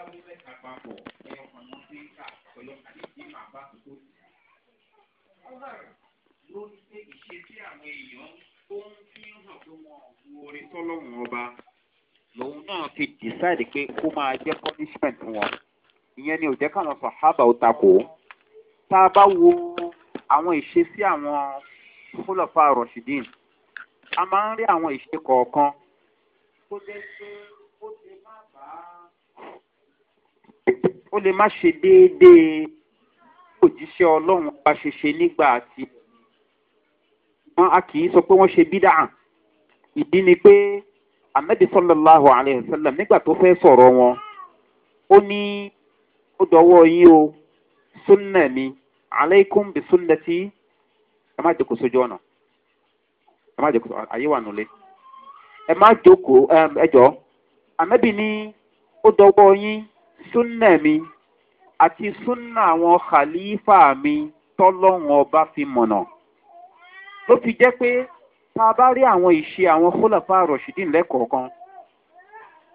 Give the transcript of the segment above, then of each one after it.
bá wó mẹ́ta papọ̀ ọba lòun náà fi decide pé kó máa jẹ́ punishment wọn ìyẹn ni ò jẹ́ káwọn sàhábà ó takò tá a bá wo àwọn ìṣesí àwọn fúlọ̀fà rọ̀ṣídìn a máa ń rí àwọn ìṣe kọ̀ọ̀kan tó jẹ́ pé. ó lè má ṣe déédéé òjíṣẹ́ ọlọ́run bá ṣe ṣe nígbà àti wọn a kì í sọ pé wọ́n ṣe bídà ìdí ni pé ahmed sallallahu alayhi wa sallam nígbà tó fẹ́ sọ̀rọ̀ wọn ó ní ó dọwọ́ yín o sunna mi aleikum bi sunnati ẹ má jókòó sójú ọ̀nà ẹ má jókòó ayé wà nulẹ̀ ẹ má jókòó ẹ jọ ahmed ní ó dọwọ́ yín súnà mi àti súnà àwọn khalifa mi tọ́lọ́run ọba fi mọ̀nà ló fi jẹ́ pé tá a bá rí àwọn ìṣe àwọn fúlàfà rọ̀ṣídìn lẹ́kọ̀ọ̀kan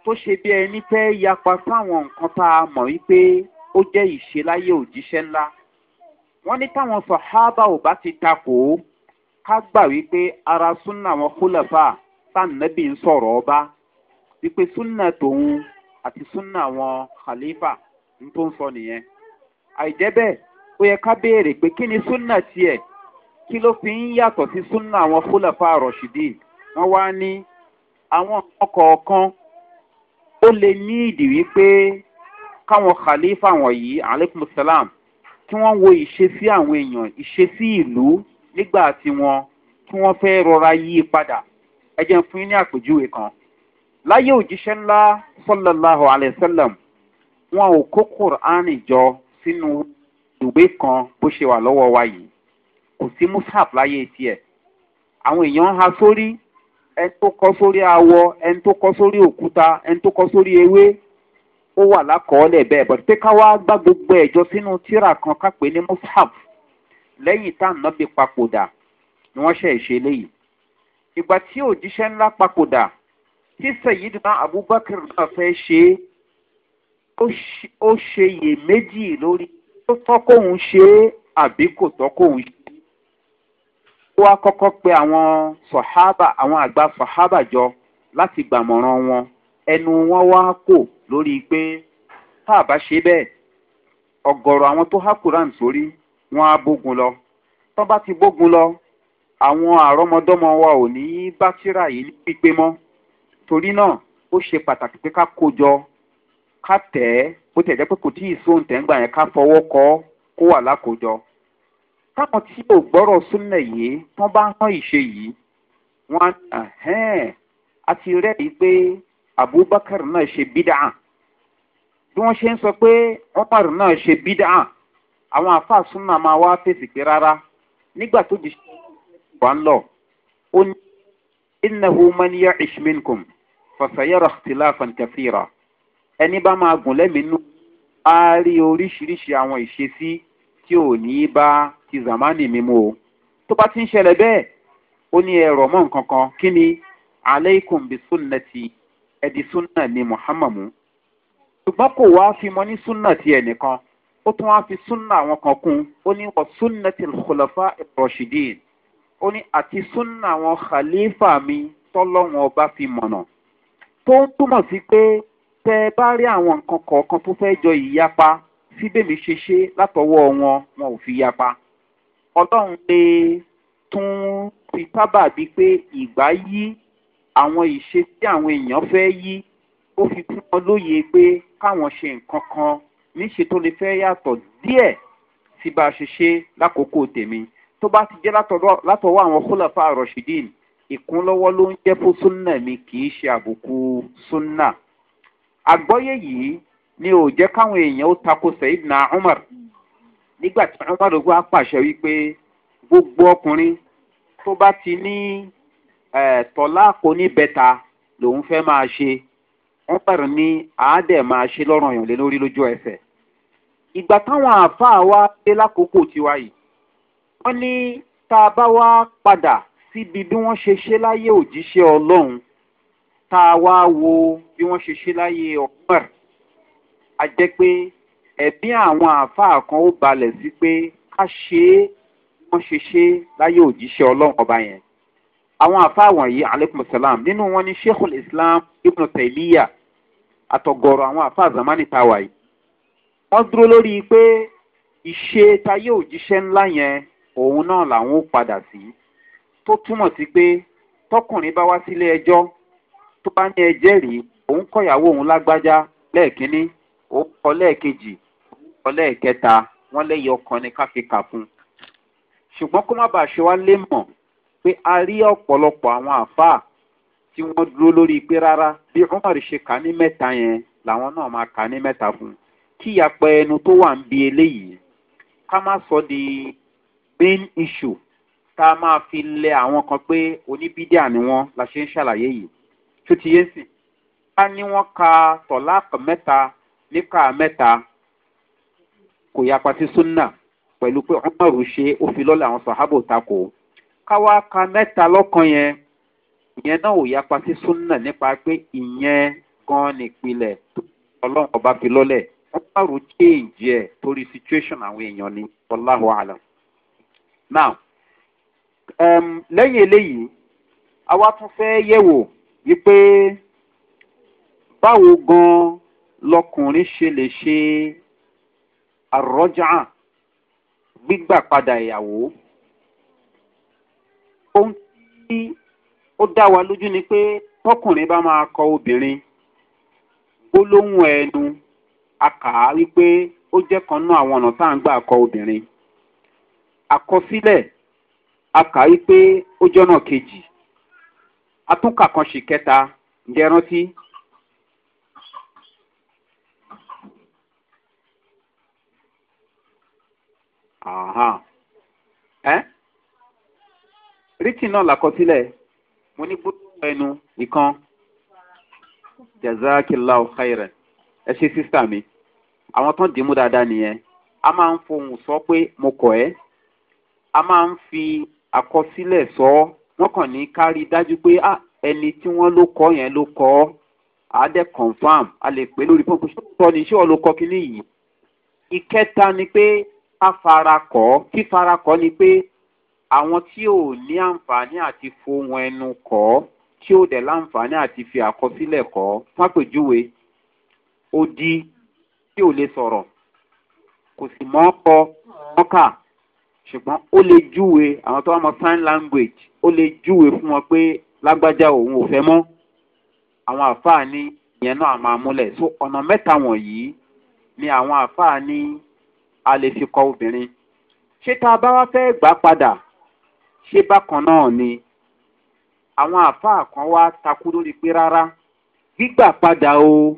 tó ṣe bí ẹni fẹ́ yapa sáwọn nǹkan tá a mọ̀ wípé ó jẹ́ ìṣe láyé òjíṣẹ́ ńlá wọ́n ní táwọn sọ̀hábà ò bá ti takò ó ká gbà wípé ara súnà àwọn fúlàfà tá nàbì ń sọ̀rọ̀ ọba wípé súnà tòun àti súnà àwọn khalifa ń tó ń sọ nìyẹn àìjẹ́ bẹ́ẹ̀ ó yẹ ká béèrè pé kí ni súnà tiẹ̀ kí ló fi ń yàtọ̀ sí súnà àwọn fúlàfà rọ̀ṣídì wọ́n wá ní àwọn ọkọ̀ọ̀kan ó lè ní ìdí wípé káwọn khalifa wọ̀nyí aleikum salam kí wọ́n wo ìṣesí àwọn èèyàn ìṣesí ìlú nígbà tí wọ́n kí wọ́n fẹ́ rọra yí padà ẹ jẹun fún yín ní àpèjúwe kan láyé òjíṣẹ́ ńlá sallallahu alayhi wa sallam wọn ò kó quran jọ sínú ìwé kan bó ṣe wà lọ́wọ́ wa yìí kò sí mushaf láyé tiẹ̀ àwọn èèyàn ha sórí ẹni tó kọ́ sórí awọ ẹni tó kọ́ sórí òkúta ẹni tó kọ́ sórí ewé ó wà lákọọ́lẹ̀ bẹ́ẹ̀ bọ̀ pé ká wá gbá gbogbo ẹ̀jọ sínú tíra kan ká ní mushaf lẹ́yìn tá à ń papòdà ni wọ́n ṣe ṣe léyìí ìgbà tí òjíṣẹ́ ńlá papòdà tí sèyídì abubakar náà fẹ́ ṣe é ó ṣe iyèméjì lórí tó tọ́kọ̀hún ṣe é àbí kò tọ́kọ̀hún ṣe é. ó wá kọ́kọ́ pe àwọn sọ̀hábà àwọn àgbà sọ̀hábà jọ láti gbàmọ̀ràn wọn ẹnu wọn wá kò lórí pé tá a bá ṣe bẹ́ẹ̀ ọ̀gọ̀rọ̀ àwọn tó há quran sórí wọn á bógun lọ tọ́ bá ti bógun lọ àwọn àrọ́mọdọ́mọ wa ò ní bá tíra yìí pípé mọ́. torí náà ó ṣe pàtàkì pé ká kó jọ ká tẹ̀ ẹ́ bó tẹ̀ jẹ́ pé kò tíì sóhun tẹ̀ yẹn ká fọwọ́ kọ́ kó wà lákòójọ. táwọn tí ò gbọ́rọ̀ súnmẹ̀ yìí tán bá hàn ìṣe yìí ti rẹ́rìí pé abubakar náà ṣe bídà bí wọ́n ṣe ń sọ pé umar náà ṣe bídà àwọn àfa súnmọ̀ máa wá fèsì pé rárá nígbà tó di ṣe wà ń lọ ó ní ishminkum. fàṣàyẹ̀rọ̀ tìlà fàǹkàfìrà ẹni bá máa gùn lẹ́mìínú á rí oríṣiríṣi àwọn ìṣesí tí ò ní í bá ti zamani mímu o tó bá ti ń ṣẹlẹ̀ bẹ́ẹ̀ ó ní ẹ̀rọ mọ́ nǹkan kan kí ni aleikum bi sunnati ẹ̀dí sunna ni muhammadu ṣùgbọ́n kò wá fi mọ́ ní sunna ti ẹnìkan ó tún wá fi sunna àwọn kan kún ó ní wọ́n sunna ti kọlọ́fà rọ̀ṣídìn ó ní àti sunna àwọn khalifa mi tọ́lọ́wọ́n ọba fi mọ̀nà tó ń túmọ̀ sí pé tẹ́ ẹ bá rí àwọn nǹkan kọ̀ọ̀kan tó fẹ́ jọ ìyapa síbèmí ṣe ṣe látọwọ́ wọn wọn ò fi yapa ọlọ́run lè tún fi sábà bíi pé ìgbà yí àwọn ìṣe tí àwọn èèyàn fẹ́ yí ó fi fún wọn lóye pé káwọn ṣe nǹkan kan níṣe tó lè fẹ́ yàtọ̀ díẹ̀ sí bá a ṣe ṣe lákòókò tèmi tó bá ti jẹ́ látọwọ́ àwọn kólàfà rọ̀ṣídìí ìkúnlọ́wọ́ ló ń jẹ́ fún súnà mi kì í ṣe àbùkù súnà. àgbọ́yé yìí ni ò jẹ́ káwọn èèyàn ó takò saheed na umar nígbà tí umar ogun á pàṣẹ wípé gbogbo ọkùnrin tó bá ti ní tọ́lá kò ní bẹ́ta lòun fẹ́ máa ṣe umar ní àádẹ́ máa ṣe lọ́rùn èèyàn lé lórí lójú ẹsẹ̀. ìgbà táwọn àáfàá wa dé lákòókò tiwa yìí wọ́n ní tá a bá wá padà síbi bí wọ́n ṣe ṣe láyé òjíṣẹ́ ọlọ́run tá a wá wo bí wọ́n ṣe ṣe láyé ọ̀pẹ̀r a jẹ́ pé ẹ̀bí àwọn àáfàá kan ó balẹ̀ sí pé ká ṣe é bí wọ́n ṣe ṣe láyé òjíṣẹ́ ọlọ́run ọba yẹn àwọn àáfàá wọ̀nyí aleikum salam nínú wọn ni sheikhul islam ibn taymiya àtọ̀gọ̀rọ̀ àwọn àáfàá zamani tawa yìí wọ́n dúró lórí pé ìṣe tayé òjíṣẹ́ ńlá yẹn òun náà làwọn ó padà sí. Si tó túmọ̀ sí pé tọkùnrin bá wá sílé ẹjọ́ tó bá ní ẹjẹ́rìí òun kọ̀yàwó òun lágbájá lẹ́ẹ̀kínní òun kọ lẹ́ẹ̀kejì òun kọ lẹ́ẹ̀kẹta wọ́n lẹ́yìn ọkàn ni ká fi kà fún un. ṣùgbọ́n kó má bàa ṣe wá lé mọ̀ pé a rí ọ̀pọ̀lọpọ̀ àwọn àfáà tí wọ́n dúró lórí pé rárá bí umar ṣe kà ní mẹ́ta yẹn làwọn náà máa kà ní mẹ́ta fún un. kí ìyapẹ ẹnu tó wà ń bi eléyìí ká má sọ di main issue tá a máa fi lẹ àwọn kan pé oníbídíà ni wọn la ṣe ń ṣàlàyé yìí tó ti yé sí a ní wọn ka tọ̀láàkọ̀ mẹ́ta níka mẹ́ta kò yapa ti súnà pẹ̀lú pé ọmọrù ṣe ó fi lọ́lẹ̀ àwọn sàhábò takò káwá ka mẹ́ta lọ́kàn yẹn ìyẹn náà ò yapa ti súnà nípa pé ìyẹn gan nípìnlẹ̀ tó ọlọ́run ọba fi lọ́lẹ̀ ọmọrù change ẹ̀ torí situation àwọn èèyàn ni ọláhùn now. Um, lẹ́yìn eléyìí àwa tún fẹ́ yẹ̀wò wípé báwo gan lọkùnrin ṣe lè ṣe àrọ́jà gbígbà padà ìyàwó ohun tí ó dá wa lójú ni pé tọkùnrin bá máa kọ obìnrin gbólóhùn ẹnu a kà wípé ó jẹ́ kan náà àwọn ọ̀nà tá à ń gbà kọ obìnrin àkọsílẹ̀ a kà í pé ó jọ́nà kejì atúnkà kan ṣì kẹta ǹjẹ́ rántí. rítì náà làkọsílẹ̀ mo ní gbọ́dọ̀ ẹnu nìkan jazakillah khairan ẹ ṣe sísá mi àwọn tán dìímú dáadáa nìyẹn a máa ń fohùn sọ pé mo kọ̀ ẹ́ a máa ń fi àkọsílẹ̀ sọ ọ́ wọ́n kàn ní kárí dájú pé ah, ẹni tí wọ́n ló kọ́ yẹn ló kọ́ ọ́ àádẹ́ confam a lè pè lórí pọ́ńpù sọ ní ṣé ọlọ́kọ́ kínní yìí. ìkẹta ni pé afarakọ̀ fífarakọ̀ ni pé àwọn tí ò ní àǹfààní àti fohùn ẹnu kọ́ tí ò dẹ̀ láǹfààní àti fi àkọsílẹ̀ kọ́ fápèjúwe ó di tí ò lè sọ̀rọ̀ kò sì mọ́ ọ mọ́kà ṣùgbọ́n ó lè júwe àwọn tó wà mọ sign language ó lè júwe fún wọn pé lágbájá òun ò fẹ́ mọ́ àwọn àfáà ní ìyẹn náà máa múlẹ̀ so ọ̀nà mẹ́ta wọ̀nyí ni àwọn àfáà ní a lè fi kọ obìnrin ṣé tá a bá wá fẹ́ gbà padà ṣé bákan náà ni àwọn àfáà kan wá takú lórí pé rárá gbígbà padà o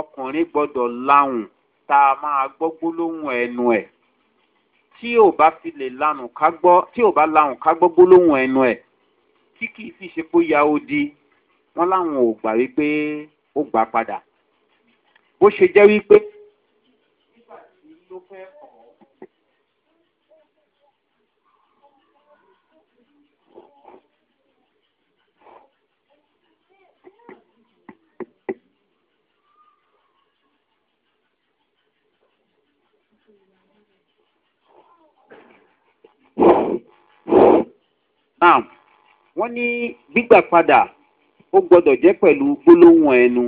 ọkùnrin gbọdọ̀ láwùn tá a máa gbọ́ gbólóhùn ẹnu ẹ̀ tí ò bá fi lè lanù ká gbọ́ tí ò bá lanù ká gbọ́ gbólóhùn ẹnu ẹ̀ tí kì í sì ṣe pé ya ó di wọ́n láwọn ò gbà wípé ó gbà padà bó ṣe jẹ́ wípé nígbà tí ló fẹ́ náà wọ́n ní gbígbà padà ó gbọ́dọ̀ jẹ́ pẹ̀lú gbólóhùn ẹnu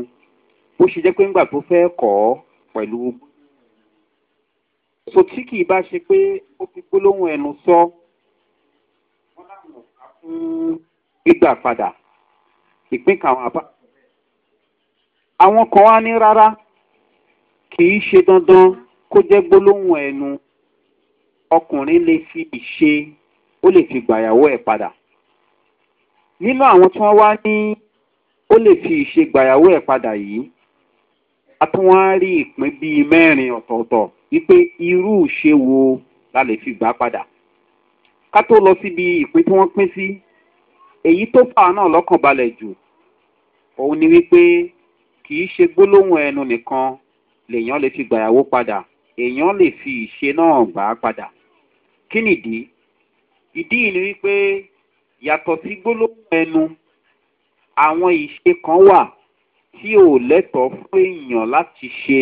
bó ṣe jẹ́ pé ńgbà tó fẹ́ kọ́ ọ́ pẹ̀lú so tí kì í bá ṣe pé ó fi gbólóhùn ẹnu sọ wọ́n láwọn ọ̀gá fún gbígbà padà ìpín kan àwọn àbá àwọn kan wá ní rárá kì í ṣe dandan kó jẹ́ gbólóhùn ẹnu ọkùnrin lè fi ìṣe ó lè fi gbàyàwó ẹ̀ padà nínú àwọn tí wọ́n wá ní ó lè fi ìṣe gbàyàwó ẹ̀ padà yìí a tún wá rí ìpín bíi mẹ́rin ọ̀tọ̀ọ̀tọ̀ wípé irú ìṣe wo la lè fi gbà padà ká tó lọ síbi ìpín tí wọ́n pín sí èyí tó fà á náà lọ́kàn balẹ̀ jù òun ni wípé kì í ṣe gbólóhùn ẹnu nìkan lèèyàn lè fi gbàyàwó padà èèyàn lè fi ìṣe náà gbà á padà kí nìdí ìdí yìí ni wípé yàtọ̀ sí gbólóhùn ẹnu àwọn ìṣe kan wà tí ò lẹ́tọ̀ọ́ fún èèyàn láti ṣe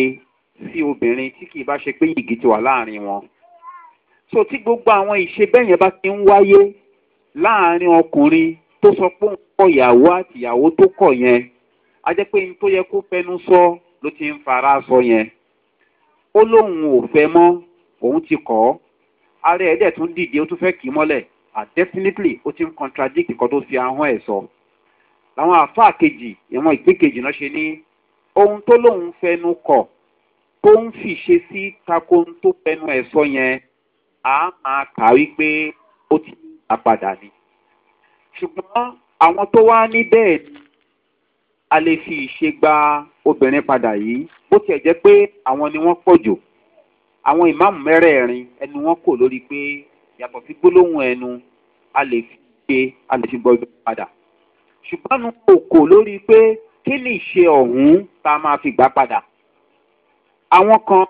sí obìnrin tí kì í bá ṣe pé yìgì ti wà láàrin wọn. so tí gbogbo àwọn ìṣe bẹ́ẹ̀ yẹn bá ti ń wáyé láàrin ọkùnrin tó sọ pé òun kọ ìyàwó àti ìyàwó tó kọ yẹn a jẹ́ pé n tó yẹ kó fẹnu sọ ló ti ń fara sọ yẹn ó lóun ò fẹ́ mọ́ òun ti kọ́ ọ́ ara ẹ̀ dẹ̀ tún dìde ó tún fẹ́ kì í mọ́lẹ̀ and ah, definitely ó ti ń contradict nǹkan tó fi ahọ́n ẹ̀ sọ. làwọn àáfàá kejì ìwọ̀n ìpín kejì náà ṣe ní ohun tó lóun fẹnu kọ̀ tó ń fi ṣe sí tako ohun tó fẹnu ẹ̀ sọ yẹn a máa kà wípé ó ti àpadà ni. ṣùgbọ́n àwọn tó wá ní bẹ́ẹ̀ ni a lè fi ìṣe gba obìnrin padà yìí bó tiẹ̀ jẹ́ pé àwọn ni wọ́n pọ̀ jù àwọn ìmáàmù mẹ́rẹ̀ẹ̀rin ẹnu wọn kò lórí pé yàtọ̀ sí gbólóhùn ẹnu a lè fi gbé a lè fi gbọ́ ibẹ̀ padà ṣùgbọ́n nu kò kò lórí pé kí ni ìṣe ọ̀hún tá a máa fi gbà padà àwọn kan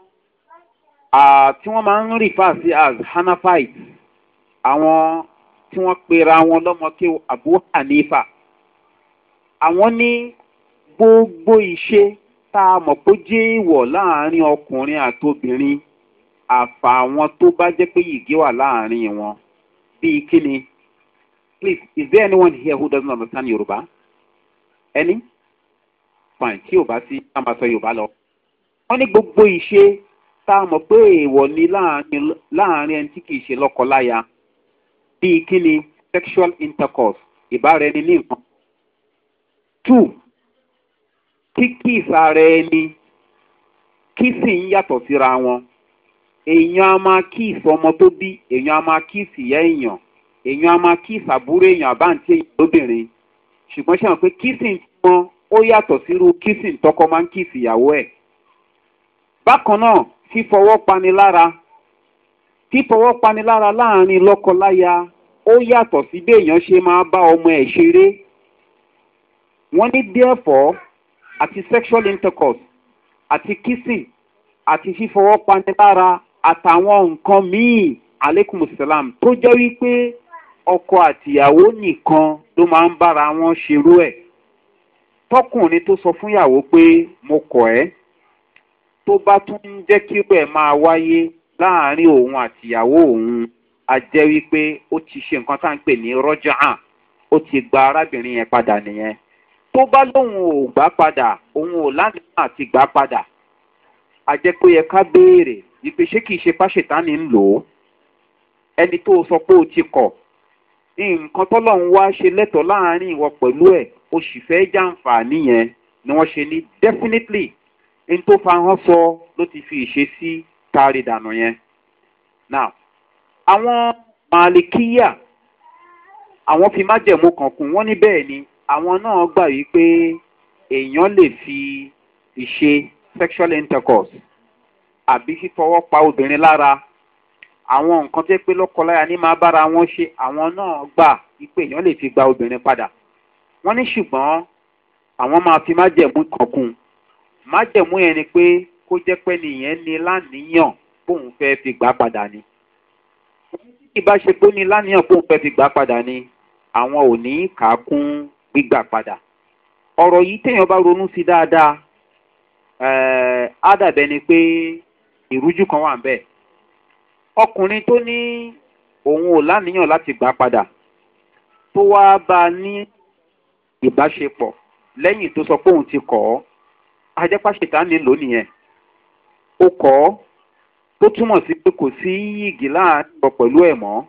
tí wọ́n máa ń rìfà sí as hanafites àwọn tí wọ́n pera wọn lọ́mọké abu hanifa àwọn ní gbogbo ìṣe tá a mọ̀ pé jẹ́ ìwọ̀ láàrin ọkùnrin àtobìnrin àfà àwọn tó bá jẹ́ pé yìgì wà láàrin wọn bíi kíni please is there anyone here who doesn't understand yorùbá ẹni fine tí ò bá sí ká máa sọ yorùbá lọ. wọ́n ní gbogbo ìṣe tá a mọ̀ pé èèwọ̀ ni láàrin ẹni tí kì í ṣe lọ́kọ-láya bíi kíni sexual intercourse ìbára ẹni ní nǹkan. two kíkì ìsàrẹ̀ ẹni kí sì ń yàtọ̀ síra wọn èèyàn a máa kíìsì ọmọ tó bí èèyàn a máa kíìsì ìyá èèyàn èèyàn a máa kíìsì àbúrò èèyàn àbáǹtí èèyàn lóbìnrin ṣùgbọ́n ṣe hàn pé kíìsì ń ó yàtọ̀ sírú kíìsì ń máa ń kíìsì ìyàwó ẹ̀. bákan náà fífọwọ́ pani lára fífọwọ́ pani lára láàrin lọ́kọ-láya ó yàtọ̀ sí bí èèyàn ṣe máa bá ọmọ ẹ̀ ṣeré. wọ́n ní therefore àti sexual intercourse àti kissing àti fífọwọ́ pani lára àtàwọn nǹkan míì aleykum salam tó jẹ́ wípé ọkọ àtìyàwó nìkan ló máa ń bára wọn ṣerú ẹ̀ tọkùnrin tó sọ fún ìyàwó pé mo kọ̀ ẹ́ tó bá tún ń jẹ́ kí bẹ́ẹ̀ máa wáyé láàrin òun àtìyàwó òun a jẹ́ wípé ó ti ṣe nǹkan tá à ń pè ní rọ́jà hàn ó ti gba arábìnrin yẹn padà nìyẹn tó bá lóun ò gbá padà òun ò lánàá àti gbá padà a jẹ́ pé ó yẹ ká béèrè ìpè ṣé kìí ṣe pàṣẹtánì ń lò ó ẹni tó sọ pé o ti kọ̀ nǹkan tọ́lọ̀ ń wá ṣe lẹ́tọ̀ọ́ láàrin ìwọ pẹ̀lú ẹ̀ o sì fẹ́ jàǹfààní yẹn ni wọ́n ṣe ní definitely n tó fa hàn sọ ló ti fi ìṣesí taari dànù yẹn. now àwọn màálìkíyà àwọn fi májẹ̀mú kan kún wọ́n ní bẹ́ẹ̀ ni àwọn náà gbà wí pé èèyàn lè fi ìṣe sexual intercourse àbí fífọwọ́ pa obìnrin lára àwọn nǹkan tó pé lọ́kọláya ní máa bára wọn ṣe àwọn náà gbà wípé èèyàn lè fi gba obìnrin padà wọ́n ní ṣùgbọ́n àwọn máa fi májẹ̀mú kọ̀ọ̀kun májẹ̀mú yẹn ni pé kó jẹ́ pé nìyẹn ni láníyàn bóun fẹ́ fi gbà padà ni ìbá ní láníyàn bóun fẹ́ fi gbà padà ni àwọn ò ní kà á kún gbígbà padà ọ̀rọ̀ yìí téèyàn bá ronú sí dáadáa eh, á ìrújú kan wà ń bẹ̀. ọkùnrin tó ní òun ò láníyàn láti gbà padà tó wáá bá a ní ìbáṣepọ̀ lẹ́yìn tó sọ pé òun ti kọ̀ ọ́ ajẹ́pá ṣètánì ló nìyẹn ó kọ́ ọ́ tó túmọ̀ sí pé kò sí yìgì láàrin ọ̀ pẹ̀lú ẹ̀ mọ́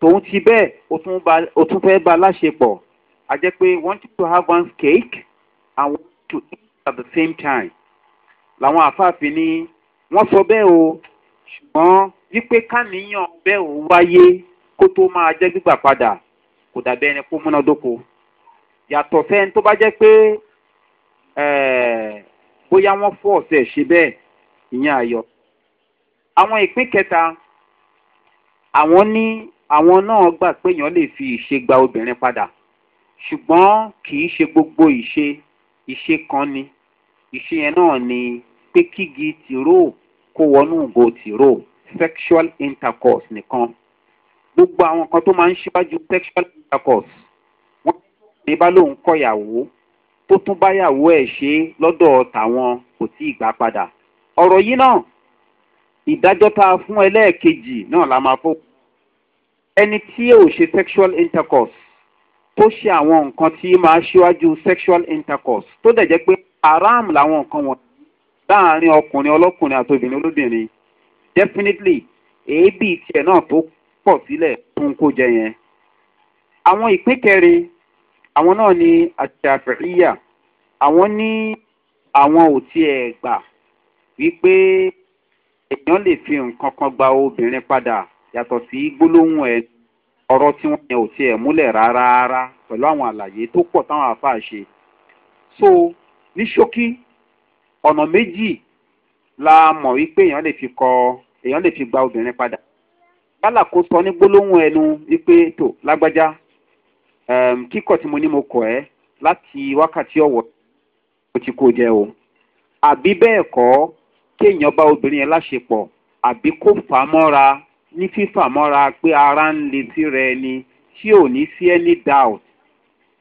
tòun ti bẹ́ẹ̀ ó tún fẹ́ bá a láṣepọ̀ a pé want to have one cake and want to eat at the same time làwọn àfáàfin ní wọ́n sọ bẹ́ẹ̀ o ṣùgbọ́n wípé káníyàn bẹ́ẹ̀ ò wáyé kó tó máa jẹ́ gbígbà padà kò dàbí ẹni kó múnádóko yàtọ̀ fẹ́ni tó bá jẹ́ pé bóyá wọ́n fọ́ ọ̀sẹ̀ ṣe bẹ́ẹ̀ ìyẹn àyọ̀ àwọn ìpín kẹta àwọn ní àwọn náà gbà pé èèyàn lè fi ìṣe gba obìnrin padà ṣùgbọ́n kì í ṣe gbogbo ìṣe ìṣe kan ni ìṣe yẹn náà ni pé kígi tìróò kó wọnú ìgò tìró sexual intercourse nìkan gbogbo àwọn kan tó máa ń ṣíwájú sexual intercourse wọn ní bá lóun kọyàwó tó tún báyàwó ẹ̀ ṣe lọ́dọ̀ tàwọn kò tí ì gbà padà ọ̀rọ̀ yìí náà ìdájọ́ tá a fún ẹlẹ́ẹ̀kejì náà la máa fò ẹni tí ò ṣe sexual intercourse tó ṣe àwọn nǹkan tí máa ṣíwájú sexual intercourse tó dẹ̀ jẹ́ pé haram làwọn nǹkan wọ̀nyí. láàrin ọkùnrin ọlọ́kùnrin àti obìnrin olóbìnrin definitely èébì tiẹ̀ náà tó pọ̀ sílẹ̀ tó kó jẹ yẹn. àwọn ìpín kẹrin àwọn náà ni awọn àwọn ní àwọn ò tiẹ̀ gbà wípé èèyàn lè fi nǹkan gba obìnrin padà yàtọ̀ sí gbólóhùn ẹ̀ ọ̀rọ̀ tí wọ́n yẹn ò tiẹ̀ múlẹ̀ rárá pẹ̀lú àwọn àlàyé tó pọ̀ táwọn so ní ọ̀nà méjì la mọ̀ wípé èèyàn lè fi kọ èèyàn lè fi gba obìnrin padà yálà kó sọ ní gbólóhùn ẹnu wípé tó lágbájá kíkọ̀ tí mo ní mo kọ̀ ẹ́ láti wákàtí ọ̀wọ̀ mo ti kó jẹ o àbí bẹ́ẹ̀ kọ́ kéèyàn bá obìnrin yẹn láṣepọ̀ àbí kó fà á mọ́ra ní fífà mọ́ra pé ara ń le sí rẹ ni tí ò ní sí any doubt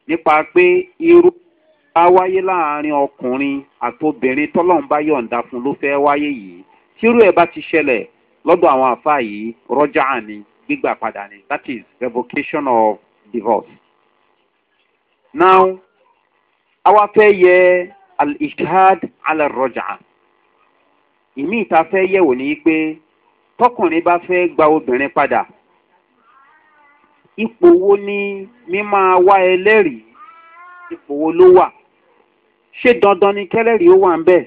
nípa pé irú á wáyé láàrin ọkùnrin àtobìnrin tọ́lọ́n bá yọ̀ǹda fún ló fẹ́ wáyé yìí tírú ẹ̀ bá ti ṣẹlẹ̀ lọ́dọ̀ àwọn àfa yìí rọ́jà ni gbígbà padà ni that is revocation of divorce. now àwa fẹ́ yẹ al-ishad al rọ́jà ìmí ìta fẹ́ yẹ̀wò ni pé tọkùnrin bá fẹ́ gba obìnrin padà ipò wo ni mímáa wá ẹlẹ́rìí ipò wo ló wà ṣé dandan ni kẹlẹ́rì ó wà ń bẹ̀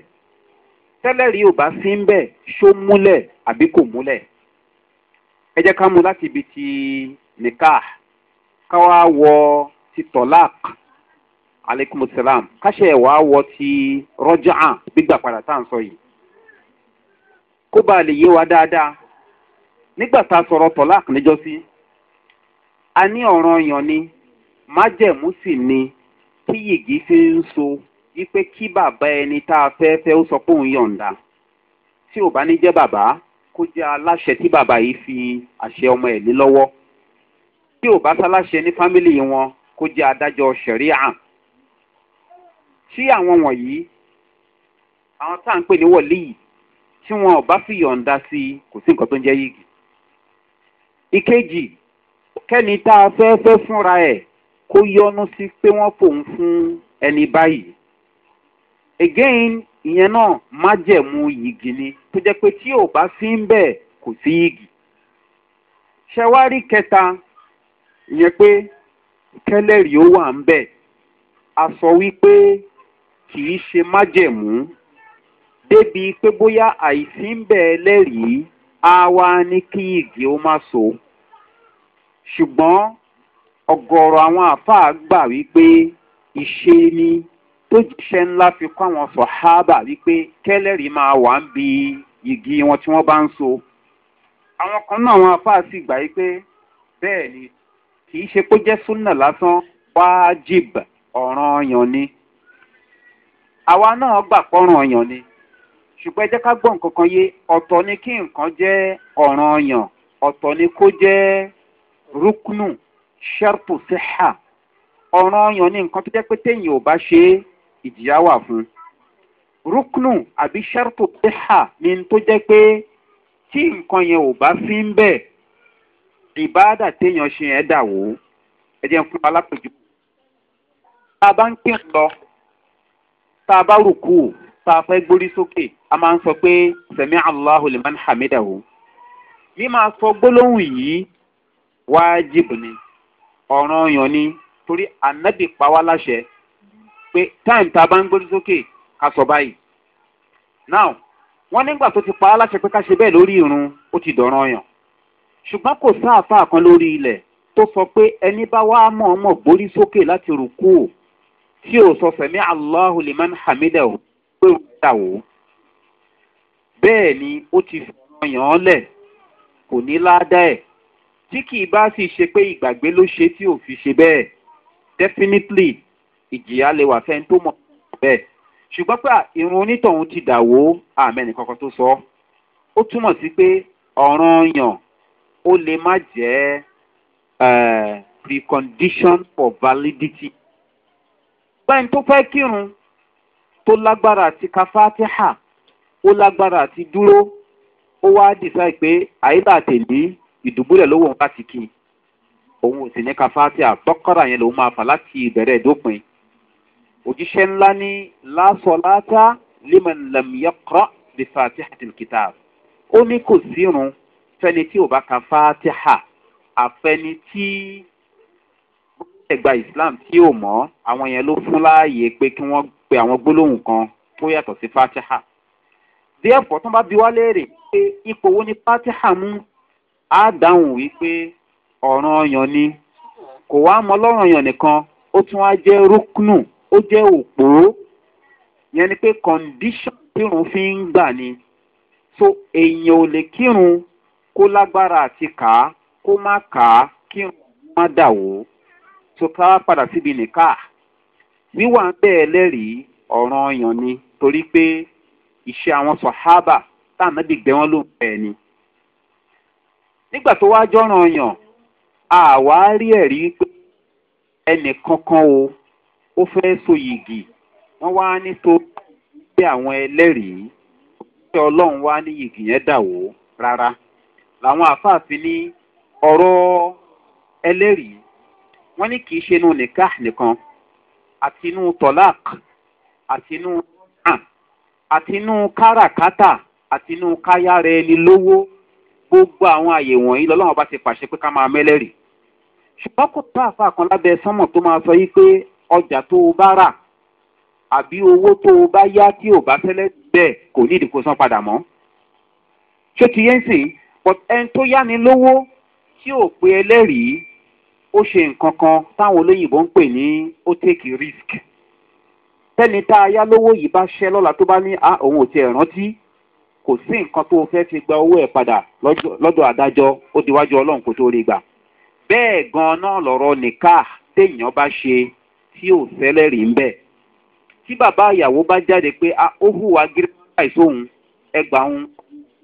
kẹlẹ́rì ò bá sí ń bẹ̀ ṣó múlẹ̀ àbí kò múlẹ̀ ẹ jẹ́ ká mú láti ibi ti nìka ká wá wọ ti tọ́lák aleykum salam káṣẹ ẹ̀ wá wọ ti rọ́jà gbígbà padà tá à ń sọ yìí kó bá lè yé wa dáadáa nígbà tá a sọ̀rọ̀ tọ́lák níjọ́ sí a ní ọ̀ràn yàn ni májẹ̀mú sì ni tí yìgì fi ń so wípé kí bàbá ẹni tá a fẹ́ fẹ́ ó sọ pé òun yọ̀ǹda tí ò bá ní jẹ́ bàbá kó jẹ́ aláṣẹ tí bàbá yìí fi àṣẹ ọmọ ẹ̀ lé lọ́wọ́ tí ò bá sáláṣẹ ní fámìlì wọn kó jẹ́ adájọ́ sẹ̀ríà tí àwọn wọ̀nyí àwọn tá à ń pè ní wọ̀lí yìí tí wọn ò bá fi yọ̀ǹda sí i kò sí nǹkan tó ń jẹ́ yìí. ìkejì kẹ́ni tá a fẹ́ fẹ́ fúnra ẹ̀ kó yọnu sí pé wọ́n fòun fún ẹni báyìí again ìyẹn náà májẹ̀mú yìgì ni tó jẹ́ pé tí ò bá sí ń bẹ̀ kò sí yìgì. ṣẹwárí kẹta ìyẹn pé kẹlẹ́rìí ó wà ń bẹ̀ a sọ wípé kì í ṣe májẹ̀mú débi pé bóyá àìsí ń bẹ̀ ẹlẹ́rìí á wá ní kí yìgì ó má so ṣùgbọ́n ọ̀gọ̀ọ̀rọ̀ àwọn àfáà gbà wípé ìṣe ni. tó ṣe ńlá fi kọ́ àwọn sọ̀hábà wípé kẹ́lẹ́rì máa wà ń bi igi wọn tí wọ́n bá ń so. àwọn kan náà wọn afá sì gbà yí pé bẹ́ẹ̀ ni kì í ṣe pé jẹ́ súnà lásán wájib ọ̀ràn ọyàn ni. àwa náà gbà pọ́nrán ọyàn ni ṣùgbọ́n ẹ ká gbọ́ nǹkan kan yé ọ̀tọ̀ ni kí nǹkan jẹ́ ọ̀ràn ọyàn ọ̀tọ̀ ni kó jẹ́ rúknù ṣẹ́rpù síhà ọ̀ràn ọyàn ni nǹkan tó jẹ́ pé téèyàn ò bá ṣe é ìjìyà wà fún. rúknù àbí sẹ́rùtù pẹ́hà ni tó jẹ́ pé tí nǹkan yẹn ò bá sí ń bẹ̀ ìbáàdà téèyàn ṣe ẹ̀ dà wò ó ẹ jẹ́ fún alápèjú. tá a bá ń kírun lọ tá a bá rùkú tá a fẹ́ gbórí sókè a máa ń sọ pé sẹ̀mí aláhùn lè máa ń hàmídà wò. mi sọ gbólóhùn yìí wájibù ni ọ̀ràn ọ̀yàn ni torí ànábì pa wá láṣẹ pé táìmù tá a bá ń gbórí sókè ká sọ báyìí. now wọ́n nígbà tó ti pa á láṣẹ pé ká ṣe bẹ́ẹ̀ lórí irun ó ti dọ̀ràn ọyàn ṣùgbọ́n kò sáàfà kan lórí ilẹ̀ tó sọ pé ẹni bá wá mọ̀ọ́mọ̀ gbórí sókè láti rùkú ò tí ò sọ fẹ̀mí allahu liman hamidah ò pé ó dà wò ó bẹ́ẹ̀ ni ó ti fọ̀ràn yàn án lẹ̀ kò ní láádá ẹ̀ tí kì í bá sì ṣe pé ìgbàgbé ló ṣe tí ò fi ṣe bẹ́ẹ̀ definitely ìjìyà lè wà fẹ́ tó mọ̀ bẹ́ẹ̀ ṣùgbọ́n pé irun onítọ̀hún ti dà wó àmẹ́ni kankan tó sọ ó túmọ̀ sí pé ọ̀ràn yàn ó lè má jẹ́ precondition for validity. gbẹ́ni tó fẹ́ kírun tó lágbára àti kafátíhà ó lágbára àti dúró ó wá dìsáì pé àyíká tèlé ìdùbúlẹ̀ lówó òun láti kí òun ò sì ní kafátíhà tọ́kọ́ra yẹn lòun máa fà láti ìbẹ̀rẹ̀ ìdópin òjíṣẹ́ ńlá ní lásọ̀láta liman lam yaqra bi fatihatil kitab ó ní kò sírun fẹ́ni tí ò bá ka fatiha àfẹ́ni tí ẹ̀gbà islam tí ò mọ́ àwọn yẹn ló fún láàyè pé kí wọ́n pe àwọn gbólóhùn kan tó yàtọ̀ sí fatiha díẹ̀pọ̀ tó bá bi wá léèrè pé ipò wo ni fatiha mú á dáhùn wípé ọ̀ràn ọyàn ni kò wá mọ lọ́rùn ọyàn nìkan ó tún wá jẹ́ rúknù ó jẹ́ òpó yẹn ni pé condition tírun fi ń gbà ni so èèyàn ò lè kírun kó lágbára àti kà á kó má kà á kírun má dà wó so ká padà síbi nìka wíwà ń bẹ́ẹ̀ lẹ́rìí ọ̀ràn ọyàn ni torí pé iṣẹ́ àwọn sọ̀hábà táwọn náà gbẹ wọn ló ń bẹ̀ ni. nígbà tó wá jọ́ràn ọyàn àwa rí ẹ̀rí pé ẹnì kankan o. ó fẹ́ so yìgì wọ́n wá nítorí pé àwọn ẹlẹ́rìí pé ọlọ́run wá ní yìgì yẹn dà wó rárá làwọn àfáàfin ní ọ̀rọ̀ ẹlẹ́rìí wọ́n ní kì í ṣe inú nìkà nìkan àti inú tọ́lák àti inú hàn àti inú àti inú lówó gbogbo àwọn àyè wọ̀nyí lọ́lọ́run ti pàṣẹ pé ká máa mẹ́lẹ́rìí ṣùgbọ́n kò tó àfa sánmọ̀ tó máa sọ yí pé ọjà tó o bá rà àbí owó tó o bá yá tí o bá tẹ́lẹ̀ bẹ́ẹ̀ kò ní ìdìkú san padà mọ́. ṣé ti yẹn sìn but ẹni tó yáni lówó tí ò pé ẹlẹ́rìí ó ṣe nǹkan kan táwọn olóyìnbó ń pè ní ó take risk. tẹ́ni tá a yá lówó yìí bá ṣẹ́ lọ́la tó bá ní a òun ò tiẹ̀ rántí kò sí nǹkan tó o fẹ́ fi gba owó ẹ̀ padà lọ́dọ̀ adájọ́ ó diwájú ọlọ́run kó tó rí gbà. bẹ́ẹ̀ gan-an náà lọ̀rọ̀ nìkà téèyàn bá ṣe tí ò sẹ́lẹ̀rì ń bẹ̀. tí bàbá ìyàwó bá jáde pé ah, ó hùwà gírígà ìsóhun ẹgbà ń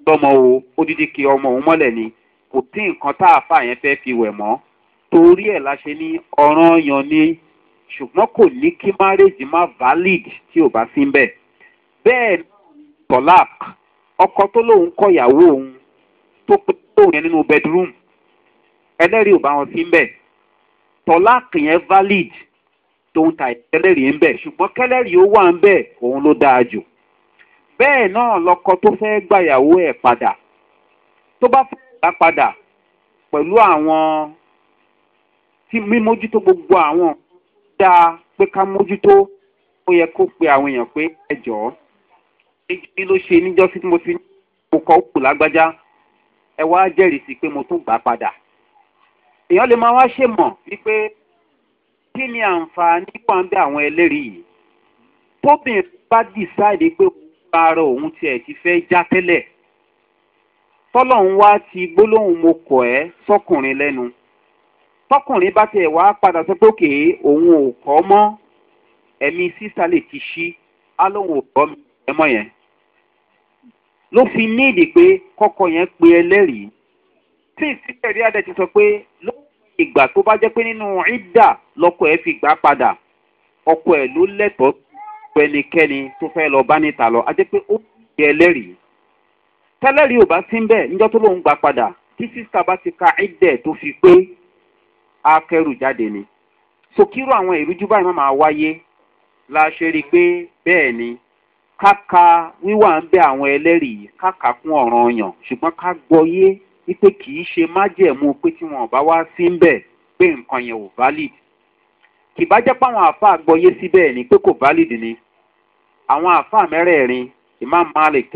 lọ́mọ o odidi kí ọmọ òun mọ́lẹ̀ ni kò tí nǹkan tá a fà yẹn fẹ́ fi wẹ̀ mọ́ torí ẹ̀ la ṣe ní ọ̀ràn yan ni ṣùgbọ́n kò ní kí márèèjì má valid tí ò bá sí ń bẹ̀. bẹ́ẹ̀ tọ́lák ọkọ tó lóun kọ ìyàwó òun tó pé òun yẹn nínú bedroom ẹlẹ́rìí ò bá wọn sí ń bẹ̀ tọ́lák yẹn valid tó ń ta ìtẹ́lẹ̀rì ń bẹ̀ ṣùgbọ́n kẹ́lẹ́rì ó wà ń bẹ̀ òun ló dáa jù bẹ́ẹ̀ náà lọkọ tó fẹ́ gbàyàwó ẹ̀ padà tó bá fẹ́ gbà padà pẹ̀lú àwọn tí mímójútó gbogbo àwọn dáa pé ká mójútó ó yẹ kó pe àwọn èèyàn pé ẹ jọ̀ọ́ kí ló ṣe níjọ́ sí mo fi mo kọ́ òkú lágbájá ẹ wá jẹ́rìí sí pé mo tún gbà padà èèyàn lè máa wá ṣèmọ̀ wípé kí ni àǹfààní wà ń bẹ àwọn ẹlẹ́rìí yìí tóbìnrin bá dìsáìdì pé ara òun tiẹ̀ ti fẹ́ já tẹ́lẹ̀ tọ́lọ́hún wá ti gbólóhùn mo kọ̀ ẹ́ sọkùnrin lẹ́nu tọkùnrin bá tiẹ̀ wá padà sọ pé òkè òun ò kọ́ mọ́ ẹ̀mí sísá lè ti ṣí á lóun ò kọ́ mi ẹmọ yẹn ló fi ní ìdí pé kọ́kọ́ yẹn pe ẹlẹ́rìí tí ìsílẹ̀ rí ti sọ pé ìgbà tó bá jẹ́ pé nínú ìdà lọ́kọ̀ ẹ̀ fi gbà padà ọkọ ẹ̀ ló lẹ́tọ̀ọ́ ẹnikẹ́ni tó fẹ́ lọ bá níta lọ a jẹ́ pé ó yẹ ẹlẹ́rìí tẹ́lẹ̀rí ò bá sí ń bẹ̀ níjọ́ tó lóun gbà padà tí sísá bá ti ka ìdẹ̀ tó fi pé akẹ́rù jáde ni so kíró àwọn ìrújú báyìí má máa wáyé la ṣe rí i pé bẹ́ẹ̀ ni káka wíwà ń bẹ àwọn ẹlẹ́rìí káka kún ọ̀ràn ọyàn ṣùgbọ́n ká gbọ́ yé wípé kì í ṣe májẹ̀mú pé tí wọn ò bá wá sí ń bẹ̀ pé nǹkan yẹn ò valid kì bá jẹ́ páwọn àáfàá gbọ́yé síbẹ̀ ni pé kò valid ni àwọn àáfàá mẹ́rẹ̀ẹ̀rin imam malik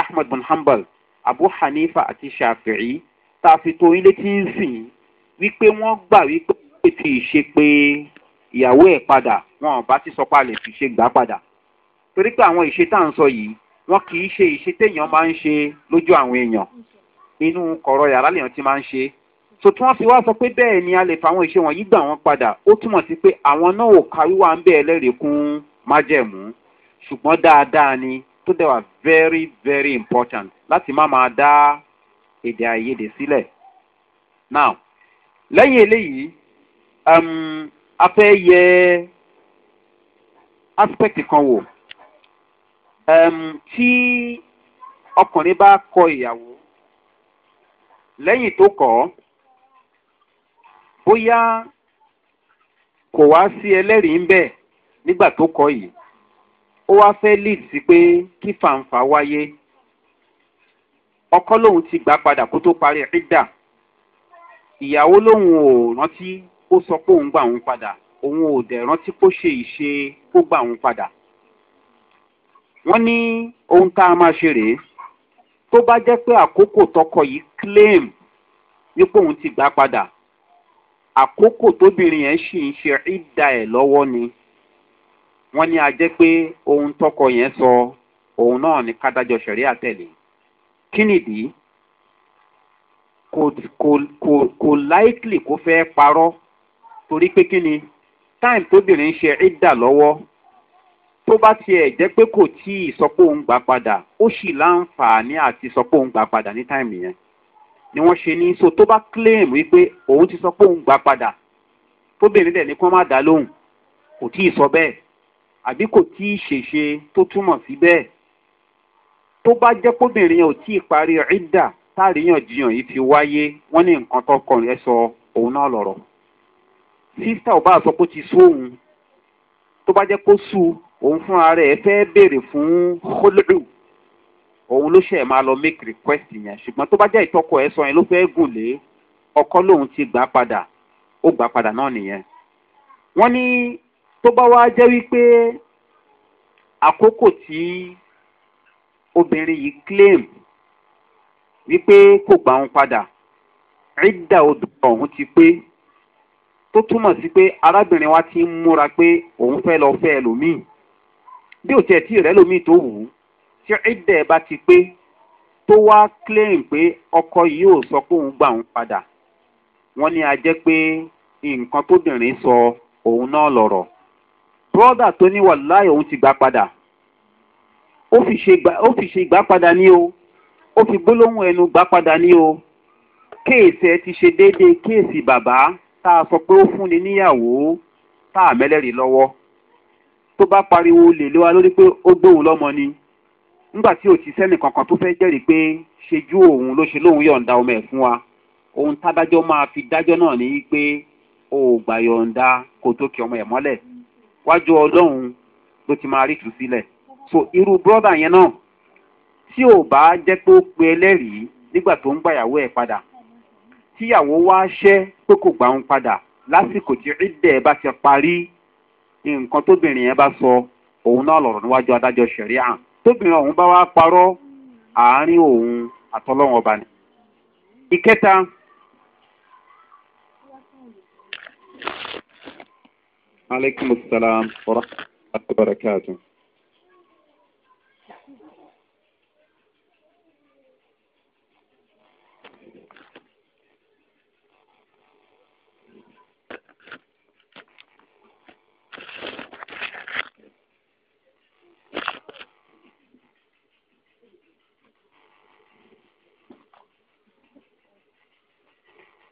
ahmed bin hanbal abu hanifa àti shafi'i tá a fi tó yín létí ń sìn wípé wọ́n gbà wípé wọ́n ti ṣe pé ìyàwó ẹ̀ padà wọn ò bá ti sọ pé a lè fi ṣe gbà padà torí pé àwọn ìṣe tá à ń sọ yìí wọn kì í ṣe ìṣe téèyàn máa ń ṣe lójú àwọn èèyàn inú kọ̀rọ̀ yàrá lèèyàn ti máa ń ṣe so tí wọ́n fi wá sọ pé bẹ́ẹ̀ ni a lè fa àwọn ìṣe wọ̀nyí gbà wọ́n padà ó túmọ̀ sí pé àwọn náà ò ka wíwá ń bẹ́ ẹlẹ́rìí kún májẹ̀mú ṣùgbọ́n dáadáa ni tó dẹ̀ wà very very important láti má máa dá èdè àìyedè sílẹ̀ now lẹ́yìn eléyìí um, a fẹ́ yẹ aspect kan wò um, tí ọkùnrin bá kọ ìyàwó lẹ́yìn tó kọ́ bóyá kò wá sí ẹlẹ́rìí ń bẹ̀ nígbà tó kọ́ yìí ó wá fẹ́ lead sí pé kí fàǹfà wáyé ọkọ lòun ti gbà padà kó tó parí ẹ̀dà ìyàwó lòun ò rántí ó sọ pé òun gbà òun padà òun ò dẹ̀ rántí kó ṣe ìṣe kó gbà òun padà wọ́n ní ohun tá a máa ṣe rèé tó bá jẹ́ pé àkókò tọkọ yìí claim wípé òun ti gbà padà àkókò tóbìnrin yẹn sì ń ṣe ìdá ẹ̀ lọ́wọ́ ni wọ́n ní a jẹ́ pé ohun tọkọ yẹn sọ òun náà ní kádájọ sẹ̀rí àtẹ̀lé kí nìdí kò kò kò likely kó fẹ́ parọ́ torí pé kí ni time tóbìnrin ń ṣe ìdá lọ́wọ́ tó bá tiẹ̀ jẹ́ pé kò tí ì sọ pé òun gbà padà ó sì láǹfààní àti sọ pé òun gbà padà ní táìmù yẹn ni wọ́n ṣe ní so tó bá claim wípé òun ti sọ pé òun gbà padà tóbìnrin dẹ̀ ni kí wọ́n má dá lóhùn kò tí ì sọ bẹ́ẹ̀ àbí kò tí ì ṣèṣe tó túmọ̀ sí bẹ́ẹ̀ tó bá jẹ́ kóbìnrin yẹn ò tí ì parí ìdà táàríyànjiyàn yìí fi wáyé wọ́n ní nǹkan tọkọrin ẹ sọ òun náà lọ̀rọ̀ sísá ò bá sọ pé ó ti sóhun tó bá jẹ́ kó sú òun fún ara ẹ fẹ́ béèrè fún kólódù òun ló ṣẹ̀ máa lọ make request yẹn ṣùgbọ́n tó bá jẹ́ ìtọ́kọ ẹ sọ yẹn ló fẹ́ gùn lé ọkọ lòun ti gbà padà ó gbà padà náà nìyẹn. wọ́n ní tó bá wá jẹ́ wípé àkókò tí obìnrin yìí claim wípé kò gbà òun padà ìdá odò ọ̀hún ti pé tó túmọ̀ sí pé arábìnrin wa ti ń múra pé òun fẹ́ lọ fẹ́ ẹlòmíì bí ò tiẹ̀ tí rẹ̀ lómi tó wù ú tí ẹ̀dẹ̀ bá ti pé tó wá claim pé ọkọ yìí ò sọ pé òun gbà òun padà wọ́n ní a jẹ́ pé nǹkan tóbìnrin sọ òun náà lọ̀rọ̀ brọ́dà tó ní wàláì òun ti gbà padà ó fi ṣe gbà padà ní o ó fi gbólóhùn ẹnu gbà padà ní o kéèsì ẹ ti ṣe déédéé kéèsì bàbá tá a sọ pé ó fúnni níyàwó tá a mẹ́lẹ́rìí lọ́wọ́ tó bá pariwo lè lé wa lórí pé ó gbóhùn lọ́mọ ni nígbà tí òtí sẹ́nì kankan tó fẹ́ jẹ́rìí pé ṣejú òun ló ṣe lóun yọ̀ǹda ọmọ ẹ̀ fún wa ohun tádájọ́ máa fi dájọ́ náà ní pé o ò gbà yọ̀ǹda kó tó kí ọmọ ẹ̀ mọ́lẹ̀ wájú ọlọ́run ló ti máa rí tù sílẹ̀ so irú brọ́dà yẹn náà tí ò bá jẹ́ pé ó pe ẹlẹ́rìí nígbà tó ń gbàyàwó ẹ̀ padà tíyàwó wá ṣẹ́ pé kò gbà òun padà lásìkò tí ìdẹ̀ bá ti parí nǹkan tóbìnrin yẹn bá sọ òun náà lọ̀rọ̀ níwájú adájọ́ sẹ̀ríà tóbìnrin ọ̀hún bá wá parọ́ àárín òun àtọ́lọ́wọ́n ọba ni. ìkẹta aleykum salaam wa rahmatulahi wa barakatuh.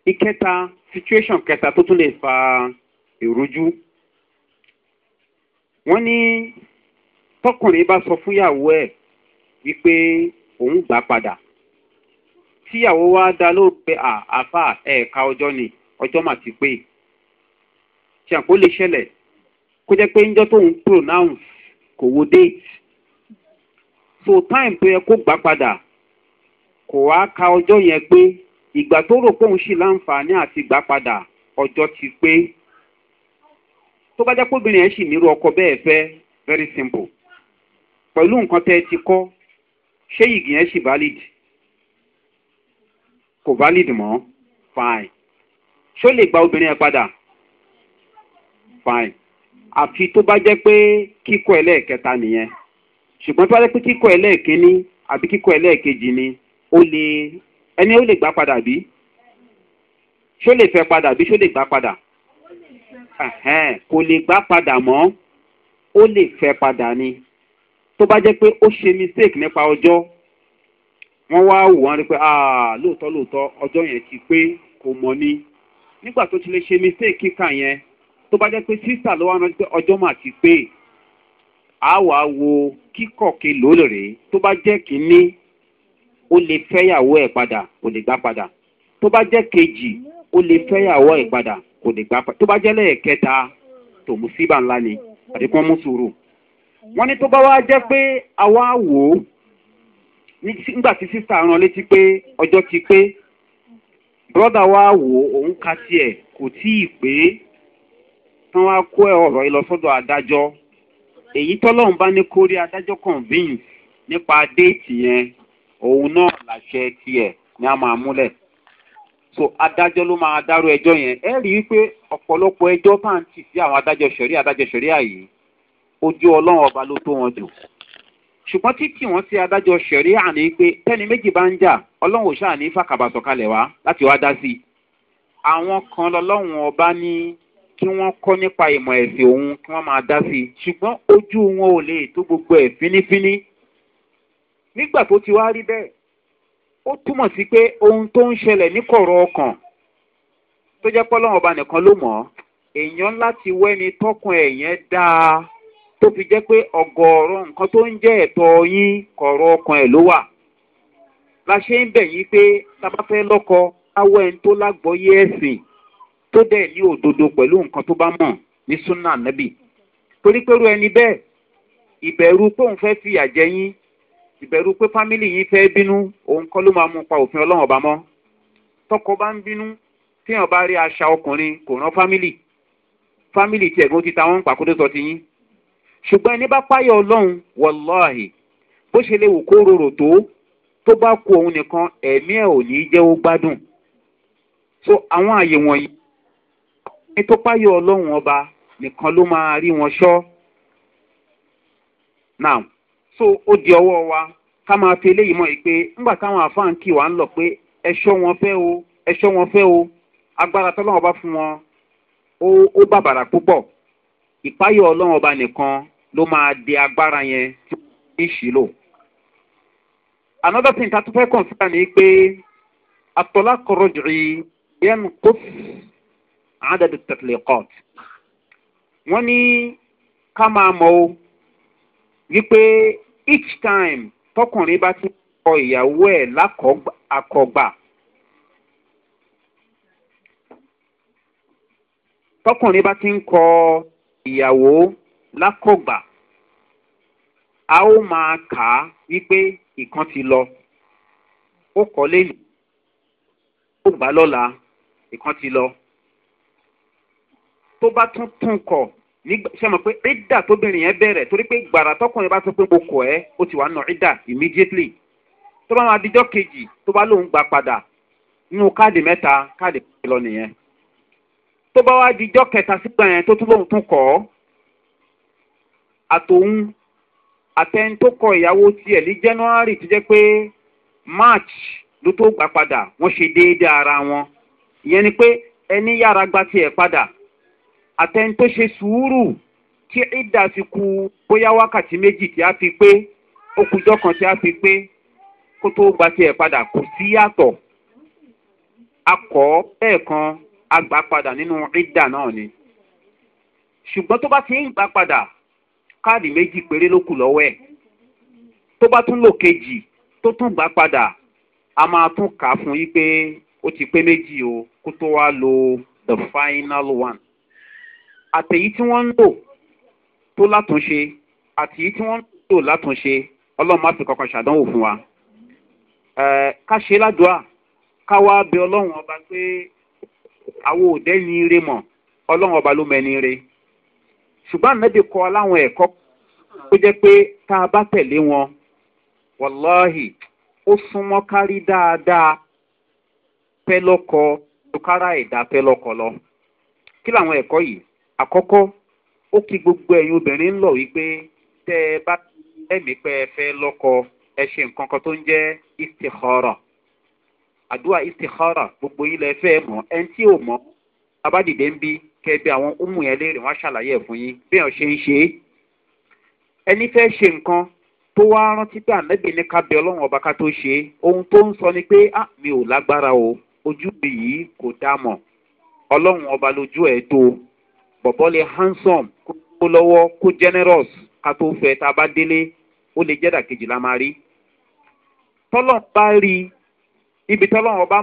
ìkẹta situation kẹta tó tún lè fa ìrújú wọ́n ní tọkùnrin bá sọ fúnyàwó ẹ̀ wípé òun gbà padà tíyàwó wa dá ló pe àáfà ẹ̀ẹ̀ka ọjọ́ ni ọjọ́ mà ti pé tí àpò lè ṣẹlẹ̀ kó jẹ́ pé níjọ́ tóun pronounce kò wo date so time tó yẹ kó gbà padà kò wá ka ọjọ́ yẹn pé ìgbà tó rò póun sì láǹfààní àti gbà padà ọjọ́ ti pé tó bá jẹ́ kóbìnrin ẹ̀ sì nírú ọkọ bẹ́ẹ̀ fẹ́ very simple pẹ̀lú nǹkan tẹ́ ẹ ti kọ́ ṣé yìgì yẹn sì valid kò valid mọ́ fine ṣó lè gba obìnrin ẹ̀ padà fine àfi tó bá jẹ́ pé kíkọ́ ẹlẹ́ẹ̀kẹta nìyẹn ṣùgbọ́n tó bá jẹ́ pé kíkọ́ ẹlẹ́ẹ̀kínní àbí kíkọ́ ẹlẹ́ẹ̀kejì ni ó lè ẹni ó lè gbà padà bí ṣó lè fẹ́ padà bí ṣó lè gbà padà kò lè gbà padà mọ́ ó lè fẹ́ padà ni tó bá jẹ́ pé ó ṣe mistake nípa ọjọ́ wọ́n wá wò wọ́n rí pé lóòótọ́ lóòótọ́ ọjọ́ yẹn ti pé kò mọ̀ ni nígbà tó ti lè ṣe mistake kíkà yẹn tó bá jẹ́ pé sísà ló wá rántí pé ọjọ́ mà ti pé àá wàá wo kíkọ̀ kelòó lè tó bá jẹ́ kínní o lè fẹ́yàwó ẹ̀ padà kò lè gbá padà tó bá jẹ́ kejì o lè fẹ́yàwó ẹ̀ padà kò lè gbá padà tó bá jẹ́ lẹ́ẹ̀kẹta síbà ńlá ni àdékùn mú sùúrù. wọ́n ní tó bá wá jẹ́ pé àwa wò ó nígbà tí ran létí pé ọjọ́ ti pé bọ́dà wa wò ó òun ka tiẹ̀ kò tí ì pé tán wá kó ọ̀rọ̀ adájọ́ yẹn òun náà làṣẹ tiẹ̀ ni a máa múlẹ̀ so adájọ́ ló máa dárú ẹjọ́ yẹn ẹ rí i pé ọ̀pọ̀lọpọ̀ ẹjọ́ tá à ń tì sí àwọn adájọ́ sẹ̀rí adájọ́ sẹ̀rí àyè ojú ọlọ́run ọba ló tó wọn jù ṣùgbọ́n títí wọn sí adájọ́ sẹ̀rí àní pé tẹ́ni méjì bá ń jà ọlọ́run ò ṣáà ní fàkàbàsọ̀ kalẹ̀ wá láti wá dá sí i àwọn kan lọ́lọ́run ọba ní kí wọ́n kọ́ nípa ìmọ̀ ẹ̀sìn òun kí wọ́n máa dá sí i ṣùgbọ́n ojú wọn ò lè tó gbogbo ẹ̀ fínífíní nígbà tó ti wá rí bẹ́ẹ̀ ó túmọ̀ sí pé ohun tó ń ṣẹlẹ̀ ní kọ̀rọ̀ ọkàn tó jẹ́ pọ́lọ́wọ́n ọba nìkan ló mọ̀ ọ́ èèyàn láti wẹ́ni tọkùn ẹ̀ yẹn dáa tó fi jẹ́ pé ọ̀gọ̀ọ̀rọ̀ nǹkan tó ń jẹ́ ẹ̀tọ́ yín kọ̀rọ̀ ọkàn ẹ̀ ló wà la ṣe ń bẹ̀ yín pé tábà fẹ́ lọ́kọ awọ́ ẹni tó lágbọ́yé ẹ̀sìn tó dẹ̀ ní òdodo pẹ̀lú nǹkan tó bá mọ̀ ní súnà nábì torí pé irú ẹni bẹ́ẹ̀ ìbẹ̀rù pé òun fẹ́ fìyà jẹ yín ìbẹ̀rù pé fámìlì yìí fẹ́ bínú òun kọ́ ló máa mú pa òfin ọlọ́run ọba mọ́ tọkọ bá ń bínú téèyàn bá rí aṣa ọkùnrin kò rán fámìlì fámìlì tí ẹ̀gbọ́n ti ta wọ́n ń pàkótó sọ ti yín ṣùgbọ́n ẹni bá páyọ̀ ọlọ́run wọláhì bó ṣe lè wò kó rorò tó tó bá ku òun nìkan ẹ̀mí ẹ̀ ò ní jẹ́ ó gbádùn so àwọn àyè wọ̀nyí ẹni tó páyọ̀ ọlọ́run ọba nìkan ló máa rí wọn ṣọ́ now so ó di ọwọ́ wa ká máa fi eléyìí mọ̀ yìí pé ńgbà táwọn àfáà ń kì wá ń lọ pé ẹṣọ́ wọn fẹ́ o ẹṣọ́ wọn fẹ́ o agbára tọ́lọ́wọ́ bá fún wọn ó ó bàbàrà púpọ̀ ìpáyọ̀ ọlọ́run ọba nìkan ló máa di agbára yẹn tí ó ń ṣì lò. another thing ta fẹ́ kọ̀ǹsíta ni pé atọ́lá kọ̀rọ̀jì yẹn kó àádọ́dù tẹ̀lé court wọ́n ní ká máa mọ̀ o wípé each time tọkùnrin bá ti kọ ìyàwó ẹ̀ lákọ̀ọ́gbà tọkùnrin bá ti ń kọ ìyàwó lákọ̀ọ́gbà a ó máa kà á wípé ìkan ti lọ ó kọ́ lẹ́yìn ó gbà lọ́la ìkan ti lọ tó bá tún tún kọ̀ nígbà ṣe mọ̀ pé ìdà tóbìnrin yẹn bẹ̀rẹ̀ torí pé gbàrà tọkùnrin bá sọ pé mo kọ̀ ẹ́ ó ti wà nù ìdà immediately tó bá máa dijọ́ kejì tó bá lóun gbà padà nínú káàdì mẹ́ta káàdì mẹ́ta lọ nìyẹn tó bá wá dijọ́ kẹta sígbà yẹn tó tún lóun tún kọ̀ ọ́ àtòun àtẹni tó kọ ìyàwó tiẹ̀ ní january tó jẹ́ pé march ló tó gbà padà wọ́n ṣe déédéé ara wọn ìyẹn ni pé ẹni yára gba tiẹ̀ padà àtẹni tó ṣe sùúrù tí ìdá fi ku bóyá wákàtí méjì tí a fi pé ó kujọ́ kan tí a fi pé kó tó gba tiẹ̀ padà kò sí yàtọ̀ akọ̀ ẹ̀ẹ̀kan agbà padà nínú ìdá náà ni ṣùgbọ́n tó bá ti ń gbà padà káàdì méjì péré ló kù lọ́wọ́ ẹ̀ tó bá tún lò kejì tó tún gbà padà a máa tún kà á fún yí pé ó ti pé méjì o kó tó wá lo the final one àtẹ̀yí tí wọ́n ń lò tó látúnṣe àtẹ̀yí tí wọ́n ń lò látúnṣe ọlọ́run má fi kankan ṣàdánwò fún wa. ká ṣe ládùúà ká wá bẹ ọlọ́run ọba pé àwọn òde ní ire mọ̀ ọlọ́run ọba ló mẹni ire. ṣùgbọ́n ànábì kọ aláwọn ẹ̀kọ́ tó jẹ́ pé tá a bá tẹ̀lé wọn wàláhì ó súnmọ́ kárí dáadáa pẹ́ lọ́kọ tó kára ẹ̀dá pẹ́ lọ́kọ lọ. kí làwọn ẹ̀kọ́ yìí? àkọ́kọ́ ó kí gbogbo ẹ̀yin obìnrin ń lọ wípé tẹ́ ẹ bá ẹ̀mí pé ẹ fẹ́ lọ́kọ ẹ ṣe nǹkan kan tó ń jẹ́ istihara àdúrà istihara gbogbo yín lẹ fẹ́ mọ̀ ẹni tí ò mọ̀ abádìde ń bí kẹbi àwọn ọmọ yẹn léèrè wọn ṣàlàyé ẹ̀ fún yín bí wọn ṣe ń ṣe é ẹni fẹ́ ṣe nǹkan tó wá rántí pé ànábì ní ká ọlọ́run ọba ká tó ṣe ohun tó ń sọ ni pé á ah, mi ò lágbára o ojú mi yìí kò dá mọ̀ ọlọ́run ọba lójú ẹ̀ tó o bọ̀bọ́ lè handsome kó lọ́wọ́ kó generous ká tó fẹ́ tá a bá délé ó lè jẹ́ dàkejì la máa rí. tọ́lọ̀ bá rí ibi tọ́lọ̀ wọn bá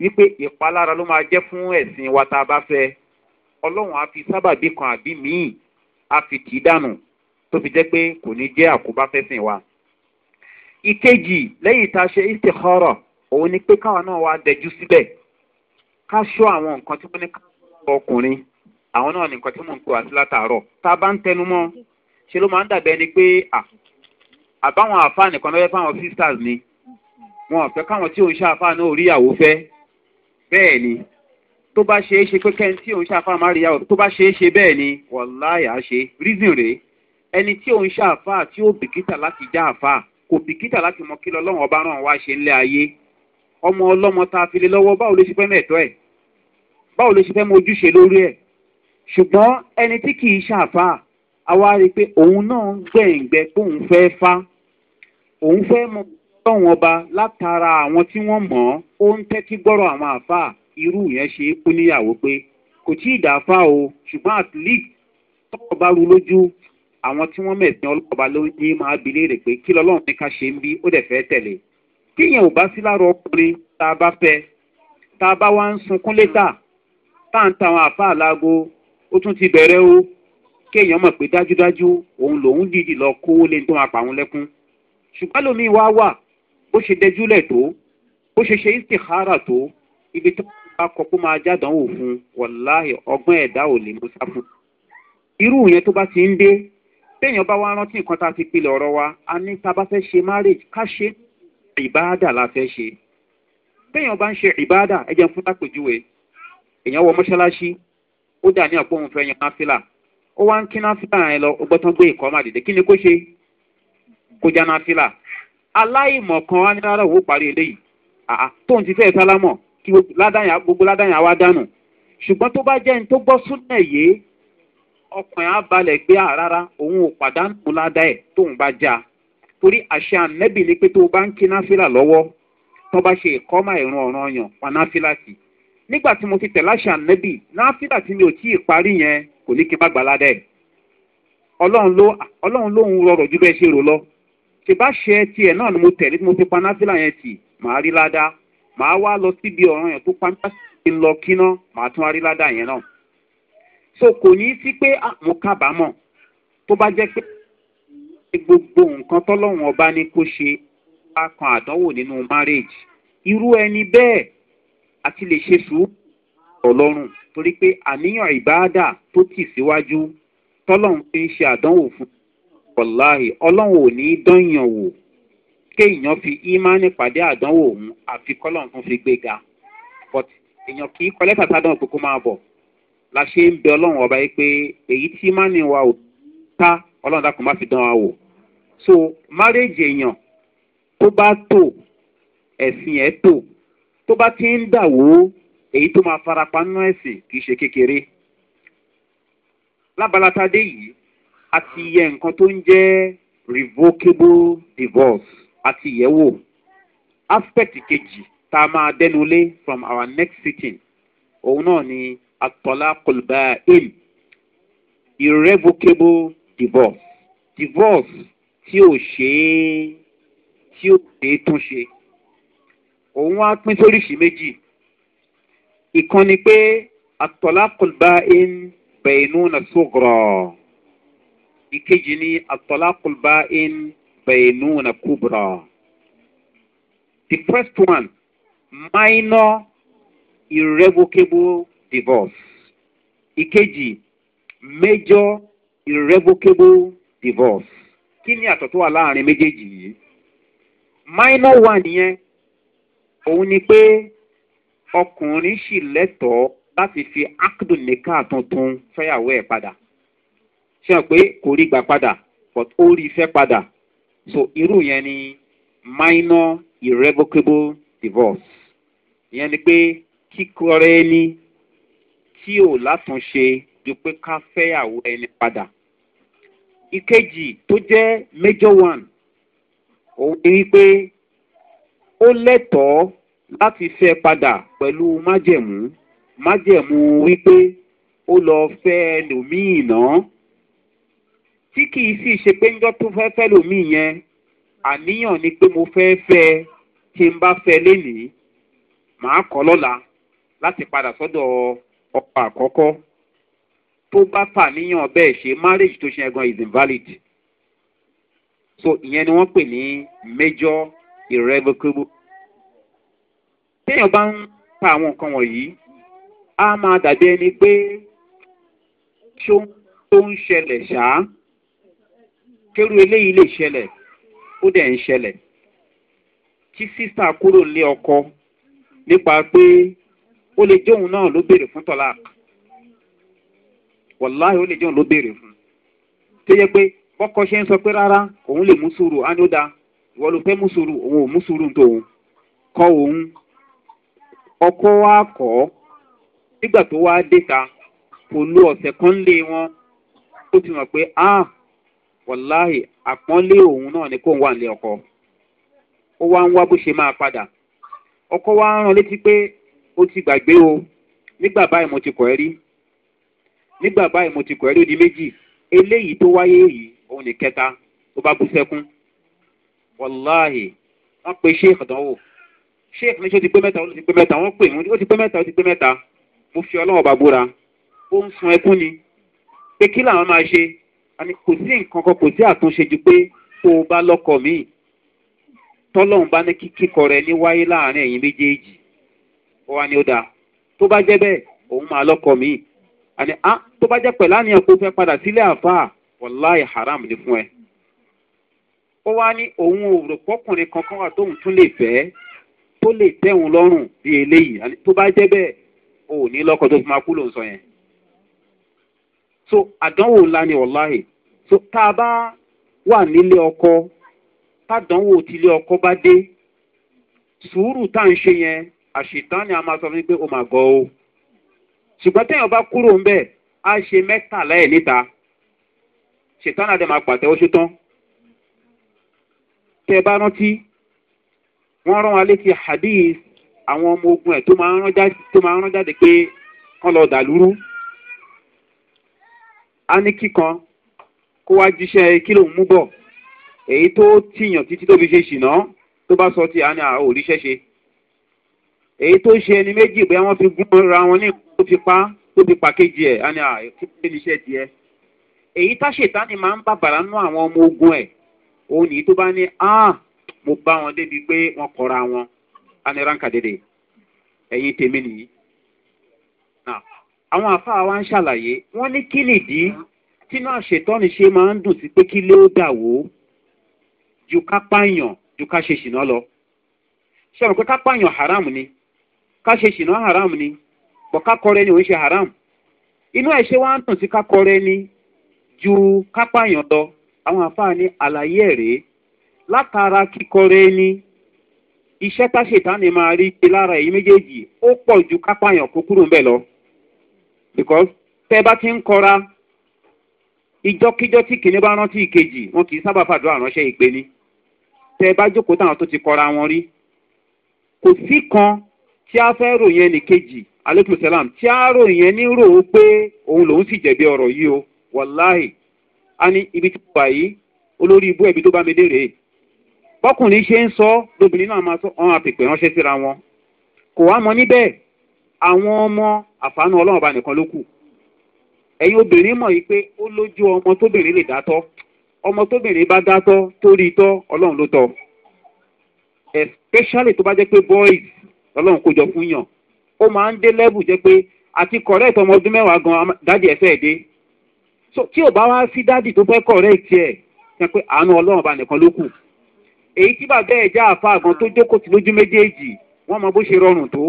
wípé ìpalára ló máa jẹ́ fún ẹ̀sìn wa tá a bá fẹ́ ọlọ́run á fi sábàbí kan àbí míì á fi tì í dànù tó fi jẹ́ pé kò ní jẹ́ àkóbá fẹ́sìn wa. ìkejì lẹ́yìn tá a ṣe istikhara òun ni pé káwa náà wá dẹjú síbẹ̀ ká ṣọ́ àwọn nǹkan tí wọ́n ní ká ọkùnrin àwọn náà nìkan tí mò ń pè wá sí látàárọ̀ tá a bá ń tẹnu mọ́ ṣe ló máa ń dàbẹ́ ni pé àbáwọn àáfàá nìkan lọ́wọ́ fáwọn sisters ni wọn ò fẹ́ káwọn tí òun ṣàfáà náà rí ìyàwó fẹ́ bẹ́ẹ̀ ni tó bá ṣeé ṣe pé kẹ́ni tí òun ṣàfáà máa rí ìyàwó tó bá ṣeé ṣe bẹ́ẹ̀ ni wàláyà ṣe reason rèé ẹni tí òun ṣàfáà tí ó bìkítà láti já àfáà kò bìkítà láti mọ kí lọ́lọ́run ọba náà wá ṣe ńlẹ̀ ayé ọmọ ọlọ́mọ tá a fi lé lọ́wọ́ báwo ṣùgbọ́n ẹni tí kì í ṣàfà àwa rí i pé òun náà ń gbẹ̀ǹgbẹ́ póun fẹ́ fá òun fẹ́ mọ tọ́wọ́n ọba látara àwọn tí wọ́n mọ̀ ọ́ ó ń tẹ́tí gbọ́rọ̀ àwọn àfà irú yẹn ṣe é kú níyàwó pé kò tí ì dáfà o ṣùgbọ́n at least bá ru lójú àwọn tí wọ́n mẹ̀sìn ọlọ́ọ̀ba ló ní máa bi léèrè pé kí lọ́lọ́run ní ká ṣe ń bí ó dẹ̀ fẹ́ tẹ̀lé kíyẹn ò bá sí lára ọkùnrin tá a bá fẹ́ tá a bá wá ń sunkún létà tá àwọn àfà láago ó tún ti bẹ̀rẹ̀ o kéèyàn mọ̀ pé dájúdájú òun lòun dìdì lọ kówó lé tó máa pa àwọn lẹ́kún ṣùgbọ́n lómi wá wà bó ṣe dẹjúlẹ̀ tó bó ṣe ṣe istihara tó ibi tó bá kọ pé máa jádánwò fún wàláhì ọgbọ́n ẹ̀dá ò lè mú sáfù irú yẹn tó bá ti ń dé téèyàn bá wá rántí nǹkan tá a ti pilẹ̀ ọ̀rọ̀ wa a ní tá bá fẹ́ ṣe marriage ká ṣe ìbáàdà la fẹ́ ṣe téèyàn bá ń ṣe ìbáàdà ẹ jẹun fún lápèjúwe èèyàn wọ mọ́ṣáláṣí ó dà ní ọ̀pọ̀ òun fẹ́ ó wá ń kí náfìlà yẹn lọ ọgbọ́n gbé dìde kí ni kó ṣe kó já náfìlà aláìmọ̀ á ní rárá parí eléyìí tóun ti fẹ́ kí gbogbo ládàáyà wá dànù ṣùgbọ́n tó bá jẹ́ ní tó gbọ́ súnlẹ̀ yìí gbé òun pàdánù ládà ẹ̀ tóun bá torí ni pé bá ń kí náfìlà lọ́wọ́ tó bá ṣe ìkọ́mà nígbà tí mo ti tẹ̀ láṣà nẹ́bì náfìlà tí mi ò tí ì parí yẹn kò ní kí n má gbà ládẹ́ ọlọ́run lóhun rọrọ̀ ju bẹ́ẹ̀ ṣe rò lọ ṣe bá ṣe tiẹ̀ náà ni mo tẹ̀lé tí mo fi pa náfìlà yẹn tì màá rí ládàá màá wá lọ síbi ọ̀ràn yẹn tó pa náfìlà lọ kíná màá tún wá rí ládàá yẹn náà so kò ní sí pé ah, mo kábàámọ̀ tó bá jẹ́ pé gbogbo nǹkan tọ́lọ́run ọba ní kó ṣe bá àdánwò nínú marriage irú ẹni bẹ́ẹ̀ àti lè ṣe sùúrù ọlọ́run torí pé àníyàn ìbáàdà tó tì síwájú tọ́lọ́run fi ń ṣe àdánwò fún wàláhì ọlọ́run ò ní í dányàn wò kéèyàn fi ímánì pàdé àdánwò òun àfi kọ́lọ́run fún fi gbéga but èèyàn kì í kọ́ lẹ́tà sádán pé kó máa bọ̀ la ṣe ń bẹ ọlọ́run ọba yìí pé èyí tí ímánì wa ò ta ọlọ́run dàkún má fi dán wa wò so marriage èèyàn tó bá tò ẹ̀sìn ẹ̀ tò tó bá ti ń dà wó èyí tó máa farapa nínú ẹ̀sìn kì í ṣe kékeré. lábalatadé yìí a ti yẹ nǹkan tó ń jẹ́ revocable divorce àti ìyẹ̀wò aspect kejì tá a máa dẹnulé from our next sitting òun náà ni atọ́lá kolba in irrevocable divorce divorce tí ò ṣe é tí ò ṣe é tún ṣe òun wá pín sóríṣi méjì ìkan ni pé àtọ̀lákùlbá in bẹ̀ẹ̀nù na sógrọ̀ ìkejì ni àtọ̀lákùlbá in bẹ̀ẹ̀nù na kúbrọ̀ the first one minor irrevocable divorce ìkejì major irrevocable divorce kí ni àtọ̀ tó wà láàrin méjèèjì yìí minor one yẹn òun ni pé ọkùnrin sì lẹ́tọ̀ọ́ láti fi akdun nìkan tuntun fẹ́yàwó ẹ̀ padà ṣe hàn pé kò rí gbà padà but ó rí fẹ́ padà so irú yẹn ni minor irrevocable divorce ìyẹn ni pé kíkọrẹ ẹni tí ò látúnṣe ju pé ká fẹ́yàwó ẹni padà ìkejì tó jẹ́ major one òun ni wípé ó lẹ́tọ̀ọ́ láti fẹ́ padà pẹ̀lú májẹ̀mú májẹ̀mú wípé ó lọ fẹ́ ẹlòmíì náà tí kìí sì ṣe pé ńjọ́ tó fẹ́ fẹ́ lòmíì yẹn àníyàn ni pé mo fẹ́ fẹ́ tí n bá fẹ́ lénìí màá kọ́ lọ́la láti padà sọ́dọ̀ ọkọ̀ àkọ́kọ́ tó bá fàníyàn bẹ́ẹ̀ ṣe marriage tó ṣe ẹ̀gan is invalid so ìyẹn ni wọ́n pè ní major irrevocable. téèyàn bá ń ka àwọn nǹkan wọ̀nyí á máa dàbí ẹni pé ṣó tó ń ṣẹlẹ̀ ṣáá kérú eléyìí lè ṣẹlẹ̀ ó dẹ̀ ń ṣẹlẹ̀ tí sísà kúrò lé ọkọ nípa pé ó lè jóun náà ló béèrè fún tọ́lá wàláhì ó lè jóun ló béèrè fún tó yẹ pé bọ́kọ ṣe ń sọ pé rárá òun lè mú sùúrù á ní ó dáa wọ́n ló fẹ́ mú sùúrù òun ò mú sùúrù tóun kọ́ òun ọkọ wa kọ́ nígbà tó wá déta kò lo ọ̀sẹ̀ kan lé wọn ó ti mọ̀ pé ah wàláhì àpọ́nlé òun náà ni kò ń wà nílé ọkọ ó wá ń wá bó ṣe máa padà ọkọ wa ń rán létí pé ó ti gbàgbé o nígbà báyìí mo ti kọ̀ ẹ́ rí nígbà báyìí mo ti kọ̀ ẹ́ rí ó di méjì eléyìí tó wáyé yìí òun ní kẹta ó bá bú sẹ́kún wàláhì wọ́n pe sheikh dánwò sheikh ní ṣe ti pé mẹ́ta ó ti pé mẹ́ta wọ́n pè mí ó ti pé mẹ́ta ó ti pé mẹ́ta mo fi ọlọ́wọ́ bá bóra ó ń sun ẹkún ni pé kí làwọn máa ṣe àní kò sí nǹkan kan kò sí àtúnṣe ju pé tó o bá lọ́kọ̀ míì tọ́lọ́hún bá ní kíkọ rẹ ní wáyé láàrin ẹ̀yìn méjèèjì ó wá ní ó dáa tó bá jẹ́ bẹ́ẹ̀ òun máa lọ́kọ̀ míì àní ah, tó bá jẹ́ pẹ̀lú àníyàn kó fẹ́ padà sílé àfáà wàláì haram ni fún ẹ ó wá ní òun ò rò pọ́kùnrin kankan wà tóun tún lè fẹ́ tó lè tẹ̀hún lọ́rùn bí eléyìí tó bá jẹ́ bẹ́ẹ̀ o ò ní lọ́kọ̀ tó fi máa kú ló ń sọ yẹn. so àdánwò ńlá ni wàláhì so tá a bá wà nílé ọkọ tádánwò tílé ọkọ bá dé sùúrù tá à ń ṣe yẹn àṣìtán ni a máa sọ fún mi pé o mà gọ o ṣùgbọ́n téèyàn bá kúrò ń bẹ̀ á ṣe mẹ́tàlá ẹ̀ níta ṣètàn àdèmàpàtẹ́ ó ṣe tán tẹ́ bá rántí wọ́n rán wa létí hadith àwọn ọmọ ogun ẹ̀ tó máa ń rán jáde pé kán lọ dàlúrú á ní kíkan kó wá jíṣẹ́ kílò ń mú bọ̀ èyí tó tìyàn títí tó fi ṣe ṣìnà tó bá sọ ti àní àwọn òríṣẹ́ ṣe èyí tó ṣe ẹni méjì bóyá wọ́n fi gún ra wọn ní tó fi pa tó fi pa kejì ẹ̀ àní àìkú níṣẹ́ tiẹ̀ èyí táṣetá ni máa ń bàbàrà nú àwọn ọmọ ogun ẹ̀ òun nìyí tó bá ní ah mo bá wọn débi pé wọn kọra wọn aniranka dédé ẹyin tèmi nìyí. àwọn àfáà wa ń ṣàlàyé wọn ní kí nìdí tínú àṣetọ́ni ṣe máa ń dùn sí pé kí ló dà wó ju ká pààyàn ju ká ṣe ṣìnà lọ. ṣé àwọn pé ká pààyàn haram ni ká ṣe ṣìnà haram ni bọ̀ ká kọrẹ ni òun ṣe haram. inú ẹ̀ ṣe wá ń dùn sí ká kọrẹ ni ju ká pààyàn lọ àwọn àfáà ní àlàyé ẹ̀rẹ́ látara kíkọrẹ ní iṣẹ́ táṣetánì máa rí pé lára èyí méjèèjì ó pọ̀ ju kápáyàn kó kúrò ń lọ. tẹ́ bá ti ń kọra ìjọkíjọ tí kìnìún bá rántí ìkejì wọn kì í sábà fàdúrà ránṣẹ́ ìpè ni tẹ́ bá jókòó táwọn tó ti kọra wọn rí kò sí kan tí a fẹ́ ròyìn ẹnì kejì aleykum tí a ròyìn ẹni rò ó pé òun lòún sì jẹ̀bi ọ̀rọ̀ yìí o wàláhì ani ní ibi tí mo wà yìí olórí ibú ẹbí tó bá mi léèrè bọ́kùnrin ṣe ń sọ lóbìnrin náà máa sọ ọ̀hún àpèpè ránṣẹ́ síra wọn kò wá mọ níbẹ̀ àwọn ọmọ àfààní ọlọ́run ọba nìkan ló kù ẹ̀yin obìnrin mọ̀ yìí pé ó lójú ọmọ tóbìnrin lè dátọ́ ọmọ tóbìnrin bá dátọ́ tó tọ́ ọlọ́run ló tọ́ especially tó bá jẹ́ pé boys ọlọ́run kó jọ fún yàn ó máa ń dé level jẹ́ pé àti correct ọmọ ọdún mẹ́wàá gan dájẹ́ ẹ̀fẹ́ ẹ̀ so tí ò bá wá sí dádì tó fẹ́ correct ẹ̀ ṣe pé àánú ọlọ́run ọba nìkan ló kù èyí tí bàbá ẹ̀ já àfa àgbọn tó jókòó lójú méjèèjì wọ́n mọ bó ṣe rọrùn tó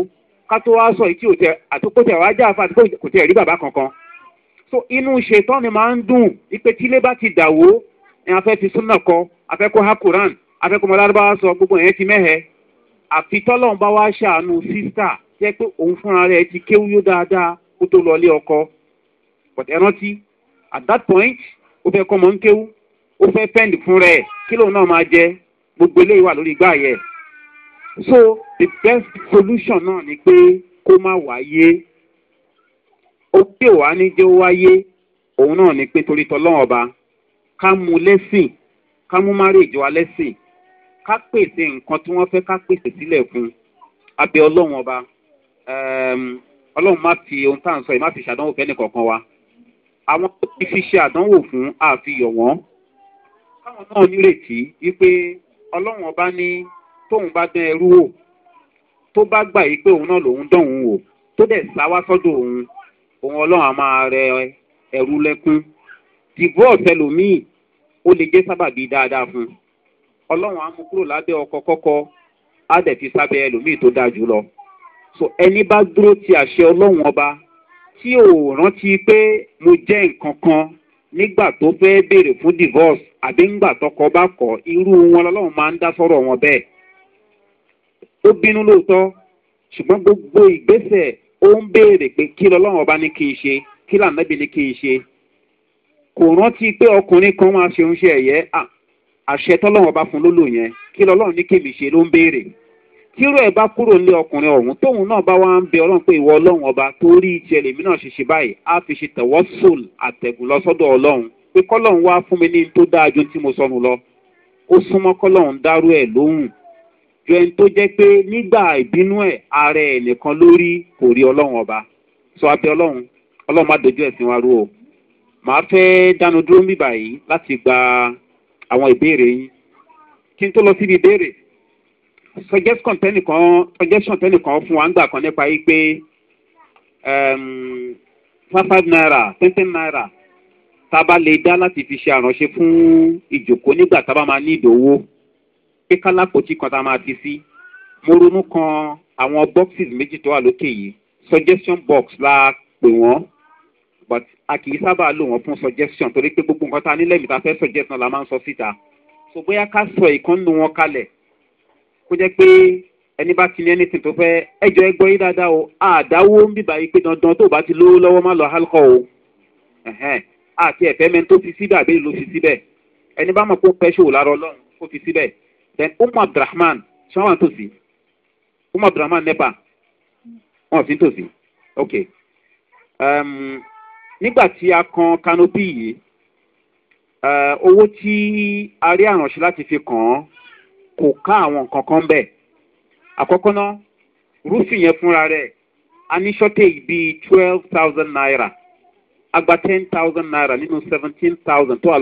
ká tó wá sọ èyí tí ò tẹ àtúkò tẹ wá já àfa kò tẹ rí bàbá kankan so inú ni máa ń dùn wípé ilé bá ti ẹ̀ afẹ́ fi kọ ha koran afẹ́ kó sọ gbogbo at that point ó fẹ́ kọ́ mọ́ ń kéwú ó fẹ́ pẹ́ǹdì fún rẹ̀ kí lóun náà máa jẹ gbogbo eléyìí wà lórí igbá yẹ so the best solution náà ni pé kó má wáyé ó pè wá ní jẹ́ ó wáyé òun náà ni pé torí tọ́lọ́wọ́n ọba ká mú lẹ́sìn ká mú márèjì wa lẹ́sìn ká pèsè nǹkan tí wọ́n fẹ́ ká pèsè sílẹ̀ fún abẹ́ ọlọ́wọ́n ọba ọlọ́run má fi ohun tá à ń sọ yìí má fi ṣàdánwò fẹ́ nìkọ̀ọ̀kan wa àwọn tó ti fi ṣe àdánwò fún àfihàn wọn káwọn náà nírètí wípé ọlọ́run ọba ní tóun bá dán ẹrú wò tó bá gbà yí pé òun náà lòun dán òun wò tó dẹ̀ sá wá sọ́dọ̀ òun òun ọlọ́run a máa rẹ ẹrú lẹ́kún divorce ẹlòmíì ó lè jẹ́ sábàbí dáadáa fún ọlọ́run á mú kúrò lábẹ́ ọkọ kọ́kọ́ á dẹ̀ fi sábẹ́ ẹlòmíì tó dáa jù lọ so ẹni bá dúró ti àṣẹ ọlọ́run ọba tí ò rántí pé mo jẹ́ nǹkan kan nígbà tó fẹ́ béèrè fún divorce àbí ńgbà tọkọ bá kọ̀ irú wọn lọ́lọ́run máa ń dá sọ́rọ̀ wọn bẹ́ẹ̀. ó bínú lóòótọ́ ṣùgbọ́n gbogbo ìgbésẹ̀ ó ń béèrè pé kí lọ́lọ́run ọba ní kí n ṣe kí làmẹ́bí ní kí n ṣe. kò rántí pé ọkùnrin kan máa ṣe oúnjẹ ẹ̀yẹ àṣẹ tọ́lọ́run ọba fún lólò yẹn kí lọ́lọ́run ní kí ṣe ló ń béèrè tíró ẹ̀ bá kúrò lé ọkùnrin ọ̀hún tóun náà bá wá ń bẹ ọlọ́run pé ìwọ ọlọ́run ọba torí tiẹ̀ lèmi náà ṣe ṣe báyìí á fi ṣe tẹ̀wọ́ sòl àtẹ̀gùn lọ sọ́dọ̀ ọlọ́run pé kọ́lọ́run wá fún mi ní tó dáa ju tí mo sọnù lọ ó súnmọ́ kọ́lọ́run dárú ẹ̀ lóhùn ju ẹni tó jẹ́ pé nígbà ìbínú ẹ̀ ààrẹ ẹ̀ nìkan lórí kò rí ọlọ́run ọba sọ abẹ ọlọ́run ọlọ́run má dojú ẹ̀sìn wa rú o màá fẹ́ dánu mí báyìí láti gba àwọn ìbéèrè yín kí n tó lọ síbi ìbéèrè suggestion tẹnìkan suggestion tẹnìkan fún wa ń gbà kan nípa yìí pé five um, five naira ten ten naira tá a bá lè dá láti fi ṣe àránṣe fún ìjòkó nígbà tá a bá máa ní ìdòwò pé kálápòtì kan tá a máa fi sí mo ronú kan àwọn boxes méjì tó wà lókè yìí suggestion box la pè wọ́n but a kì í sábà lò wọ́n fún suggestion torí pé gbogbo nǹkan tá a nílẹ̀ mi ta fẹ́ suggest náà la máa ń sọ síta so bóyá ká sọ ìkànnì wọn kalẹ̀ kó jẹ́ pé ẹni bá ti ní anything tó fẹ́ ẹjọ́ ẹ gbọ́ yín dáadáa o àdáwó ń bìbà yìí pé dandan tó bá ti lówó lọ́wọ́ má lọ halkọ́ o àti ẹ̀fẹ́ mẹ́ni tó fi síbẹ̀ àbẹ́yìn ló fi síbẹ̀ ẹni bá mọ̀ pé ó pẹ́ ṣòwò lára fi síbẹ̀ then umar abdulrahman ṣáwọn àtòsí umar abdulrahman nepa wọn fi ń tòsí ok um, nígbà tí a kan canopy yìí uh, owó tí a rí àránṣe láti fi kàn án kò ká àwọn kankan kan bẹ́ẹ̀ àkọ́kọ́ náà rúfì yẹn fúnra rẹ̀ a ní twelve thousand naira agba ten thousand naira nínú seventeen thousand tó wà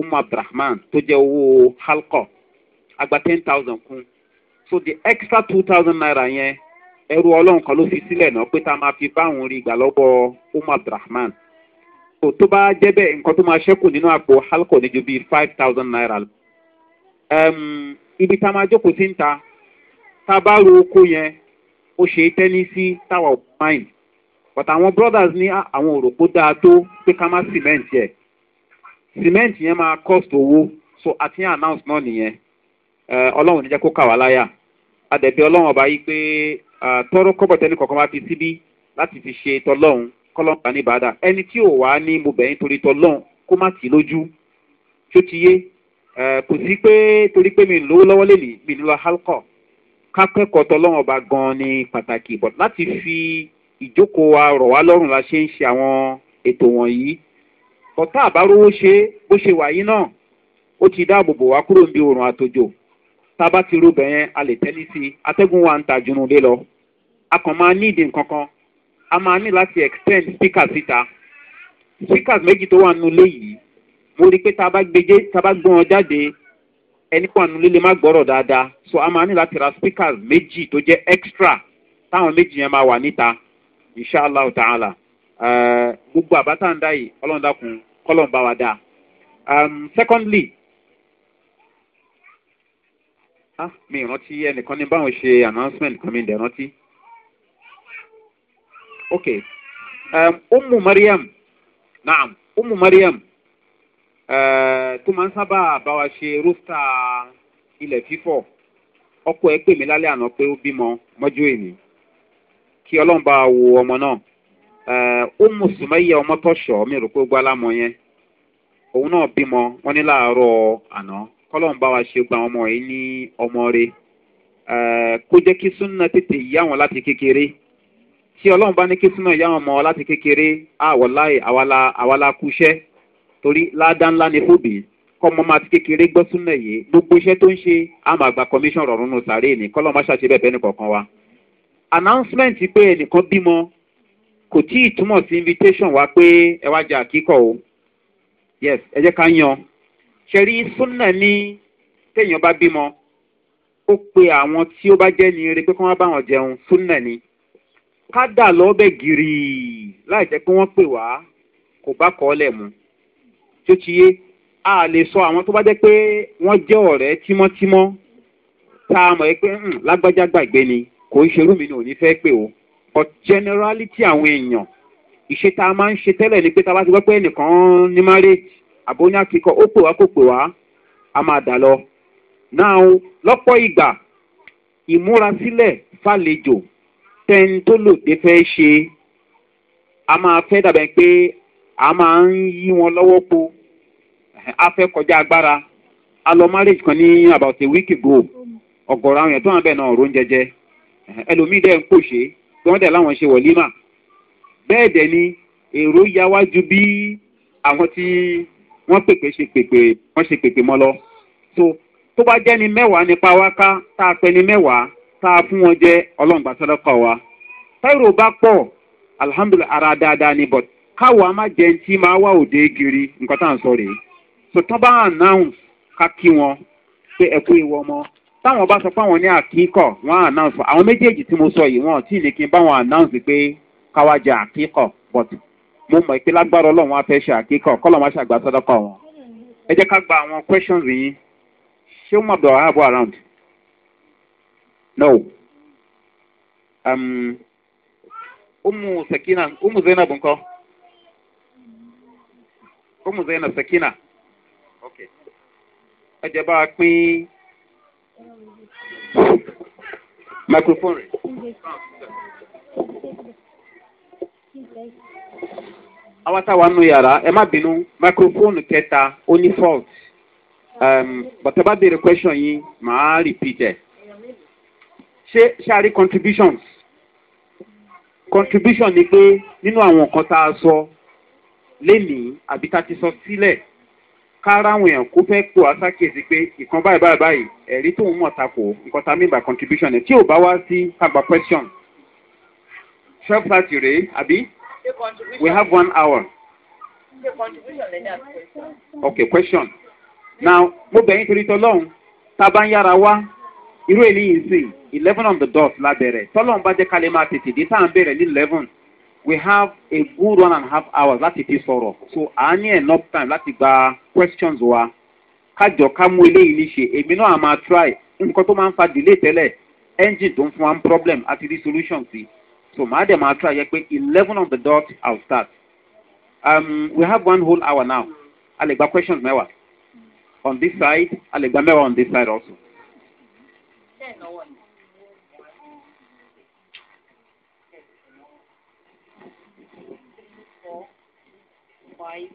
umar abdulrahman tó jẹ́ owó halkọ agba ten thousand so the extra two naira yẹn ẹrú ọlọ́run kan ló fi sílẹ̀ náà pé umar abdulrahman tó bá jẹ́ bẹ́ẹ̀ nǹkan tó máa ṣẹ́kù nínú àpò naira ibi tá a máa jókòó sí ń ta tá a bá ro oko yẹn ó ṣe tẹ́ni sí tower of mind but àwọn brothers ní ah, àwọn òròpó dáa tó pé ká má cement yẹ cement yẹn máa cost owó so àti yẹn announce náà nìyẹn ọlọ́run ní jẹ́ kó kà wá láyà adẹ̀bí ọlọ́run ọba yìí pé tọ́rọ kọ́bọ̀ tẹ́lẹ̀ kọ̀ọ̀kan bá fi síbí láti fi ṣe tọ́lọ́run kọ́lọ́ǹkà ní bàdà ẹni tí ò wá ní mo bẹ̀yìn torí tọ́lọ́run kó má tì lójú tó ti yé kò sí pé torí pé mi lówó lọ́wọ́ lè mi lọ halkọ̀ kákẹ́kọ̀ọ́ tọ́lọ́wọ́n ba gan ni pàtàkì but láti fi ìjókòó wa rọ̀ wá lọ́rùn la ṣe ń ṣe àwọn ètò wọ̀nyí ọ̀tá àbárówó ṣe bó ṣe wà yìí náà ó ti dáàbò bò wá kúrò níbi òòrùn àtòjò tá a bá ti rúbẹ̀ yẹn a lè tẹ́lí sí i atẹ́gùn wa ń ta jùnú lé lọ a kàn máa ní ìdè nǹkan kan a máa ní láti extend speakers síta speakers méjì tó wà nínú yìí mo rí i pé tá a bá gbèjé tá a bá gbọ́n ọ jáde ẹni pọ̀ nínú líle má gbọ́rọ̀ dáadáa so a máa ní láti ra speakers méjì tó jẹ́ extra táwọn méjì yẹn máa wà níta inshallah ta'ala eh, gbogbo àbátàndá yìí ọlọ́ndàkùn kọ́lọ̀ ń bá wa dá. Um, secondly ah mi ìrántí ẹnìkan ní báwọn ṣe announcement kan mi ń dẹ̀ rántí. okay um, umu Maryam naam umu Maryam tó máa bá wa ṣe rúfta ilẹ̀ fífọ̀ ọkọ̀ ẹ pè mí lálẹ́ àná pé ó bímọ mọ́jú kí ọlọ́run bá ọmọ náà ó mùsùlùmẹ́yẹ ọmọ tọ̀ṣọ́ mi rò pé ó yẹn òun náà bímọ ọmọ yìí ní ọmọ kó jẹ́ kí súnà tètè yá wọn láti kékeré tí ọlọ́run bá ní kí súnà yá wọn mọ́ torí ládá ńlá ni fóbìnrin kọ́mọ máa ti kékeré gbọ́ súnlẹ̀ yìí gbogbo iṣẹ́ tó ń ṣe àmọ́ àgbà commission rọ̀rùn nù sàárè ní kọ́lọ́ má ṣàṣe bẹ́ẹ̀ bẹ́ẹ̀ nìkọ̀ọ̀kan wa. announcement pé ẹnìkan bímọ kò tí ì túmọ̀ sí invitation wa pé ẹ wá jẹ àkíkọ̀ o yes ẹ jẹ́ ká yan ṣẹ̀rí súnlẹ̀ ní téèyàn bá bímọ ó pe àwọn tí ó bá jẹ́ ní eré pé kí wọ́n bá wọn jẹun súnlẹ̀ ni ká dà lọ́ọ́bẹ̀ gírí láì jẹ́ pé wọ́n pè wá kò bá kọ́ ọ́ lẹ̀ mu tí ó ti yé a lè sọ àwọn tó bá jẹ́ pé wọ́n jẹ́ ọ̀rẹ́ tímọ́tímọ́ tá a mọ̀ pé hmm, lágbájá gbàgbé ni kò ń ṣerú mi ni ò ní fẹ́ pè o but generality àwọn èèyàn ìṣe tá a máa ń ṣe tẹ́lẹ̀ ni pé tá a bá ti gbọ́ pé ẹnìkan ní marriage àbó ní akíkọ ó pè wá kò pè wá a máa dà lọ. now lọ́pọ̀ ìgbà ìmúrasílẹ̀ fàlejò tẹ́ni tó lòdì fẹ́ ṣe a máa fẹ́ dàbẹ̀ pé a máa ń yí wọn lọ́wọ́ po a fẹ́ kọjá agbára a lọ marriage kan ní about a week ago ọ̀gọ̀rọ̀ àwọn èèyàn tó wà bẹ́ẹ̀ náà ọ̀rọ̀ ń jẹjẹ ẹlòmíì dẹ́ ń pòṣe tí wọ́n dẹ̀ láwọn ṣe wọ̀límà bẹ́ẹ̀ dẹ̀ ni èrò ya wá ju bí àwọn tí wọ́n pèpè ṣe pèpè wọ́n ṣe pèpè mọ́ lọ so tó bá jẹ́ ni mẹ́wàá nípa wá ká tá a pẹ́ ni mẹ́wàá tá a fún wọn jẹ́ ọlọ́ngbàsọ́lọ́kọ̀ wa táìrò bá pọ̀ alihamudulilayi ara dáadáa ni but kawo ama jẹ tí máa wá òde kiri nǹkan tá à ń sọ so tán bá announce ká kí wọn pé ẹ kú ìwọ ọmọ táwọn bá sọ pé àwọn ní àkíkọ wọn announce àwọn méjèèjì tí mo sọ yìí wọn tí ní kí n bá wọn announce pé káwa jẹ àkíkọ but mo mọ̀ pé lágbára ọlọ́run á ṣe àkíkọ kọ́lọ́ má ṣàgbà sọ́dọ́kọ̀ wọn ẹ jẹ́ ká àwọn questions yìí ṣé wọ́n around no. Um, umu na sakina ok ọjà bá a pín microphone rẹ. àwa táwa nù yàrá ẹ má bínú microphone kẹta ó ní fault um, bàtà bá béèrè question yìí màá repeat ẹ ṣé ṣáàrí contributions contribution ni pé nínú àwọn nǹkan tá a sọ. So, lénìí àbí ta ti sọ sílẹ̀ káráwọn èèyàn kó fẹ́ pò àsákèsí pé ìkan báyìí báyìí báyìí ẹ̀rí tóun mọ̀ takò nǹkan ta mean by contribution ẹ̀ tí ò bá wá sí kagba question twelve thirty rèé àbí we have one hour. okay question now mo bẹ̀yìn torí tọ́lọ́hún tá a bá ń yára wá irú èyí yìí sìn eleven on the dot lábẹ́rẹ̀ tọ́lọ́hún bá jẹ́ ká lè máa tètè dé tá à ń bẹ̀rẹ̀ ní eleven we have a good one and a half hours láti fi sọ̀rọ̀ so à ní enough time láti gba questions wa kájọ ká mú eléyìí ní ṣe èmi náà a máa try nǹkan tó máa ń fa delay tẹ́lẹ̀ engine tó ń fún wa ń problem àti rí solution sí so màá dẹ̀ máa try yẹ pé eleven of the dot i will start um, we have one whole hour now a lè gba questions mẹ́wàá on this side a lè gba mẹ́wàá on this side also. white.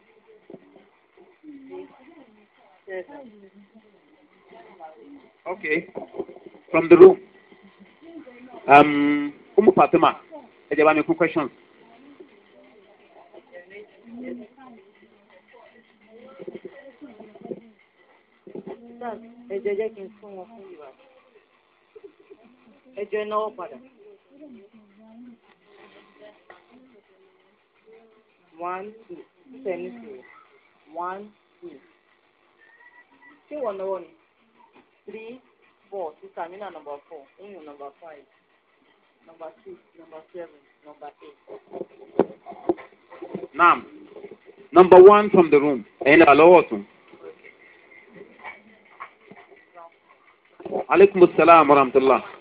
Okay. From the room. Um, Umu Fatima, ẹ jẹ́ bá mi kún questions. Ẹjọ́ jẹ́ kí n fún wọn fún ìwà. Ẹjọ́ One, two sẹ́ni zero one two ṣé ìwọ náwó ni three four sísá mi náà number four oyún number five number six number seven number eight. naam number one from the room ẹ̀yin náà lọ́wọ́ tún. aleykum salaam wa rahmatulah.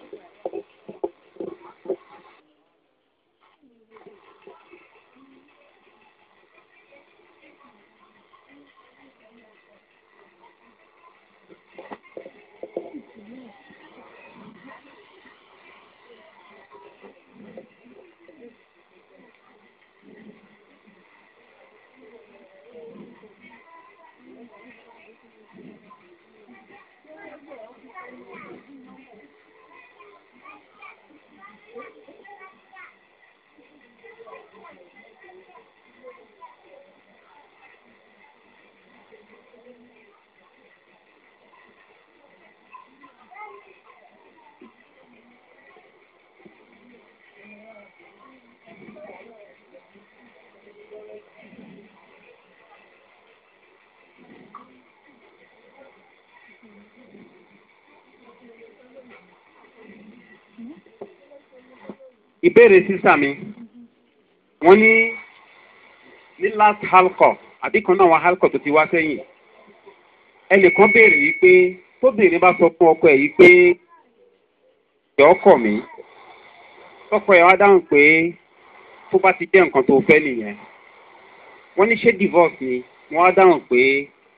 ìbéèrè sísà mi wọ́n ní ní last halkọ̀ àbí kan náà wọn halkọ̀ tó ti wá sẹ́yìn ẹnìkan béèrè yìí pé tóbìnrin bá sọ fún ọkọ ẹ̀ yìí pé ẹ̀ ọkọ̀ mi tọkọ ẹ̀ wá dáhùn pé tó bá ti jẹ́ nǹkan tó fẹ́ nìyẹn wọ́n ní ṣé divorce ni wọ́n á dáhùn pé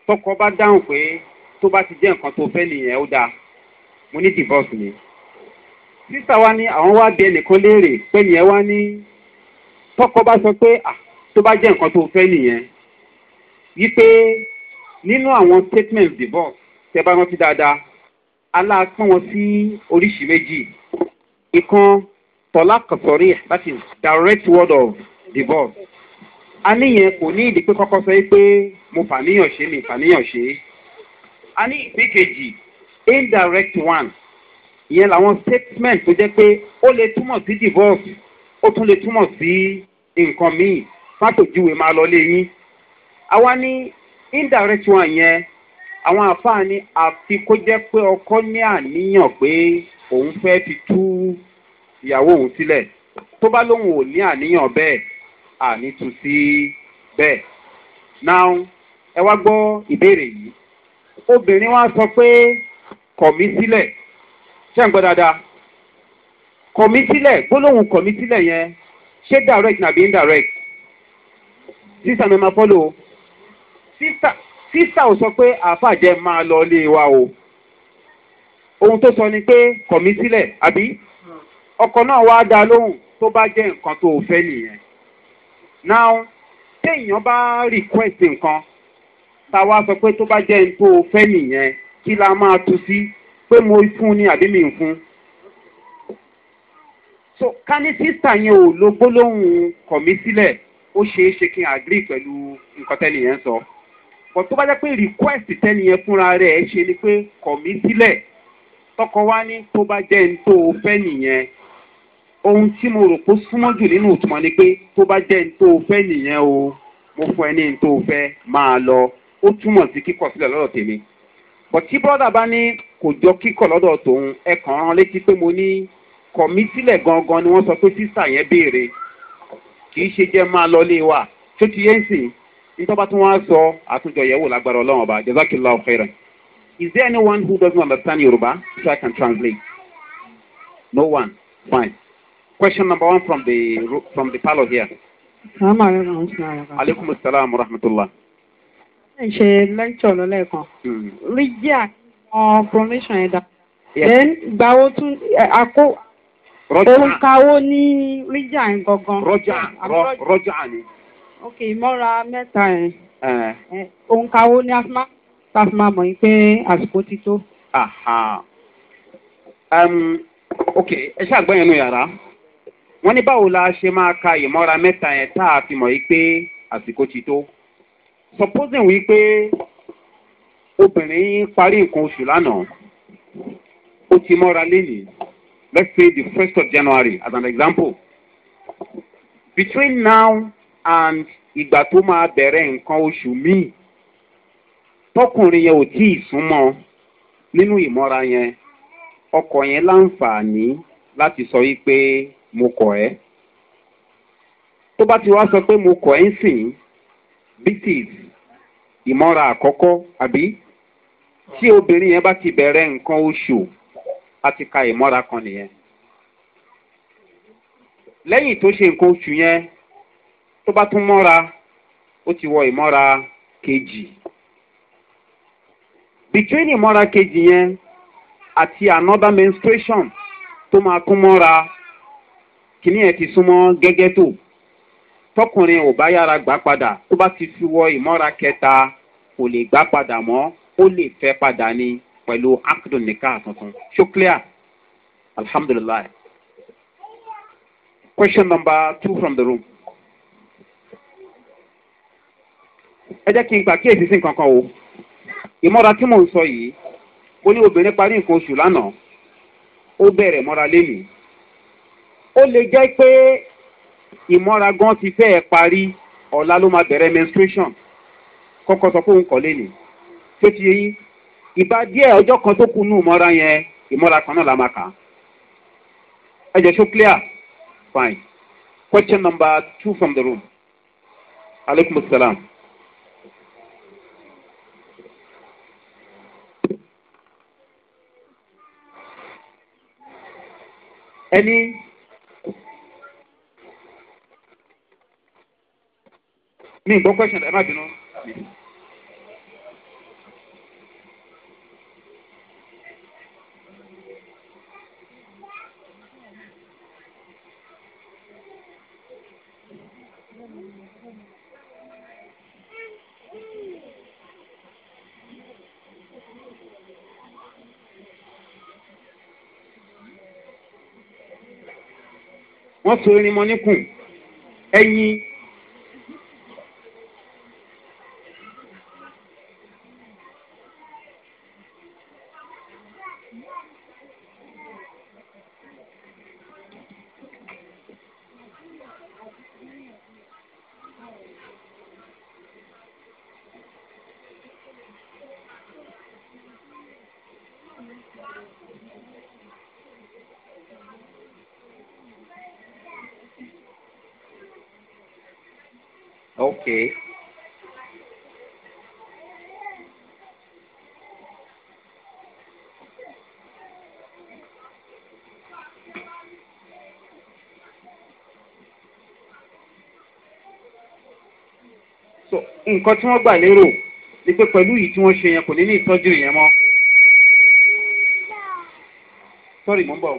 tọkọ bá dáhùn pé tó bá ti jẹ́ nǹkan tó fẹ́ nìyẹn ó dáa mo ní divorce ni sísà wa ní àwọn wá bí ẹnìkan léèrè pé nìyẹn wá ní tọkọ bá sọ pé à tó bá jẹ́ nǹkan tó fẹ́ nìyẹn wípé nínú àwọn statement divorce tẹ bá rántí dáadáa aláàpọ̀ wọn sí oríṣi méjì ìkan tọ́lá kọ̀sọ́rí that is direct word of divorce a níyẹn kò ní ìdí pé kọ́kọ́ sọ pé mo fàníyàn ṣe mi fàníyàn ṣe a ní ìpín kejì indirect one ìyẹn làwọn statement tó jẹ́ pé ó lè túmọ̀ sí divorce ó tún lè túmọ̀ sí nǹkan míì fàtòjúwe máa lọ lé yín àwa ní indirect one yẹn àwọn àfáà ní àfi kó jẹ́ pé ọkọ ní àníyàn pé òun fẹ́ fi tú ìyàwó òun sílẹ̀ tó bá lóun ò ní àníyàn bẹ́ẹ̀ àní sí bẹ́ẹ̀ now ẹ wá gbọ́ ìbéèrè yìí obìnrin wa sọ pé kọ̀ mí sílẹ̀. Si ṣé ń gbọ́ dáadáa kọ̀mítílẹ̀ gbólóhùn kọ̀mítílẹ̀ yẹn ṣé direct nàbí indirect sísà mi máa fọ́lò sísà ò sọ pé àfàjẹ́ máa lọ ilé wa o ohun tó sọ ni pé kọ̀mítílẹ̀ àbí ọkọ̀ náà wá dá lóhùn tó bá jẹ́ nǹkan tó fẹ́ nìyẹn now téèyàn bá request nǹkan táwa sọ pé tó bá jẹ́ nǹkan tó fẹ́ nìyẹn kí la máa tu sí. Si pé mo fún ni àbí mi ń fún. so ká ní sísà yẹn ò lo gbólóhùn kọ̀ mí sílẹ̀ ó ṣeé ṣe kí n àgírí pẹ̀lú nǹkan tẹ́nìyẹn sọ. bọ̀ tó bá jẹ́ pé request tẹ́nìyẹn fúnra rẹ̀ ṣe ni pé kọ̀ mí sílẹ̀ tọkọ wá ní tó bá jẹ́ ní tó o fẹ́ nìyẹn ohun tí mo rò pé súnmọ́ jù nínú ìtumọ̀ ni pé tó bá jẹ́ ní tó o fẹ́ nìyẹn o mo fún ẹ ní ní tó o fẹ́ máa lọ ó túmọ̀ sí kíkọ̀ sílẹ̀ lọ́dọ̀ tèmi. bọ̀ tí brọ́dà bá ní kò jọ kíkọ̀ lọ́dọ̀ tòun ẹ kàn án létí pé mo ní kọ̀mísílẹ̀ gangan ni wọ́n sọ pé sísà yẹn béèrè kì í ṣe jẹ́ máa lọlé wa tó ti yẹn sìn nítọ́ba tí wọ́n á sọ àtúnjọ yẹ̀wò lágbára ọlọ́run ọba jazakillah khairan is there anyone who doesn't understand yoruba so i can translate no one fine question number one from the from the parlour here. aleykum salaam wa rahmatulah. ẹ ṣe lẹ́kítọ̀ lọ́lẹ́kan. rí jẹ́ àkíyèsí àwọn promotion yẹn dà. then gbàwo tún àkó òun kawó ní ríjà yẹn gangan. rọjà rọjà ni. ok ìmọ̀ra mẹ́ta yẹn. òun kawó ní asma asma mọ̀ yín pé àsìkò ti tó. ok ẹ ṣàgbọ́n yẹn nù yàrá wọ́n ní báwo la ṣe máa ka ìmọ̀ra mẹ́ta yẹn tá a fi mọ̀ yí pé àsìkò ti tó. supposing wí obìnrin parí nǹkan oṣù lánàá ó ti mọ́ra lénìí let's say the first of january as an example between now and ìgbà tó máa bẹ̀rẹ̀ nǹkan oṣù míì tọkùnrin yẹn ò tí ì súnmọ́ nínú ìmọ́ra yẹn ọkọ̀ yẹn láǹfààní láti sọ yí pé mo kọ̀ ẹ́ tó bá ti wá sọ pé mo kọ̀ ẹ́ ń sìn this is ìmọ́ra àkọ́kọ́ àbí tí obìnrin yẹn bá ti bẹ̀rẹ̀ nǹkan oṣù a ti ka ìmọ́ra kan nìyẹn lẹ́yìn tó ṣe nǹkan oṣù yẹn tó bá tún mọ́ra ó ti wọ ìmọ́ra kejì between ìmọ́ra kejì yẹn àti another menstruation tó máa tún mọ́ra kìíní yẹn ti súnmọ́ gẹ́gẹ́ tó tọkùnrin ò bá yára gbà padà tó bá ti fi wọ ìmọ́ra kẹta kò lè gbà padà mọ́ ó lè fẹ́ padà ní pẹ̀lú akdun nìka tuntun ṣó clear alhamdulilayi. Question number two from the room. Ẹ jẹ́ kí n gbà kíyèsí sí nǹkan kan o. Ìmọ̀ra tí mò ń sọ yìí, mo ní obìnrin parí nǹkan oṣù lánàá, ó bẹ̀rẹ̀ mọ́ra lénìí. Ó lè jẹ́ pé ìmọ̀ra gan ti fẹ́ parí ọ̀la ló máa bẹ̀rẹ̀ menstruation. Kọ́kọ́ sọ pé òun kọ́ lénìí ṣé ti yẹ yín ìbá díẹ̀ ọjọ́ kan tó kú nù mọ́ra yẹn ìmọ́ra kan náà la máa kà ẹ jẹ́ ṣó clear fine question number two from the room aleykum salaam. ẹni mi gbọ́ question ẹ má bínú. wọ́n so irin mọ́ níkùn ẹ̀yìn nǹkan tí wọ́n gbà lérò ni pé pẹ̀lú yìí tí wọ́n ṣe yẹn kò ní ní ìtọ́jú yẹn mọ́. sọ́rí mò ń bọ̀.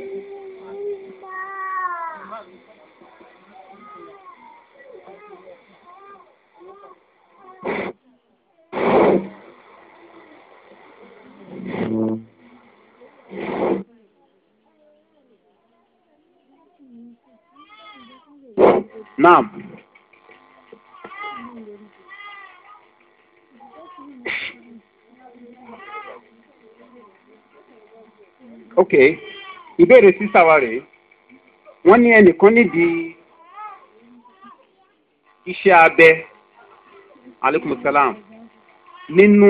Naam. ok ìbéèrè sísà wa rèé wọ́n ní ẹnìkan nídìí iṣẹ́ abẹ aleykum salaam nínú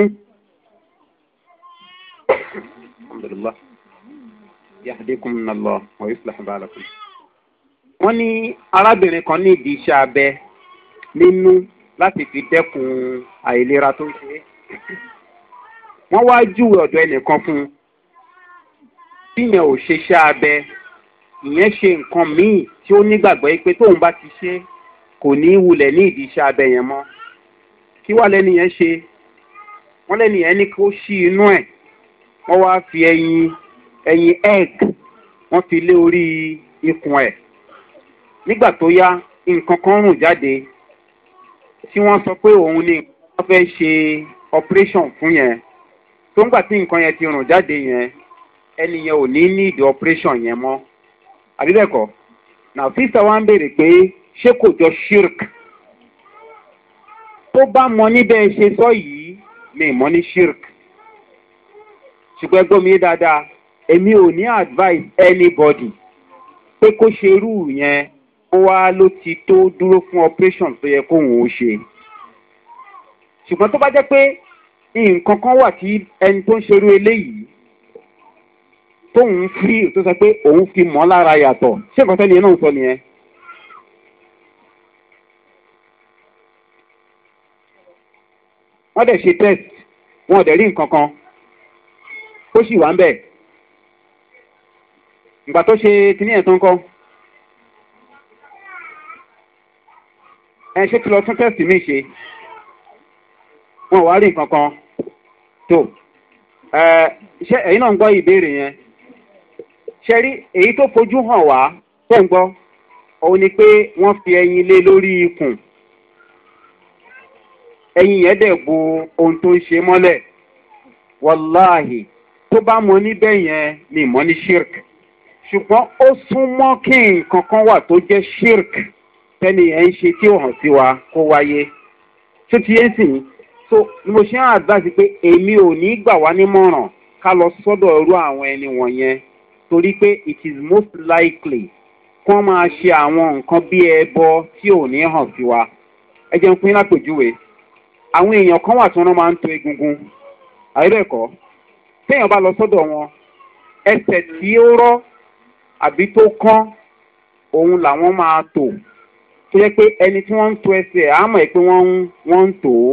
alhamdulilah yahdikum nallah wa yusuf balakum wọ́n ní arábìnrin kan nídìí iṣẹ́ abẹ nínú láti fi dẹ́kun àìlera tó ń ṣe wọ́n wá júwe ọ̀dọ̀ ẹnìkan fún un bíyẹn ò ṣeṣẹ́ abẹ ìyẹn ṣe nǹkan míì tí ó nígbàgbọ́ pé tóun bá ti ṣe kò ní í wulẹ̀ ní ìdí iṣẹ́ abẹ yẹn mọ́ kí wàá lẹ́nu yẹn ṣe wọ́n lẹ́nu yẹn ní kó ṣí inú ẹ̀ wọ́n wá fi ẹyin ẹyin egg wọ́n fi lé orí ikùn ẹ̀ nígbà tó yá nǹkan kan rùn jáde tí wọ́n sọ pé òun ni wọ́n fẹ́ ṣe operation fún yẹn tó ń gbà tí nǹkan yẹn ti rùn jáde yẹn ẹnìyẹn ò ní ní ìdí operation yẹn mọ́ àbíbẹ̀kọ́ na sista wa ń béèrè pé ṣé kò jọ shirk tó bá mọ níbẹ̀ ṣe sọ yìí mi mọ ní shirk ṣùgbọ́n ẹgbọ́n mi dáadáa èmi ò ní advice anybody pé kó ṣe irú yẹn ó wá ló ti tó dúró fún operation tó yẹ kóun ó ṣe ṣùgbọ́n tó bá jẹ́ pé nǹkan kan wà tí ẹni tó ń ṣerú eléyìí tóun fi tó sọ pé òun fi mọ́ lára yàtọ̀ ṣé nǹkan tẹ́lẹ̀ náà sọ nìyẹn. wọ́n dẹ̀ ṣe test wọn ò dẹ̀ rí nǹkan kan ó sì wà ń bẹ̀. ìgbà tó ṣe kíní ẹ̀ tó ń kọ́. ẹ ṣé kí lọ tún test mi ṣe wọn ò wá rí nǹkan kan tó ṣé ẹ̀yin náà ń gbọ́ ìbéèrè yẹn ṣẹ́rí èyí tó fojú hàn wá tẹ̀ ń gbọ́ òun ni pé wọ́n fi ẹyin lé lórí ikùn ẹyin yẹn dẹ̀ bo ohun tó ń ṣe mọ́lẹ̀ wàláhì tó bá mọ níbẹ̀ yẹn ni mọ́ ní shirk ṣùgbọ́n ó súnmọ́ kí nǹkan kan wà tó jẹ́ shirk tẹ́ni ẹ̀ ń ṣe tí ó hàn sí wa kó wáyé tó ti yé sìn so ni mo ṣe ń àdá sí pé èmi ò ní gbà wá nímọ̀ràn ká lọ sọ́dọ̀ irú àwọn ẹni wọ̀nyẹn torí pé it is most likely kí wọ́n máa ṣe àwọn nǹkan bí ẹbọ tí ò ní hàn sí wa ẹ jẹun pín lápèjúwe àwọn èèyàn kan wà tí wọ́n máa ń to egungun àìrẹ́kọ̀ọ́ téèyàn bá lọ sọ́dọ̀ wọn ẹsẹ̀ tí ó rọ́ àbí tó kán òun làwọn máa tò tó yẹ pé ẹni tí wọ́n ń to ẹsẹ̀ á mọ̀ pé wọ́n ń tò ó.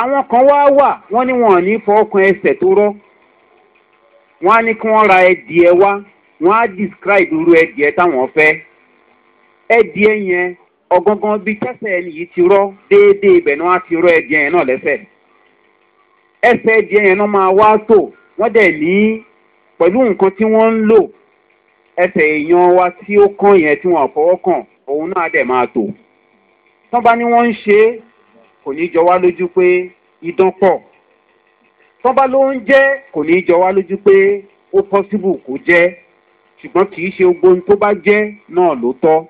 àwọn kan wá wà wọ́n ní wọn ò ní fọ́ ọkàn ẹsẹ̀ tó rọ́ wọ́n á ní kí wọ́n ra ẹdìẹ wá wọ́n á describe irú ẹdìẹ táwọn fẹ́ ẹdìẹ yẹn ọ̀gángan bíi kẹsẹ̀ ẹni yìí ti rọ́ déédéé ibẹ̀ ni ti rọ́ ẹdìẹ yẹn náà lẹ́sẹ̀ ẹsẹ̀ ẹdìẹ yẹn náà wá wọ́n ní pẹ̀lú nǹkan tí wọ́n ń lò ẹsẹ̀ èèyàn wa tí ó kàn yẹn tí wọ́n tọ́ba ló ń jẹ́ kò ní í jọ wá lójú pé ó pọ́síbù kó jẹ́ ṣùgbọ́n kì í ṣe gbogbo ohun tó bá jẹ́ náà ló tọ́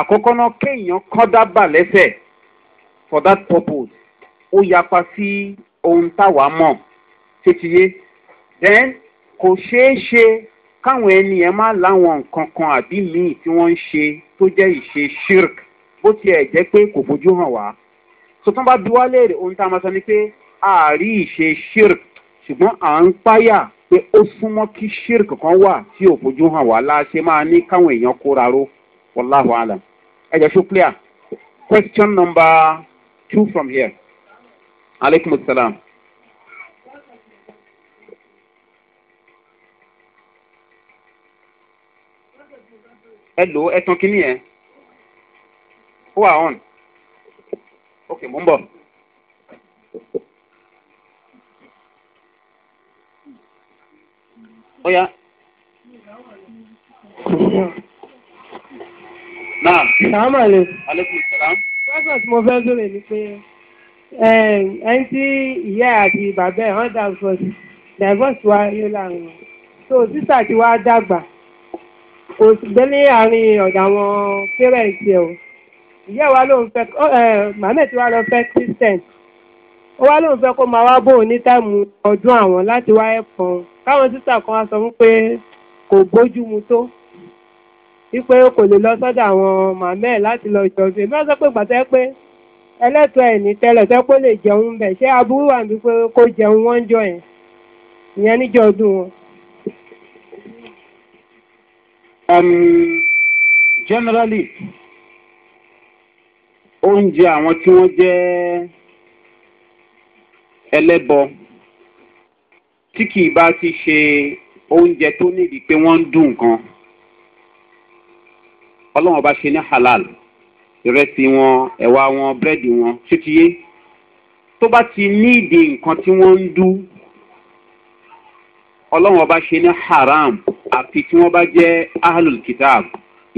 àkọ́kọ́ náà kéèyàn kán dábà lẹ́sẹ̀ for that purpose ó yapa sí ohun táwa mọ̀ tètìyé then kò ṣeé ṣe káwọn ẹni ẹ má láwọn nǹkan kan àbí míì tí wọ́n ń ṣe tó jẹ́ ìṣe shirk bó tiẹ̀ jẹ́ pé kò fojú hàn wá sọ bá bí wá léèrè ohun tá a máa sọ ni pé àárí ìṣe shirk ṣùgbọ́n à ń páyà pé ó súnmọ́ kí shirk kan wà tí ò fojú hàn wá láṣẹ máa ní káwọn èèyàn kóra ró wàláhùn àlàm ẹ ṣó clear question number two from here aleykum salaam. ẹ lò ó ẹ tan kínní yẹn ó wà on ok mo ń bọ̀. ó yá. náà. sàmà lè. aleykum salaam. pásítọ̀ tí mo fẹ́ béèrè ni pé ẹni tí ìyá àti bàbá ẹ̀ wọ́n dà fọ́ sí divorce wa yóò láàrin wọn so sísà tí wàá dàgbà kò sì gbé ní àárín ọ̀dà àwọn parents ẹ̀ o ìyá wa ló ń fẹ́ màmá tí wàá lọ fẹ́ christian ó wá lóun fẹ́ kó máa wá bóun ní táìmù ọdún àwọn láti wá ẹ̀fọn káwọn sísà kan wá sọ wípé kò bójú mu tó wípé kò lè lọ sọ́dọ̀ àwọn màmá ẹ̀ láti lọ jọ́sìn bí wọ́n sọ pé gbàtẹ́ pé ẹlẹ́tọ̀ ẹ̀ ní tẹ́lẹ̀ tẹ́ kó lè jẹun bẹ̀ ṣé aburú wà ní pé kó jẹun wọ́n jọ ẹ̀ ìyẹn níjọ ọdún wọn. Um, generally oúnjẹ àwọn tí wọ́n jẹ́ ẹlẹ́bọ tí kì í bá ti ṣe oúnjẹ tó nídìí pé wọ́n ń dùn nǹkan ọlọ́run ọba ṣe ní halal ìrẹsì wọn ẹ̀wà wọn búrẹ́dì wọn ṣètìyé tó bá ti nídìí nǹkan tí wọ́n ń dú ọlọ́run ọba ṣe ní haram àfi tí wọ́n bá jẹ́ ahlul kitab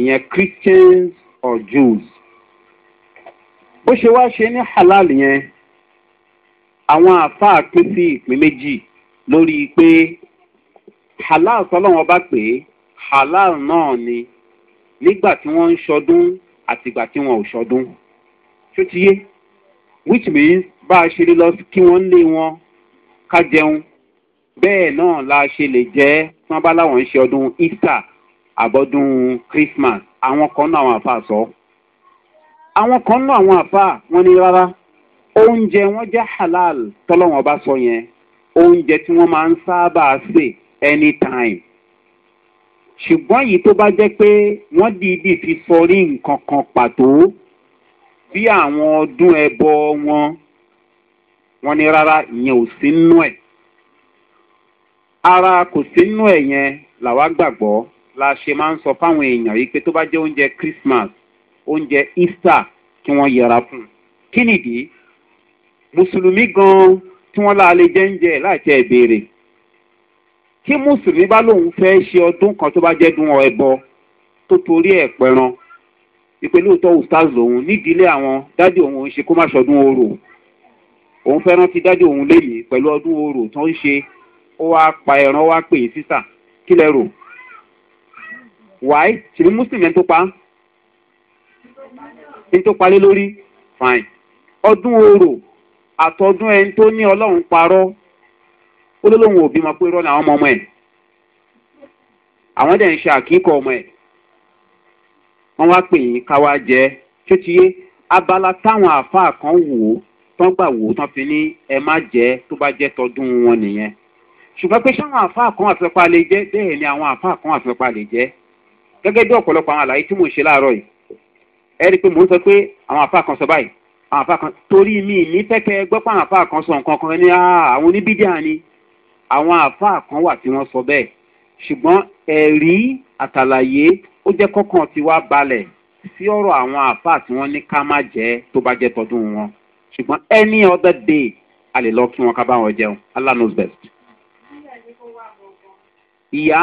ìyẹn christians or jews bó ṣe wá ṣe ní halal yẹn àwọn àáfàá pín sí ìpín méjì lórí pé halal sọlọ́wọ́n bá pè é halal náà ni nígbà tí wọ́n ń ṣọdún àtìgbà tí wọn ò ṣọdún ṣó ti yé which means bá a ṣe lè lọ kí wọ́n lé wọn ká jẹun bẹ́ẹ̀ náà la ṣe lè jẹ́ tí wọ́n bá láwọn ń ṣe ọdún easter àbọ̀dún christmas àwọn kan náà àwọn àfa sọ àwọn kan náà àwọn àfa wọn ni rárá oúnjẹ wọn jẹ́ halal tọ́lọ́wọ́n bá sọ yẹn oúnjẹ tí wọ́n máa ń sábà sè anytime ṣùgbọ́n yìí tó bá jẹ́ pé wọ́n dìídì fi sọrí nǹkan kan pàtó bí àwọn ọdún ẹbọ wọn wọn ni rárá ìyẹn ò sí nínú ẹ̀ ara kò sí nínú ẹ̀ yẹn làwa gbàgbọ́ la ṣe máa ń sọ fáwọn èèyàn yìí pé tó bá jẹ́ oúnjẹ christmas oúnjẹ easter kí wọ́n yẹra fún un kí nìdí mùsùlùmí gan-an tí wọ́n láàlẹ́ jẹ́ńjẹ́ láìsí ẹ̀ béèrè tí mùsùlùmí bá lòun fẹ́ ṣe ọdún kan tó bá jẹ́ dún ẹbọ tó torí ẹ̀ pẹran ìpè lóòótọ́ ustaz lòun nídìílé àwọn dájú òun ń ṣe kó má ṣọdún oòrò òun fẹ́ràn ti dájú òun léyìn pẹ̀lú ọdún oòrò tó ń ṣe ó wá pa ẹran wá pè é sísà kí lẹ rò wáyé ṣèlú mùsùlùmí ẹni tó pa ẹni tó palé lórí fine ọdún oòrò àtọ́dún ẹni tó ní ọlọ́run parọ́ ó ló lóun òbí ma pé irọ́ ni àwọn ọmọ ọmọ ẹ̀ àwọn dẹ̀ ń ṣe àkíkọ̀ ọmọ ẹ̀ wọ́n wá pè yín ká wá jẹ́ ṣé ti yé abala táwọn àáfàá kan wò ó tán gbà wò ó tán fi ní ẹ má jẹ́ tó bá jẹ́ tọdún wọn nìyẹn ṣùgbọ́n pé sáwọn àáfàá kan àfẹ́pá lè jẹ́ bẹ́ẹ̀ ni àwọn àáfàá kan àfẹ́pá lè jẹ́ gẹ́gẹ́ bí ọ̀pọ̀lọpọ̀ àwọn àlàyé tí mò ń ṣe láàárọ̀ yìí ẹ rí i pé mò ń sọ pé àwọn àáfàá kan sọ báyìí àfa kan torí mi ní fẹ́kẹ́ gbọ́ pé àfa kan sọ nǹkan kan ní àwọn oníbídíà ni àwọn àfa kan wà tí wọ́n sọ bẹ́ẹ̀ ṣùgbọ́n ẹ̀rí àtàlàyé ó jẹ́ kọ́kàn tí wá balẹ̀ sí ọ̀rọ̀ àwọn àfa tí wọ́n ní ká má jẹ́ tó bá jẹ́ tọdún wọn ṣùgbọ́n any other day a lè lọ kí wọn ká bá wọn jẹun allah knows best. ìyá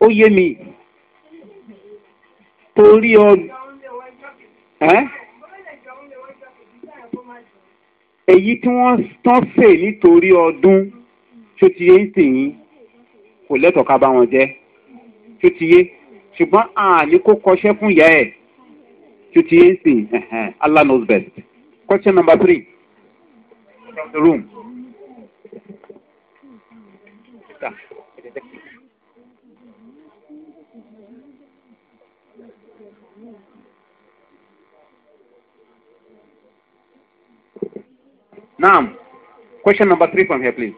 ó yé mi torí ọdún èyí tí wọ́n tán sè nítorí ọdún tó ti yé ń kò lẹ́tọ̀ọ́ ká bá wọn jẹ́ tó ti yé ṣùgbọ́n àní kó kọṣẹ́ fún ìyá ẹ̀ tó ti yé sìn allah knows best question number three from the room. Now, question number three from here, please.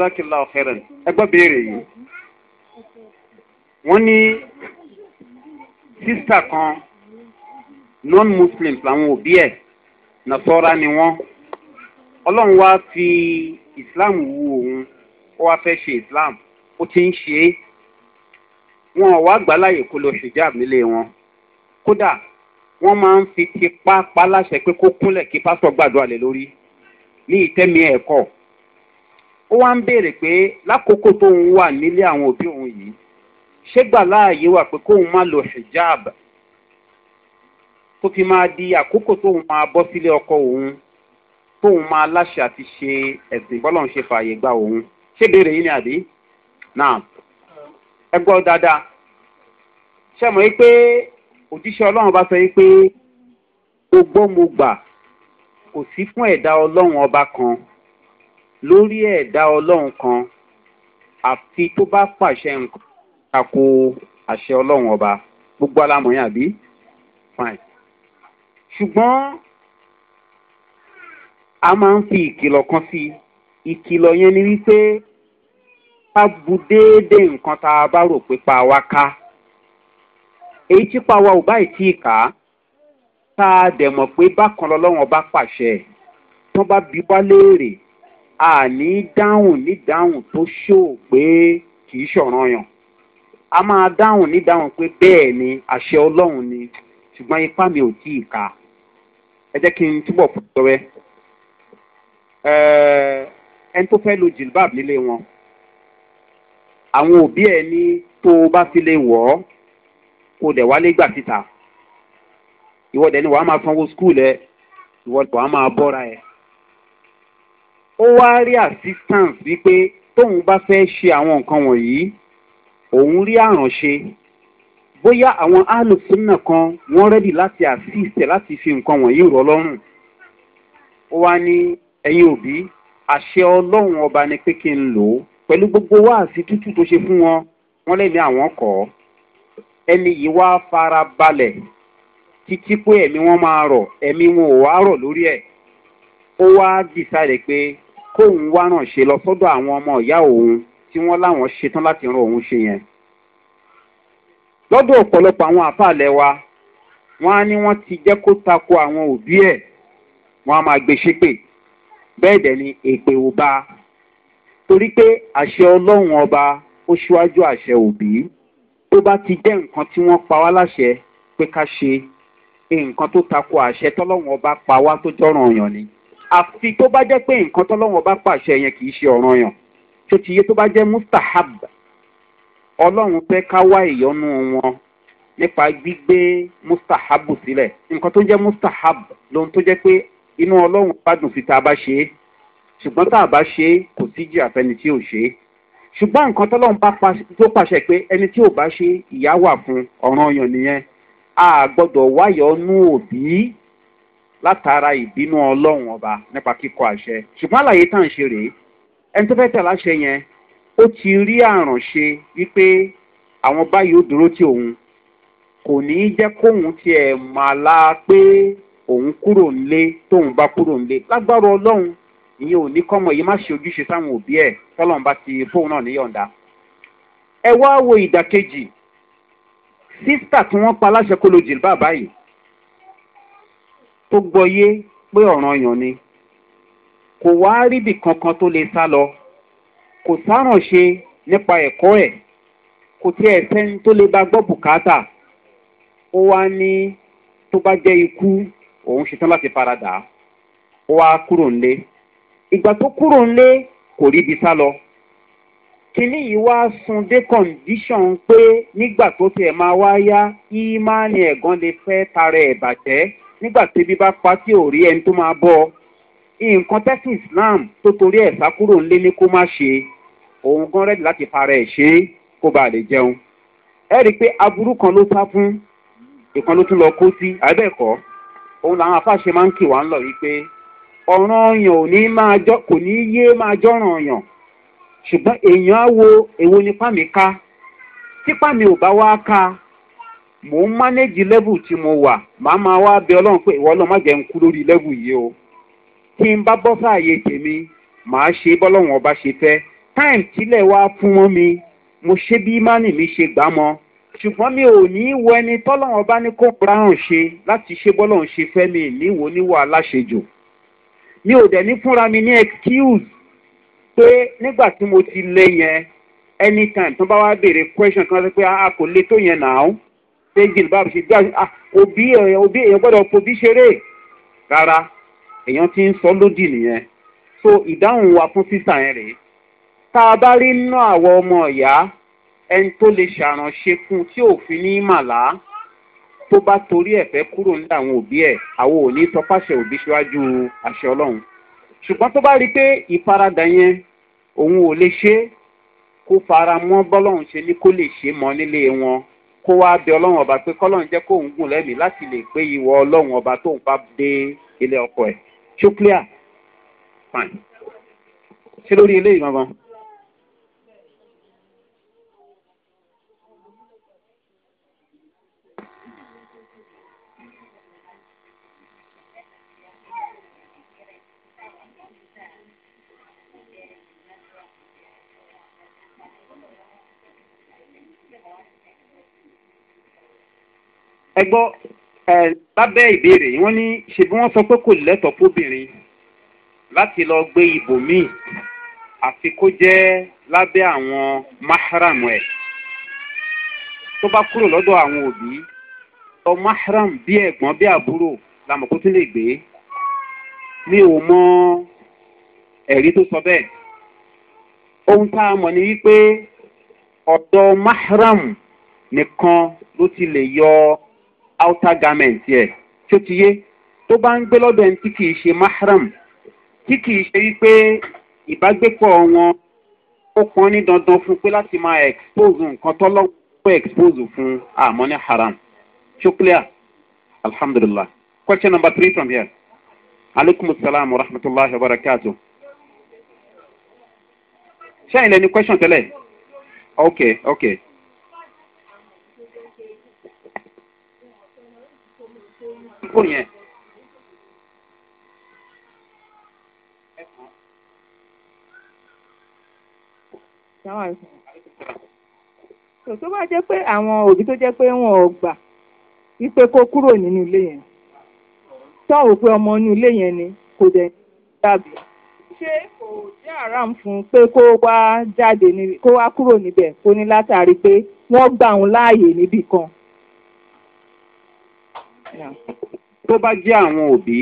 jazakillah ọ̀fẹ́rẹ̀ ẹgbẹ́ béèrè yìí wọ́n ní sísà kan non-muslims làwọn òbí ẹ̀ nàṣọ́ra ni wọ́n ọlọ́run wá fi islam wu òun ó wá fẹ́ ṣe islam ó ti ń ṣe é wọn ò wá gbà láàyè kó lo hijab nílé wọn kódà wọn máa ń fi tipá pa láṣẹ pé kó kúnlẹ̀ kí pásítọ̀ gbàdúrà lé lórí ní ìtẹ́mi ẹ̀kọ́ ó wá ń béèrè pé lákòókò tóun wà nílé àwọn òbí òun yìí ṣé gbà láàyè wà pé kóun má lo hijab tó fi máa di àkókò tóun máa bọ́ sílé ọkọ òun tóun máa láṣẹ àti ṣe ẹ̀sìn bọ́lọ̀ ń ṣe fààyè gba òun ṣé béèrè yín ni àbí náà ẹ gbọ́ dáadáa ṣe mọ̀ yí pé òjíṣẹ́ ọlọ́run bá sọ yí pé gbogbo mo gbà kò sí fún ẹ̀dá ọlọ́run ọba kan lórí ẹ̀dá ọlọ́run kan àfi tó bá pàṣẹ nǹkan tako àṣẹ ọlọ́run ọba gbogbo alámọ̀yàn àbí fine ṣùgbọ́n a máa ń fi ìkìlọ̀ kan sí ìkìlọ̀ yẹn ni wípé ká bu déédéé nǹkan tá a bá rò pé pa wá ká èyí tí pa wa ò báyìí tí ì kà á tá a dẹ̀ mọ̀ pé bákan lọ́lọ́run ọba pàṣẹ tó bá bí wá léèrè àní dáhùn nídáhùn tó ṣó pé kì í ṣọ̀ràn yàn a máa dáhùn nídáhùn pé bẹ́ẹ̀ ni àṣẹ ọlọ́run ni ṣùgbọ́n ipá mi ò tí ì ka ẹ jẹ́ kí n túbọ̀ pọ̀tọ́rẹ́ ẹni tó fẹ́ lo jilbab nílé wọn àwọn òbí ẹ ní tó o bá fi lè wọ̀ ọ́ kó o dẹ̀ wálé gbà síta ìwọ́dẹ̀ ni wàá máa sanwó skul ẹ ìwọ́dẹ̀ wàá máa bọ́ra ẹ ó wá rí assistance wípé tóun bá fẹ́ ṣe àwọn nǹkan wọ̀nyí òun rí àrànṣe bóyá àwọn alùsùnà kan wọ́n rẹ́dì láti assist láti fi nǹkan wọ̀nyí rọ lọ́rùn ó wá ní ẹ̀yin òbí àṣẹ ọlọ́run ọba ni pé kí n lò ó pẹ̀lú gbogbo wáàsí tútù tó ṣe fún wọn wọ́n lè àwọn kọ́ ẹni yìí wá fara balẹ̀ títí pé ẹ̀mí wọn máa rọ̀ ẹ̀mí wọn ò wá rọ̀ lórí ẹ̀ ó wá dìsáyẹ̀ pé kóun wá ràn ṣe lọ sọ́dọ̀ àwọn ọmọ ìyá òun tí wọ́n láwọn ṣetán láti ran òun ṣe yẹn. lọ́dọ̀ ọ̀pọ̀lọpọ̀ àwọn àfàlẹ́ wa wọ́n á ní wọ́n ti jẹ́ kó tako àwọn òbí ẹ̀ wọ́n á máa gbé ṣépè bẹ́ẹ̀ dẹ̀ ni èpè ò bá torí pé àṣẹ ọlọ́run ọba ó ṣíwájú àṣẹ òbí tó bá ti jẹ́ nǹkan tí wọ́n pa wá láṣẹ pé ká ṣe nǹkan tó tako àṣẹ tọ́lọ́run ọba pa wá tó jọ́ràn ọ̀yàn ni àfi tó bá jẹ́ pé nǹkan tọ́lọ́wọ́n bá pàṣẹ yẹn kì í ṣe ọ̀ràn yàn tó ti yé tó bá jẹ́ mustahab ọlọ́run fẹ́ ká wá ìyọnu wọn nípa gbígbé mustahab sílẹ̀ nǹkan tó jẹ́ mustahab lóhun tó jẹ́ pé inú ọlọ́run gbádùn sí tá a bá ṣe é ṣùgbọ́n tá a bá ṣe é kò síjì àfẹni tí ò ṣe é ṣùgbọ́n nǹkan tọ́lọ́run bá tó pàṣẹ pé ẹni tí ò bá ṣe ìyá wà fún ọ̀ràn yàn nìyẹn a wáyọ̀ nú òbí látara ìbínú ọlọ́run ọba nípa kíkọ àṣẹ ṣùgbọ́n àlàyé tá à ń ṣe rèé ẹni tó fẹ́ tẹ̀ láṣẹ yẹn ó ti rí àrùn ṣe wípé àwọn báyìí ó dúró tí òun kò ní í jẹ́ kóun tiẹ̀ máa la pé òun kúrò nílé tóun bá kúrò nílé lágbára ọlọ́run ìyẹn ò ní kọ́mọ yìí má ṣe ojúṣe sáwọn òbí ẹ̀ tọ́lọ́run bá ti fóun náà níyọ̀ǹda. ẹ wá wo ìdàkejì sísítà tí wọ́n pa aláṣẹ kó lo jìlbà tó gbọ́yé pé ọ̀ràn yàn ni kò wá ríbi kankan tó lè sá lọ kò sáràn ṣe nípa ẹ̀kọ́ ẹ̀ kò tiẹ̀ sẹ́ni tó lè bá gbọ́ bùkátà ó wá ní tó bá jẹ́ ikú òun ṣetán láti faradà ó wá kúrò nílé. ìgbà tó kúrò nílé kò ríbi sá lọ kínní yìí wá sun dé kọ̀ǹdíṣọ̀n pé nígbà tó tiẹ̀ máa wá yá ìmáàní ẹ̀gán lè fẹ́ tara ẹ̀ bàjẹ́ nígbà tẹbi bá pa tí ò rí ẹni tó máa bọ nǹkan tẹsán islam tó torí ẹ sákúrò ńlé ní kó má ṣe òun gan rẹ́dì láti para ẹ̀ ṣe é kó ba lè jẹun ẹ rí i pé aburú kan ló sá fún ìkan ló tún lọ kó sí àbẹ́ẹ̀kọ́ òun làwọn afáṣe máa ń kì wá ń lọ yìí pé ọ̀ràn ọ̀yàn ò ní máa jọ kò ní yé máa jọ̀ràn ọ̀yàn ṣùgbọ́n èèyàn á wo èwo ni pàmì ká tí pàmì ò bá wá ká mò ń mánéjì lẹ́bù tí mo wà màá máa wá bẹ ọlọ́run pé ìwọ ọlọ́run má jẹ́ ń kú lórí lẹ́bù yìí o kí n bá bọ́ sáàyè tèmi màá ṣe bọ́lọ́run ọba ṣe fẹ́ táìm tílẹ̀ wá fún wọn mi mo ṣe bí mánì mi ṣe gbà mọ́ ṣùgbọ́n mi ò ní wọ ẹni tọ́lọ́run ọba ní kó ráhùn ṣe láti ṣe bọ́lọ́run ṣe fẹ́ mi níwò níwò aláṣejò mi ò dẹ̀ ní fúnra mi ní excuse pé nígbà tí mo ti lé yẹn anytime tó bá wá béèrè question kan sọ pé a ah, ah, kò le tó yẹn nàá bẹ́ńgìl bá ṣe bí Obi Obi òbí èèyàn gbọ́dọ̀ pobí ṣeré rárá èèyàn ti ń sọ lódì nìyẹn so ìdáhùn wa fún sísà yẹn rèé tá a bá rí nínú àwọn ọmọ ọ̀yá ẹni tó lè ṣàránṣe fún tí òfin ní màlá tó bá torí ẹ̀ fẹ́ kúrò nílẹ̀ àwọn òbí ẹ̀ àwọn ò ní tọpáṣẹ òbí síwájú àṣẹ ọlọ́run ṣùgbọ́n tó bá rí i pé ìfaradà yẹn òun ò lè ṣe kó fara mọ́ bọ́lọ́run ṣe ní kó lè ṣe mọ́ nílé wọn kó wá bẹ ọlọ́run ọba pé kọ́lọ́run jẹ́ kóun gùn lẹ́mìí láti lè gbé ìwọ ọlọ́run ọba tóun bá dé ilé ọkọ ẹ̀ ṣúklíà fine ṣé lórí eléyìí gangan. ẹ gbọ́ ẹ lábẹ́ ìbéèrè wọ́n ní ṣe bí wọ́n sọ pé kò lẹ́tọ̀ọ́ fóbìnrin láti lọ gbé ibòmíì àfi kó jẹ́ lábẹ́ àwọn mahram ẹ̀ tó bá kúrò lọ́dọ̀ àwọn òbí ọ mahram bí ẹ̀gbọ́n bí àbúrò làmọ̀ kó lè gbé mi ò mọ ẹ̀rí tó sọ bẹ́ẹ̀ ohun tá a mọ̀ ni wípé ọ̀dọ̀ mahram nìkan ló ti lè yọ outer garment yẹ tí ó ti yé tó bá ń gbé lọ́dọ̀ ẹni tí kìí ṣe mahram tí kìí ṣe wípé ìbágbépọ̀ wọn ó pọn ní dandan fún pé láti máa expose nǹkan tọ́lọ́wọ́ expose fún àmọ́ ní haram ṣókílíà alhamdulilah question number three from here aleykum salaam wa rahmatulahi wa barakatuh ṣé àyìnlẹ́ni question tẹ́lẹ̀ Okay. Okay. gùn yẹn. tò tó bá jẹ́ pé àwọn òbí tó jẹ́ pé wọn ò gbà wípé kó kúrò nínú ilé yẹn tó ò pé ọmọ inú ilé yẹn ni kò dẹ̀ dàbí ṣé kò jẹ́ àràm fún un pé kó wá jáde kó wá kúrò níbẹ̀ kó ní látàrí pé wọ́n gbà òun láàyè níbì kan. Yeah tó bá jẹ́ àwọn òbí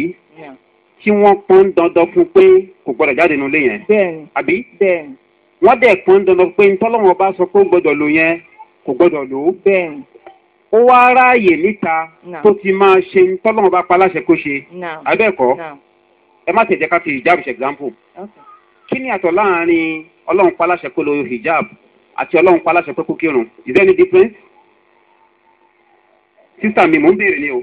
tí wọ́n pọ́n dandan fún pé kò gbọ́dọ̀ jáde nu lé yẹn. bẹ́ẹ̀ni àbí. bẹ́ẹ̀ni. wọ́n dẹ̀ pọ́n dandan pé ntọ́lọ́wọ́n bá sọ pé ó gbọ́dọ̀ lò yẹn kò gbọ́dọ̀ lò ó. bẹ́ẹ̀ni. ó wá ráàyè níta tó ti máa ṣe ntọ́lọ́wọ́n bá pa aláṣẹ kó ṣe. abẹ́ẹ̀kọ́ ẹ má tẹ̀jẹ́ ká ti hijab ṣe example. kí ni àtọ̀ láàrin ọlọ́run pa aláṣẹ kó lo hijab àti ọlọ́run pa aláṣẹ pé kó kírun is there any difference? sísà mi mò ń béèrè ni o.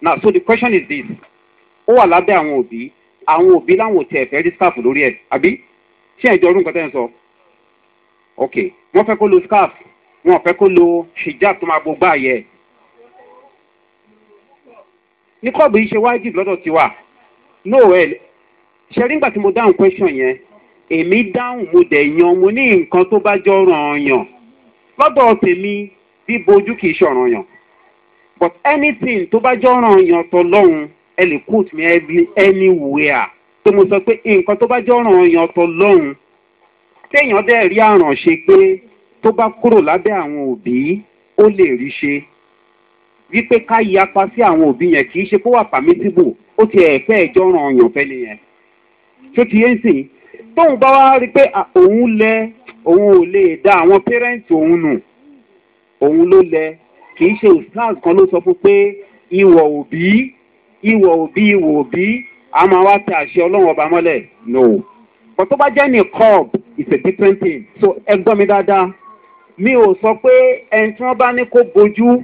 now so the question is this ó wà lábẹ́ àwọn òbí àwọn òbí láwọn ò tiẹ̀ rí scarf lórí ẹ̀ àbí ṣé ẹ̀jọ̀ ọdún kọ́tẹ́ ń sọ ok wọ́n fẹ́ kó lo scarf wọn fẹ́ kó lo hijab tó máa gbogbo àyẹ̀ ní kọ́ọ̀bù yìí ṣe wájú lọ́dọ̀ tiwa noel ṣe rí nígbà tí mo dáhùn question yẹn èmi dáhùn mo dẹ̀ yan mo ní nǹkan tó bá jọ ràn án yàn lọ́dọ̀ tèmi bíbojú kì í ṣọ̀ràn yàn but anything tó bá jọ́ràn yàtọ̀ lọ́hùn ẹ lè quote me anywhere tó mo sọ pé nǹkan tó bá jọ́ràn yàtọ̀ lọ́hùn téèyàn dẹ́ rí àràn ṣe pé tó bá kúrò lábẹ́ àwọn òbí ó lè rí ṣe wípé ká yapa sí àwọn òbí yẹn kì í ṣe kó wà pàmítìbù ó ti ẹ̀fẹ́ ìjọ́ràn ọ̀yàn fẹ́lẹ̀ yẹn tó ti yé sìn tóun bá wá rí pé òun lẹ òun ò lè da àwọn pẹ́rẹ́ǹtì òun nù òun ló lẹ kì ṣe ustaz kan ló sọ fún pé ìwọ̀ òbí ìwọ̀ òbí ìwọ̀ òbí a máa wá tẹ àṣẹ ọlọ́run ọba mọ́lẹ̀ no but tó bá jẹ́ ní cob is a different thing so ẹ gbọ́ mi dáadáa mi ò sọ pé ẹni tí wọ́n bá ní kó bojú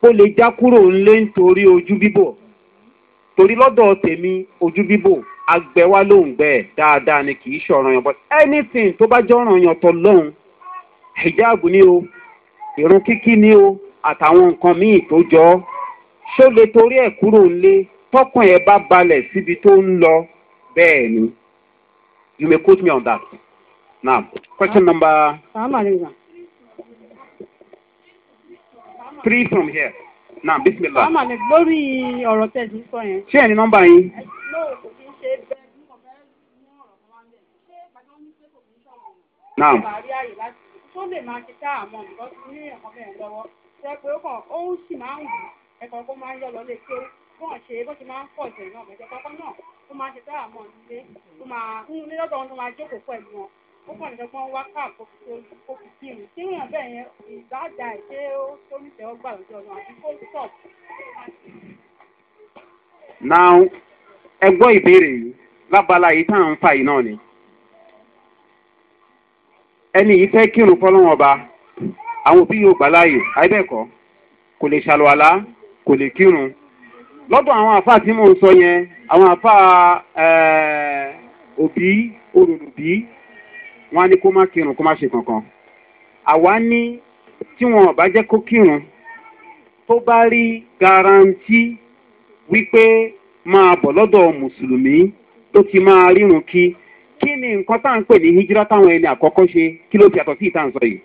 kó lè já kúrò ńlé nítorí ojú bíbò torí lọ́dọ̀ tèmi ojú bíbò agbẹ́wá ló ń gbẹ́ dáadáa ni kì í ṣọ̀ràn yàn but anything tó bá jọ̀ràn yàn tọ̀ lọ́hùn hijab ni o ìrún kíkí ni o àtàwọn nǹkan míì tó jọ ọ́ ṣó lè torí ẹ̀ kúrò ńlé tọkàn ẹ bá balẹ̀ síbi tó ń lọ bẹ́ẹ̀ ni you may quote me on that now question number three from here now bisimilah. àmàlẹ́ lórí ọ̀rọ̀ tẹ̀sí sọ yẹn. ṣé ẹ nọ́mbà yín. Naam ṣe pé ó kàn ó sì máa ń wù ẹ̀kọ́ kó máa ń yọ lọ́lé pé wọ́n ṣe bó ti máa ń pọ̀ jù náà bẹ̀jẹ̀ pápá náà ó máa ṣe sára mọ́ nílé ó máa ń ní lọ́dọ̀ wọn tó máa jókòó pẹ̀lú wọn ó kàn nígbà wọn wá káàkó kó fi kí mi kí wọn bẹ́ẹ̀ yẹn ìgbàdà ìṣe tó nífẹ̀ẹ́ ọgbà lójú ọ̀nà àti kó tọ̀. now ẹ gbọ́ ìbéèrè yìí lábala yìí tá à ń fà yìí náà ni ẹni yìí fẹ́ kírun fọlọ́wọ́n ọba àwọn òbí yóò gbà láàyè àìbẹ́ẹ̀kọ́ kò lè ṣàlùwàlá kò lè kírun lọ́dọ̀ àwọn àfa tí mò ń sọ yẹn àwọn àfa eh, òbí olùlùbí wọn á ní kó má kírun kó má ṣe kankan àwa ní tí wọn ọba jẹ́ kó kírun tó bá rí garanti wípé máa bọ̀ lọ́dọ̀ mùsùlùmí tó ti máa rírun kí kí ni nǹkan tá à ń pè ní hijira táwọn ẹni àkọ́kọ́ ṣe kí ló fi àtọ̀ sí ìta ń sọ yìí.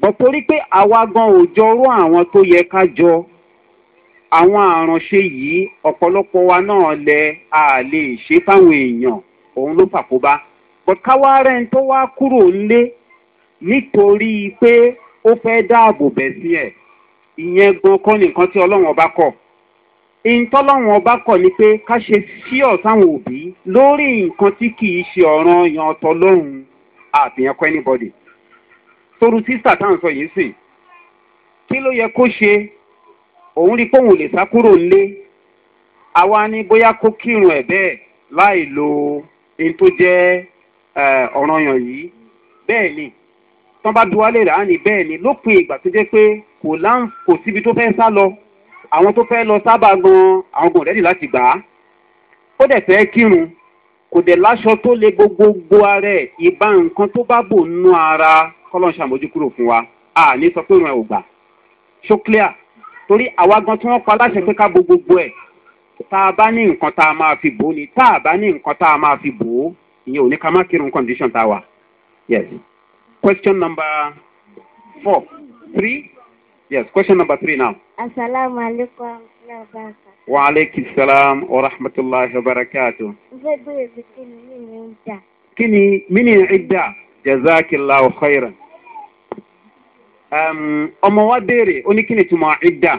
bọ̀ torí pé àwa gan ò jọrú àwọn tó yẹ ká jọ àwọn àránṣe yìí ọ̀pọ̀lọpọ̀ wa náà lẹ a lè ṣe fáwọn èèyàn òun ló fàkóbá bọ̀ káwá rẹ̀ ń tó wá kúrò ńlé nítorí pé ó fẹ́ dáàbò bẹ̀ sí ẹ̀ ìyẹn gan kọ́ nìkan tí ọlọ́run ọba kọ̀ ìtọ́lọ́run ọba kọ̀ ni pé ká ṣe síọ̀ sáwọn òbí lórí nǹkan tí kì í ṣe ọ̀ràn yan ọ̀tọ̀ lọ́rùn àbíyànkọ́ anybody toru sísà tá à ń sọ yìí sìn kí ló yẹ kó ṣe òun rí póun lè sá kúrò nílé àwa ni bóyá kó kírun ẹ̀ bẹ́ẹ̀ láì lo ohun tó jẹ́ ọ̀ràn yàn yìí bẹ́ẹ̀ ni tán bá du wálé rà á ní bẹ́ẹ̀ ni lópin ìgbà tó jẹ́ pé kò láǹ kò síbi tó fẹ́ sá lọ àwọn tó fẹ́ lọ sábà gan àwọn gan rẹ́dì láti gbà á ó dẹ̀ fẹ́ kírun kò dẹ̀ láṣọ tó le gbogbogbò ara ẹ̀ ìbá nǹkan tó bá bò nínú ara kọ́lọ́n ṣàmójúkúrò fún wa a ní sọ pé òun ẹ̀ ò gbà ṣó clear torí àwa gan tí wọ́n pa láṣẹ pé ká bo gbogbo ẹ̀ tá a bá ní nǹkan tá a máa fi bò ó ni tá a bá ní nǹkan tá a máa fi bò ó ìyẹn ò ní ká má kírun condition tá a wà. yes question number four three yes question number three now. asalaamualeykum wa rahmatulahi wa aleykum salaam wa rahmatulahi wa barakatu. gbogbo èbìtì mi ni mi ń dà. kí ni mi ni ń dà jazakillahu khairan ọmọ wa béèrè ó ní kí ni tuma ìdá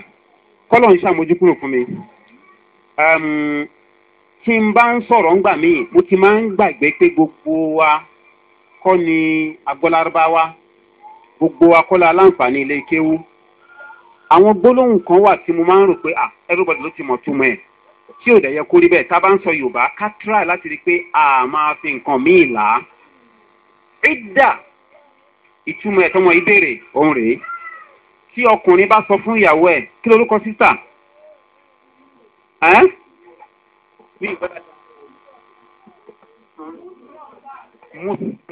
kọ́lọ̀ ń ṣàmójúkúrò fún mi tí n bá ń sọ̀rọ̀ ńgbà míì mo ti máa ń gbàgbé pé gbogbo wa kọ́ ni agbọ́lárúbáwá gbogbo wa kọ́ la láǹfààní ilé kéwú àwọn gbólóhùn kan wà tí mo máa ń rò pé ah everybody ló ti mọ̀ túmọ̀ ẹ̀ tí ò dẹ̀ yẹ bẹ́ẹ̀ tá a bá ń sọ yorùbá ká tíra láti rí i pé a máa fi nǹkan míì là á ìdá ìtumọ̀ ẹ̀ tọmọ ìbéèrè òun rèé tí ọkùnrin bá sọ fún ìyàwó ẹ̀ kí lorúkọ sísà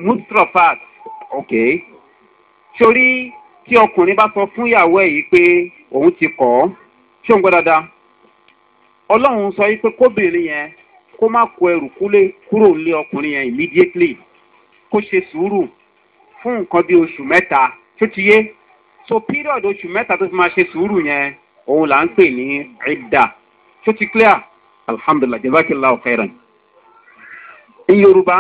mustrafat ok sori tí ọkùnrin bá sọ fún ìyàwó ẹ̀ yìí pé òun ti kọ́ ọ́ ṣé òun gbọ́ dáadáa ọlọ́run sọ yìí pé kóbìnrin yẹn kó má kó ẹrù kúrò lé ọkùnrin yẹn immediately kó ṣe sùúrù fún nǹkan bí oṣù mẹ́ta tó ti yé so period oṣù mẹ́ta tó fi máa ṣe sùúrù yẹn òun là ń pè ní ẹ̀dà tó ti clear alhamdulilah jẹ́bákìlá ọ̀kẹ́rẹ̀ ní yorùbá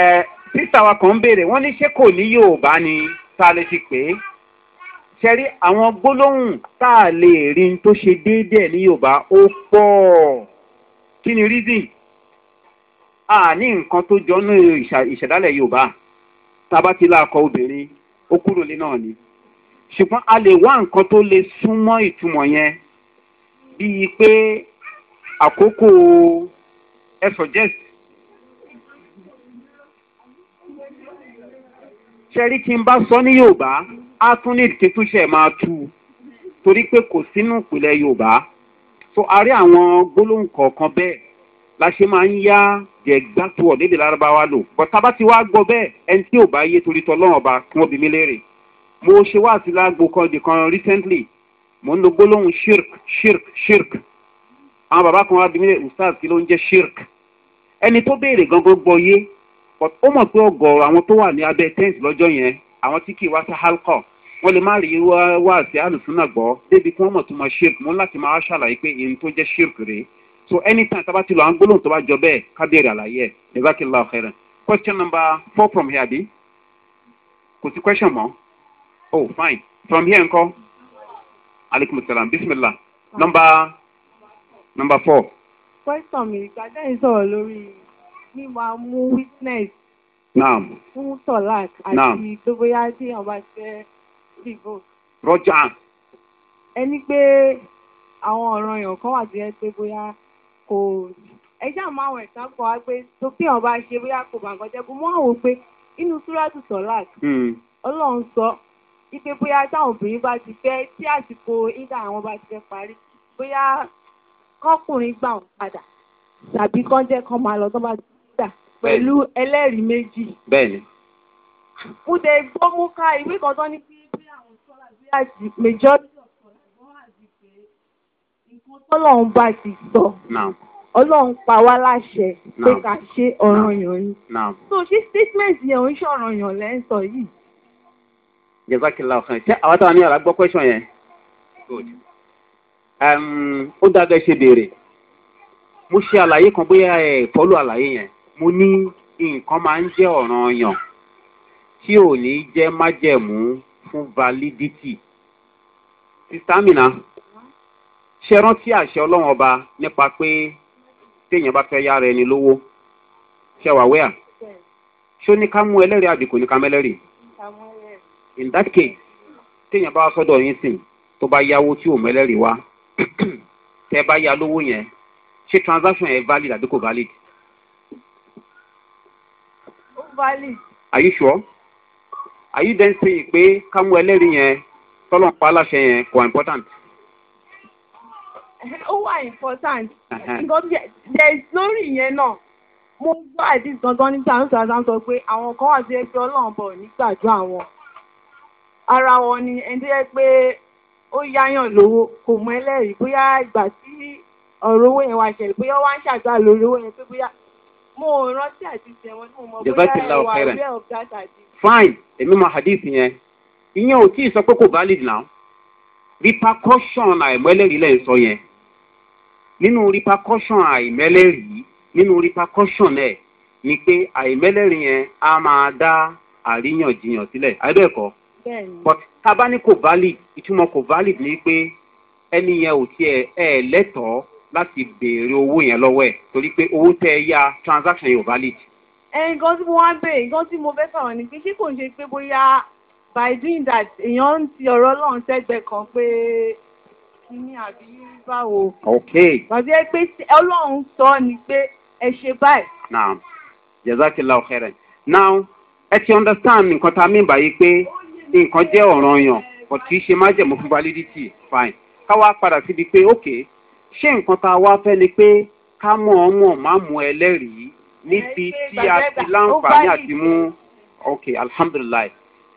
ẹ sísá wa kan ń béèrè wọ́n ní ṣé kò ní yorùbá ni tá a lè fi pè é ṣẹ́rí àwọn gbólóhùn tá a lè rí tó ṣe déédéẹ̀ ní yorùbá ó pọ̀ kí ni reason a ní nǹkan tó jọ ní ìṣẹ̀dálẹ̀ yorùbá tába ti láàkọ obìnrin ó kúrò lé náà ni ṣùgbọ́n a lè wá nǹkan tó lè súnmọ́ ìtumọ̀ yẹn bíi pé àkókò ẹ suggest ṣẹ́rí tí n bá sọ ní yorùbá á tún ní ìtìtúṣe máa tú u torí pé kò sínú ìpìlẹ̀ yorùbá so a rí àwọn gbólóhùn kọ̀ọ̀kan bẹ́ẹ̀ la ṣe máa ń yá jẹ̀gbátú ọ̀dẹ́dẹ lárúbáwá lò bọ̀tá bá ti wá gbọ́ bẹ́ẹ̀ ẹni tí ò bá yé torí tọ́lọ́run ọba kí wọ́n bí mi léèrè mo ṣe wá àti lágbo kan di kan recently mo ń lo gbólóhùn shirk shirk shirk àwọn bàbá kan wá bí mi léèrè ustaz kí ló ń jẹ́ shirk ẹni tó béèrè gangan gbọ́ yé ó mọ̀ pé ọgọ̀rọ̀ àwọn tó wà ní abẹ́ tent lọ́jọ́ yẹn àwọn tí kì í wá sí halkọ́ wọ́n lè má rí wá àti àlùfínà gbọ́ débi kí wọ́n mọ̀ tó mọ shirk mo ń láti máa ṣàlàyé pé èyí tó jẹ́ shirk rèé so anytime tá a bá ti lọ à ń gbólóhùn tó bá jọ bẹ́ẹ̀ ká béèrè àlàyé ẹ̀ ìzákìlá question number four from here àbí kò sí question mọ́ oh fine from here ńkọ́ aleykum salaam bisimilah number number four. question mi gbàdá yìí sọ̀rọ̀ lórí mímọ mú witness. naam. fún tọ́lák àti dóbóyá tí ọba ṣe dìbò. rọjà. ẹni pé àwọn ọ̀ràn èèyàn kan wà tó yẹ pé bóyá kò ẹ ṣáà máa wọ̀ ẹ̀sán kan wá pé tó kí wọn bá ṣe bóyá kò bá nǹkan jẹ́ kó mọ́ àwọn pé inú súrádù sọ́láàt hmm. ọlọ́run sọ wípé bóyá táwọn obìnrin bá ti fẹ́ tí àsìkò ìdá àwọn bá ti fẹ́ parí bóyá kọ́kùnrin gbà wọn padà tàbí kán jẹ́ kán máa lọ tó bá gbà pẹ̀lú ẹlẹ́rìí méjì. bẹ́ẹ̀ni. mo dẹ̀ gbọ́ mú ká ìwé kan tán ní kí bí àwọn sọ́lá bí àjì majority nǹkan tọ́lọ́run bá ti sọ ọlọ́run pa wá láṣẹ pé ká ṣe ọ̀ranyàn ni so ṣé statement yẹn òun ṣe ọ̀ranyàn lẹ́ ń sọ yìí. jẹ́sàkìlá ọ̀kan ṣé àwọn táwọn ní ọ̀la question yẹn ó dábẹ́ ṣe béèrè mo ṣe àlàyé kan bóyá ẹ̀ fọ́lù àlàyé yẹn mo ní nǹkan máa ń jẹ́ ọ̀ranyàn tí ò ní jẹ́ májẹ̀mú fún validity sísámìnà. Si ṣe àṣẹ ọlọ́wọ́n ọba nípa pé téèyàn bá fẹ́ yára ẹni lówó ṣe wà wẹ́à ṣó ní ká mú ẹlẹ́rìí àbí kò ní ká mẹ́lẹ́rìí in that case téèyàn bá sọ́dọ̀ yín sìn tó bá yáwó tí ò mẹ́lẹ́rìí wá tẹ́ bá yá lówó yẹn ṣé transaction yẹn valid àbí kò valid. ó valid. are you sure? are you then saying pé ká mú ẹlẹ́rìí yẹn tọ́lọ̀ ń pa aláṣẹ yẹn kò important ó wà important nǹkan uh-huh. bí there is lórí ìyẹn náà mo gbọ́ àdìs gangan nígbà tó sọ pé àwọn kan wà tó yẹ pé ọlọ́run bọ̀ nígbàdúrà wọn ara wọn ni ẹni tó yẹ pé ó yáyàn lówó kò mọ ẹlẹ́rìí bóyá ìgbà tí ọ̀rọ̀ owó yẹn wá ṣẹlẹ̀ bóyá wá ń ṣàdúrà lórí owó yẹn pé bóyá mo rántí àdìs yẹn wọn ni mo mọ bóyá ẹ wà bẹ́ẹ̀ of that àdìs. fine èmi mọ àdìs yẹn ìyẹn ò tí ì sọ pé kò valid now repercussion àìmọ́lẹ́rìí lẹ́yìn sọ yẹn nínú repercussion àìmẹ́lẹ́rìí nínú repercussion ẹ̀ ni pé àìmẹ́lẹ́rìí yẹn á máa dá àríyànjiyàn sílẹ̀ àìbẹ́ẹ̀kọ́ but tábà ní kò valid ìtumọ̀ kò valid ni pé ẹni yẹn ò tiẹ̀ ẹ̀ lẹ́tọ̀ọ́ láti béèrè owó yẹn lọ́wọ́ ẹ̀ torí pé owó tẹ ẹ yá transaction yẹn valid. ẹ nǹkan tí mo wá ń bèèrè nǹkan tí mo fẹ́ sọ̀rọ̀ ni pé ṣé kò ń ṣe pé bóyá by doing that èèyàn ń ti ọ̀rọ̀ ọlọ́run sẹ́gbẹ̀ẹ́ kan pé kínní àbí báwo. ok. bàbá ẹ pé ọlọ́run sọ ni pé ẹ ṣe báyìí. now jazakillah khairan now ẹ ti understand nǹkan tá a mìíràn báyìí pé nǹkan jẹ́ ọ̀ràn yàn but kì í ṣe májèmú fún validity fine ká wá padà síbi pé ok ṣé nǹkan tá a wá fẹ́ ni pé ká mọ̀ ọ́ mọ̀ má mú ẹlẹ́rìí níbi tí a ti láǹfààní àti mú ok alhamdulilayi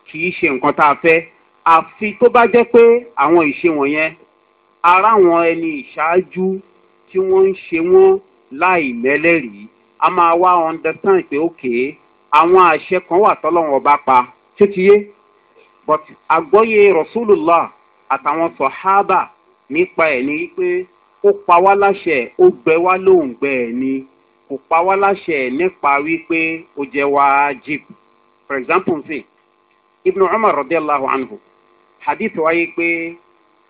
kì í ṣe nǹkan tá a fẹ́ àfi tó bá jẹ́ pé àwọn ìṣe wọ̀nyẹn ara àwọn ẹni ìṣáájú tí wọ́n ń ṣe wọ́n láì mẹ́lẹ́rìí a máa wá understand pé ok àwọn àṣẹ kan wà tọ́lọ́wọ́n bá pa tó ti yé but àgbọ́yé rasulillah àtàwọn sọ̀hábà nípa ẹ̀ ní pé ó pa wá láṣẹ ó gbẹ wá lóhùn gbẹ ẹ̀ ni kò pa wá láṣẹ nípa wípé ó jẹ wá jeep for example nsìn ibn umar rọdí anhu hadith wáyé pé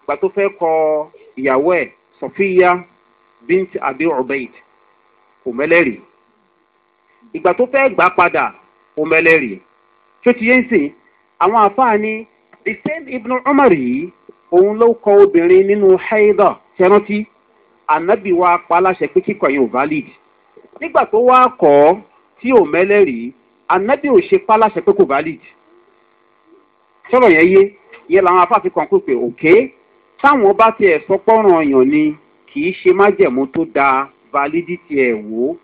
gbà tó fẹ́ kọ ìyàwó ẹ̀ sọfíya bíntì àbí ọ̀bẹ́ìd kò mẹ́lẹ́rì ìgbà tó fẹ́ gbà padà kò mẹ́lẹ́rì tó ti yé ń sìn àwọn àfáà ni the same ibn umar yìí òun ló kọ obìnrin nínú haida tẹrántí ànábì wa pa aláṣẹ pé kíkọ yẹn ò valid nígbà tó wá kọ tí ò mẹ́lẹ́rì ànábì ò ṣe pa aláṣẹ pé kò valid sọ̀rọ̀ yẹn yé yẹn làwọn afáàfin kan kò pé òkè. Okay? táwọn bá tiẹ̀ sọ pọ́nrán ọyàn ni kì í ṣe májẹ̀mú tó da validity ẹ̀ wò ó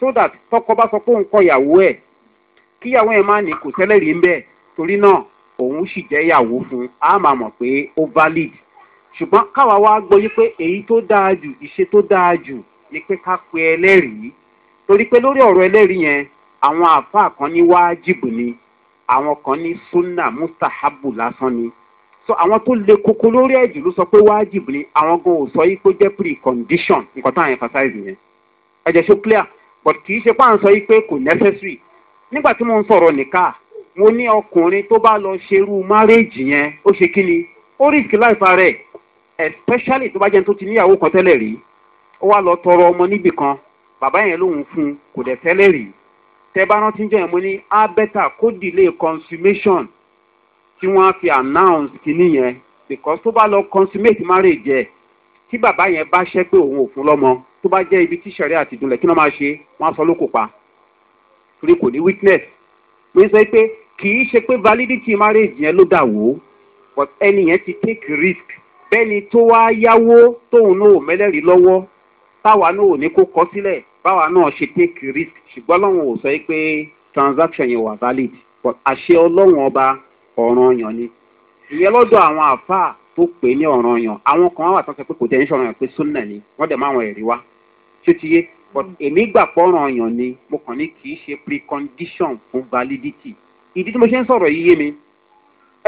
so that tọkọ bá sọ pé òun kọ ìyàwó ẹ̀ kíyàwó ẹ̀ máa ní kò tẹ́lẹ̀ ń bẹ̀ torí náà òun sì jẹ́ ìyàwó fún un á máa mọ̀ pé ó valid ṣùgbọ́n káwa wá gbọ́ yí pé èyí tó dáa jù ìṣe tó dáa jù ni pé ká pe ẹlẹ́rìí torí pé lórí ọ̀rọ̀ ẹlẹ́rìí yẹn àwọn àfa kan ní wájibù ni àwọn kan ní sunna mustahabu lásán ni so àwọn tó le koko lórí ẹ̀jù ló sọ pé wájìbù ni àwọn gan ò sọ yìí pé jẹ́ precondition nǹkan táwọn emphasize yẹn ẹ jẹ́ clear but kì í ṣe pé à ń sọ yìí pé kò necessary nígbà tí mo ń sọ̀rọ̀ nìka mo ní ọkùnrin tó bá lọ ṣerú márèèjì yẹn ó ṣe kí ni ó risk láìpa rẹ̀ especially tó bá jẹun tó ti níyàwó kan tẹ́lẹ̀ rí ó wá lọ tọrọ ọmọ níbì kan bàbá yẹn lòun fún kò dẹ̀ tẹ́lẹ̀ rí tẹ bá rántí jẹ́ yẹn mo ní á ah, kó delay consummation tí wọ́n á fi announce kínní yẹn because tó bá lọ consummate marriage ẹ̀ tí bàbá yẹn bá ṣẹ́ pé òun ò fún lọ́mọ tó bá jẹ́ ibi tí sẹ̀rẹ́ àti ìdúnlẹ̀ kí wọ́n máa ṣe wọ́n á sọ lóko pa torí kò ní witness mo ń sọ pé kì í ṣe pé validity marriage yẹn ló dà wò but ẹni yẹn ti take risk bẹ́ni tó wá yáwó tóun náà ò mẹ́lẹ́rìí lọ́wọ́ táwa náà ò ní kó kọ́ sílẹ̀ báwa náà ṣe take risk ṣùgbọ́n ọlọ́run ò sọ pé transaction yẹn wà valid but àṣẹ ọlọ́run ọba ọ̀ranyàn ni ìyẹn lọ́dọ̀ àwọn àfáà tó pè ní ọ̀ranyàn àwọn kan wà tó sọ pé kò tẹ̀ ń ṣọ̀ranyàn pé súnà ni wọ́n dẹ̀ máa wọn ẹ̀rí wá tó ti yé but èmi gbà pọ̀ranyàn ni mo kàn ní kì í ṣe precondition fún validity ìdí tí mo ṣe ń sọ̀rọ̀ yíyé mi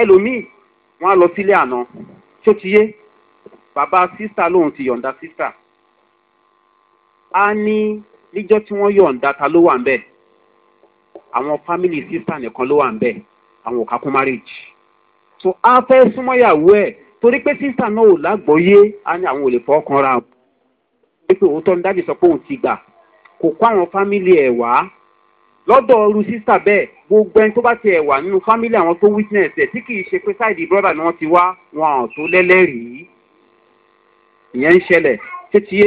ẹlòmíì wọ́n á lọ sílé àná tó ti yé bàbá sísà lòun ti yọ̀ǹda sísà a ní níjọ́ tí wọ́n yọ̀ǹda ta ló wà ń bẹ̀ àwọn fámìlì sísà nìkan ló wà ń bẹ̀ àwọn òkà kún marriage so a fẹ́ súnmọ́yàwó ẹ̀ torí pé sísà náà ò lágbọ́yé a ní àwọn ò lè fọkàn ra pé òótọ́ ní dájú sọ pé òun ti gbà kò kó àwọn fámìlì ẹ̀ wá lọ́dọ̀ ọrú sísà bẹ́ẹ̀ gbogbo ẹni tó bá ti ẹ̀ wà nínú fámìlì àwọn tó witness ẹ̀ tí kìí ṣe pé sáìdì brọ́dà ni wọ́n ti wá wọn ò tó lẹ́lẹ́rìí ìyẹn ń ṣẹlẹ̀ tẹ́tíyé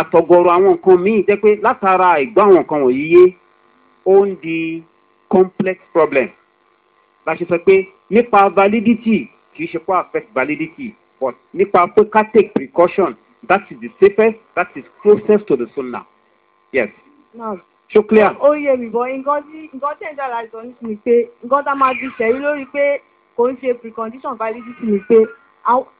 àtọ̀gọ̀rọ̀ àwọn nǹkan míì jẹ́ pé látara ìgbọ́ àwọn nǹkan wọ̀nyí yé ó ń di complex problem la ṣe sọ pé nípa validity kì í ṣe kó affect validity but nípa pé ká take precaution that is the safest that is closest to the sunna yes. ṣó clear. ó yẹ mi bọ nǹkan tí nǹkan tí ẹ̀dá láti sọ nísìnyí pé nǹkan tá a máa fi ṣẹ̀rí lórí pé kò ń ṣe precondition validity ni pé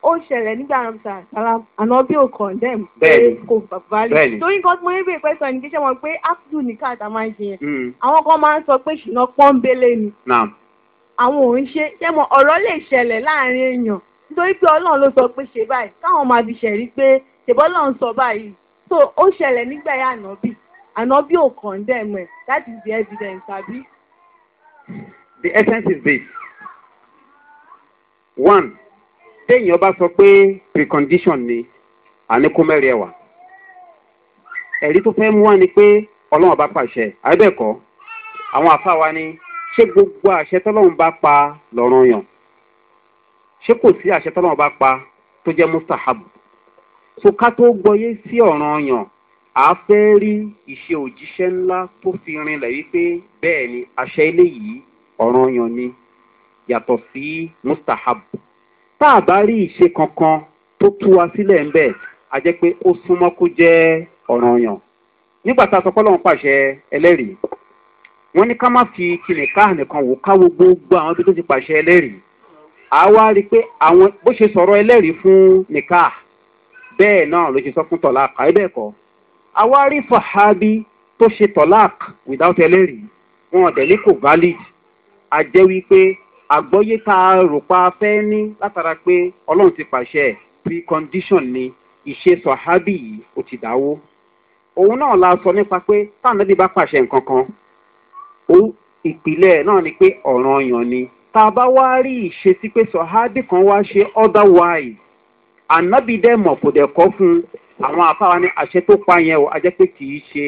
ó ṣẹlẹ̀ nígbà ramsa sara àná bí ò condemn pé kò value torí nǹkan tí mo ní bí ìpẹ́sọ̀ ní kí ṣe wọn pé ápùdù ní káàtà máa ń ṣe yẹn hmm. àwọn kan máa ń sọ pé ṣùnà pọ́ńbélé ni àwọn ò ṣe ṣé mo lè ṣẹlẹ̀ láàrin èèyàn nítorí pé ọlọ́run ló sọ pé ṣe báyìí káwọn máa fi ṣẹ̀rí pé ṣèbọ́ ọlọ́run sọ báyìí so ó ṣẹlẹ̀ nígbà yà ànábì ànábì ò condemn ẹ̀ that is the evidence àbí. the essence is this one téèyàn bá sọ pé precondition ni àní kó mẹ́rin ẹ̀wà ẹ̀rí tó fẹ́ mú wá ni pé ọlọ́run bá pàṣẹ àbẹ́ẹ̀kọ́ àwọn àfa wa ni ṣé gbogbo àṣẹ tọ́lọ́run bá pa lọ́rùn yàn ṣé kò sí àṣẹ tọ́lọ́run bá pa tó jẹ́ mustahab so ká tó gbọ́yé sí ọ̀ràn yàn a fẹ́ rí ìṣe òjíṣẹ́ ńlá tó fi rinlẹ̀ wípé bẹ́ẹ̀ ni àṣẹ eléyìí ọ̀ràn yàn ni yàtọ̀ sí mustahab tá a bá rí ìṣe kankan tó tú wa sílẹ̀ ń bẹ̀ a jẹ́ pé ó súnmọ́ kó jẹ́ ọ̀ràn yàn nígbà tá a sọ pé ọlọ́run pàṣẹ ẹlẹ́rìí wọ́n ní ká má fi tilẹ̀ káà nìkan wò káwo gbogbo àwọn tó tó ti pàṣẹ ẹlẹ́rìí àwa rí i pé àwọn bó ṣe sọ̀rọ̀ ẹlẹ́rìí fún nìka bẹ́ẹ̀ náà ló ṣe sọ fún tọ̀láàk àìbẹ́ẹ̀ kọ́ àwa rí fàhábí tó ṣe tọ̀láàk without ẹlẹ́rìí wọn ọ̀dẹ̀ ní kò valid a jẹ́ wípé àgbọ́yé tá a rò pa fẹ́ ní látara pé ọlọ́run ti pàṣẹ precondition ni ìṣe sọ̀hábì yìí ó ti dáwó òun náà la sọ nípa pé táwọn ẹbí bá pàṣẹ nǹkan kan ìpìlẹ̀ náà ni pé ọ̀ràn ọ̀yàn ni tá a bá wá rí ìṣesí pé sọ̀hádì kan wá ṣe otherwise ànábì kò dẹ̀ kọ́ fún àwọn afáwa ní àṣẹ tó pa yẹn o a pé kì í ṣe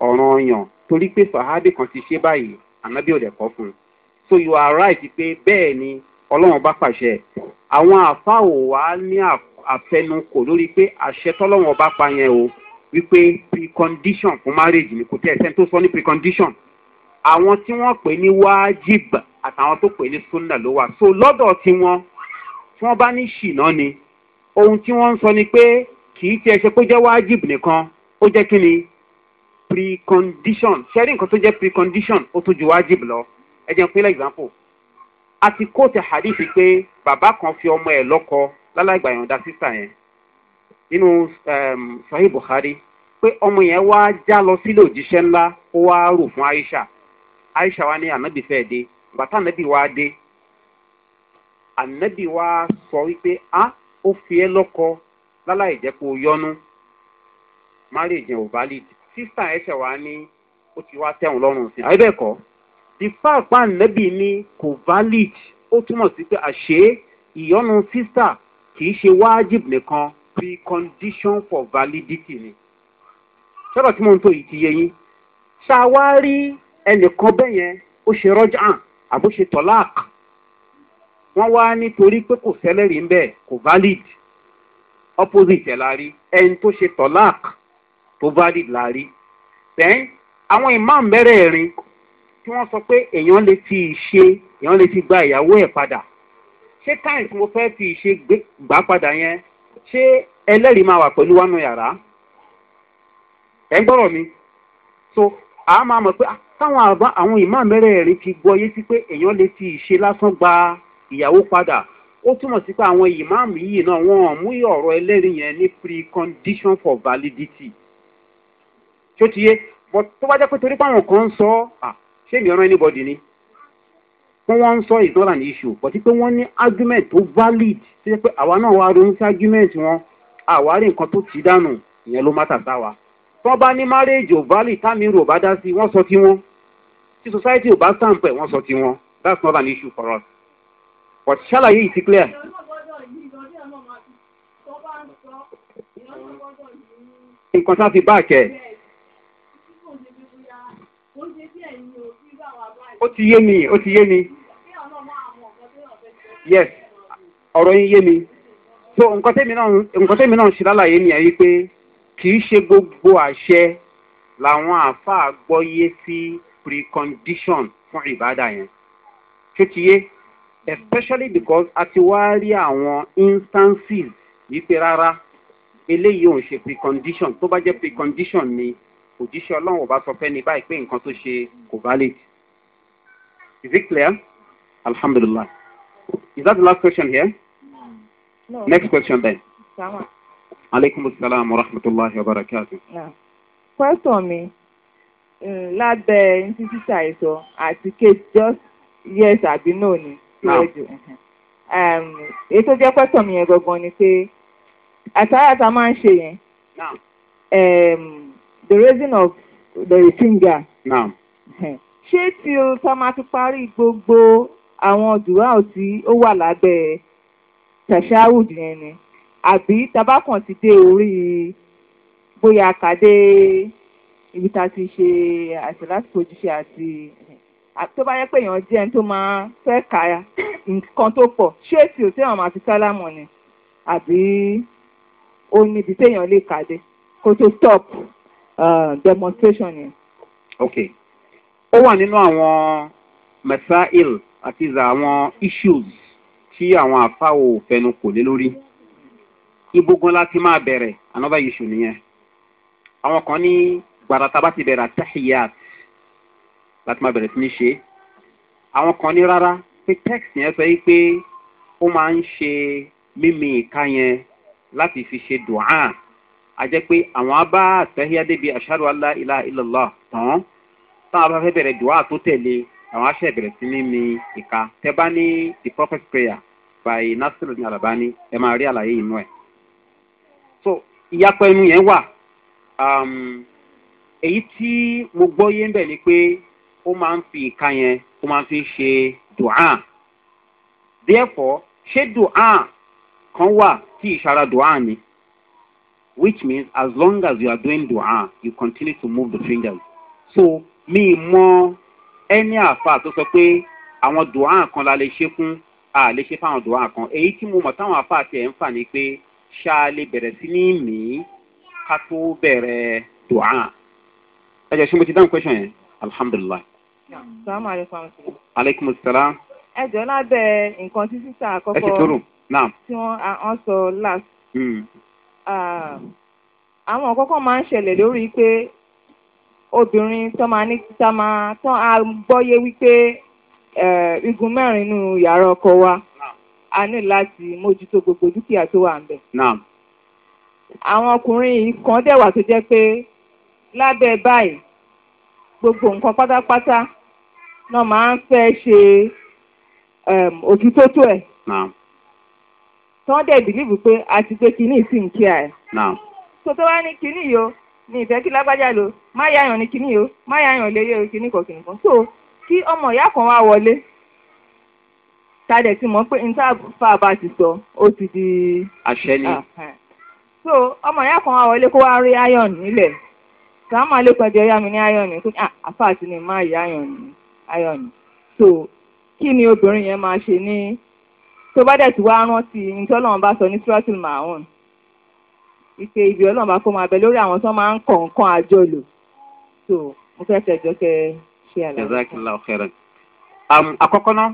ọ̀ràn ọ̀yàn torí pé sọ̀hádì kan ti ṣe báyìí ànábì ò dẹ̀ kọ́ fún so you are right pé bẹ́ẹ̀ ni ọlọ́run bá pàṣẹ àwọn àfa ò wá ní àfẹnukò lórí pé àṣẹ tọ́lọ́run bá pa yẹn o wípé precondition fún marriage ni kò tẹ́ ẹ̀ sẹ́ni tó sọ ní precondition àwọn tí wọ́n pè ní wájib àtàwọn tó pè ní sunna ló wà so lọ́dọ̀ tiwọn tí wọ́n bá ní ṣìnà ni ohun tí wọ́n ń sọ ni pé kì í tiẹ̀ ṣe pé jẹ́ wájib nìkan ó jẹ́ kí ni precondition ṣẹ́rí nǹkan tó jẹ́ precondition ó tún ju wájib lọ ẹ jẹun pínlẹ̀ example a ti kóòtù hadithi pé bàbá kan fi ọmọ ẹ̀ lọ́kọ lálàgbà yọ̀ǹda sísà yẹn nínú ehm, sahih buhari pé ọmọ yẹn wá já lọ sílé òjíṣẹ́ ńlá ó wá rò fún aisha aisha wa ní anabi fẹ́ dé bàtà anabi wa dé anabi wa sọ wípé a ó fi ẹ́ lọ́kọ láláì jẹ́ kó o yọnu marriage ò valid sísà ẹ̀ṣẹ̀ wa ní ó ti wá tẹ̀wọ̀n lọ́rùn sí i àyè bẹ́ẹ̀ kọ́ the fact anabi ní kò valid ó túmọ̀ sí pé àṣé ìyọnu sísà kì í ṣe wájib nìkan precondition for validity ni sọ́dọ̀ tí mo ń tó yìí ti yẹ yín ṣáwárí ẹnìkan bẹ́ẹ̀ yẹn ó ṣe rọ́jà àbó ṣe tọ́láàkì wọ́n wá nítorí pé kò sẹ́lẹ̀rì ń bẹ̀ kò valid opposite ẹ̀ la rí ẹni tó ṣe tọ́láàkì tó valid la rí then àwọn imam mẹ́rẹ̀ẹ̀rin tí wọ́n sọ pé èèyàn lè ti ṣe èèyàn lè ti gba ìyàwó ẹ̀ padà ṣé tí mo fẹ́ ṣe gbà padà yẹn ṣé ẹlẹ́rìí máa wà pẹ̀lú wánú yàrá ẹ̀ mi so àá máa mọ̀ pé ah, táwọn àwọn ìmáà mẹ́rẹ̀ẹ̀rin fi gbọ́ yé sí pé èèyàn lè fi ìṣe lásán gba ìyàwó padà ó túmọ̀ sí pé àwọn ìmáàmù yìí náà wọ́n mú ọ̀rọ̀ ẹlẹ́rìí yẹn ní precondition for validity tí ó ti yé but tó bá jẹ́ pé torí báwọn kan ń sọ ṣé èmi ọ̀rọ̀ anybody ni wọ́n wọ́n ń sọ is not an issue but pé wọ́n ní argument tó valid tó pé àwa náà wá ronú sí argument wọn àwárí nǹkan tó ti dànù ìyẹn ló má tàtà wa tó bá ní marriage ò valid táàmì rò bá dá sí wọ́n sọ tí wọ́n tí society ò bá stamp ẹ̀ wọ́n sọ ti wọn that's not an issue for us but ṣàlàyé yìí ti clear. nǹkan tá a fi bá àkẹ́ ó ti yé mi ó ti yé mi yes ọ̀rọ̀ yín yé mi so nǹkan tẹ́mi náà nǹkan tẹ́mi náà ṣe lálàyé ni àyè pé kì í ṣe gbogbo àṣẹ làwọn àáfàá gbọ́ yé sí. Si, precondition fún ìbádà yẹn ṣó ti yé especially because a ti wá rí àwọn instances wípé rárá eléyìí ò ń ṣe precondition tó bá jẹ́ precondition ni òjíṣẹ́ ọlọ́run ò bá sọ fẹ́ ni báyìí pé nǹkan tó ṣe kò valid is it clear alhamdulilah is that the last question here no. next question then aleykum salaam wa rahmatulahi wa barakatu. question mi. Mm, lábẹ́ títí ṣàìsọ àti kejì just yes àbí no ni síwájú um, èyí tó jẹ́ pẹ́tọ̀ mi yẹn gangan ni pé àtàrà tá a máa ń ṣe yẹn um, the raising of the finger ṣé tí o ta máa fi parí gbogbo àwọn dùwà tí ó wà lábẹ́ tashahud yẹn ni àbí tabakàn ti dé orí bóyá kàdé ibi tá a ti ṣe àṣẹ láti ojúṣe àti tó bá yẹ pé èèyàn jẹ́ ẹni tó máa fẹ́ ka nǹkan tó pọ̀ ṣé èsì ò téèyàn máa fi sálámọ̀ ni àbí ó níbi téèyàn lè kà dé kó tó stop uh, demonstration yẹn. ok ó wà nínú àwọn masail àti àwọn issues tí àwọn àfa ò fẹnu kò lé lórí ibogun láti máa bẹ̀rẹ̀ another issue nìyẹn àwọn kan ní. Ni gbàrà tá a bá ti bẹ̀rẹ̀ àtàhìyàt láti máa bẹ̀rẹ̀ sí ní ṣe àwọn kan ní rárá pé text yẹn sọ yìí pé ó máa ń ṣe mímì ìka yẹn láti fi ṣe dùhán a jẹ́ pé àwọn abá àtàhìyàt débi àṣàrò alá ilá ìlọ́lá tán táwọn abá fẹ́ bẹ̀rẹ̀ dùhán tó tẹ̀lé àwọn aṣẹ́ bẹ̀rẹ̀ sí ní mi ìka tẹ bá ní the prophet prayer by nasiru alabani ẹ máa rí àlàyé inú ẹ so ìyapẹ inú yẹn wà. Um, èyí tí mo gbọ́ yé ń bẹ̀ ni pé ó máa ń fi ìka yẹn ó máa ń ṣe dùhà therefore ṣé dùhà kan wà tí ìṣara dùhà ni which means as long as you are doing dùhà you continue to move the fingers so mi mọ ẹni àfa tó sọ pé àwọn dùhà kan la lè ṣe kún a lè ṣe fáwọn dùhà kan èyí tí mo mọ̀ táwọn àfa àti ẹ̀ ń fà ni pé ṣáà lè bẹ̀rẹ̀ sí ní mí ká tó bẹ̀rẹ̀ dùhà ẹ jẹ́ ṣé mo ti dáhùn question yẹn alhamdulilah. salaam aleykum. aleykum salaam. ẹ jọ lábẹ́ nǹkan tí sísá àkọ́kọ́ ẹ ṣe tó rùn náà tí wọ́n sọ last. Hmm. àwọn kọ́kọ́ máa ń ṣẹlẹ̀ lórí pé obìnrin tó máa ní tá máa tán á gbọ́yé wípé igun mẹ́rin nù yàrá ọkọ wa a ní láti mójútó gbogbo dúkìá tó wà ń bẹ̀. àwọn ọkùnrin yìí kan dẹ̀ wà tó jẹ́ pé lábẹ́ báyìí gbogbo nǹkan pátápátá náà máa ń fẹ́ ṣe òtútótó ẹ̀. tọ́ dẹ̀ bìlíìfù pé a ti gbé kinní sí ń kí a ẹ̀. tó tó wá ní kinní yìí o ní ìfẹ́ kí lágbájá lo má yáyàn ní kinní yìí o má yáyàn lè yé o kinní kan kinní kan. so kí ọmọ ìyá kan wá wọlé ta dẹ̀ ti mọ̀ pé níta fa bá ti sọ ó ti di. àṣẹ ni. so ọmọ ìyá kan wá wọlé kó wá rí iron nílẹ̀ sàmà lè pàdé ọyá mi ní ayọ̀ ah, mi kó ní ni máa yá ayọ̀ mi so kí ni obìnrin yẹn máa ṣe ní tó bá dẹ̀ tí wá rántí ìtọ́lọ́run bá sọ ní suratul maun ìpè ibi ọlọ́run bá kó máa bẹ lórí àwọn tó máa ń kọ̀ àjọlò so mo fẹ́ tẹ̀jọ́ kẹ ṣe àlàyé. jazakallahu khairan um, àkọ́kọ́ náà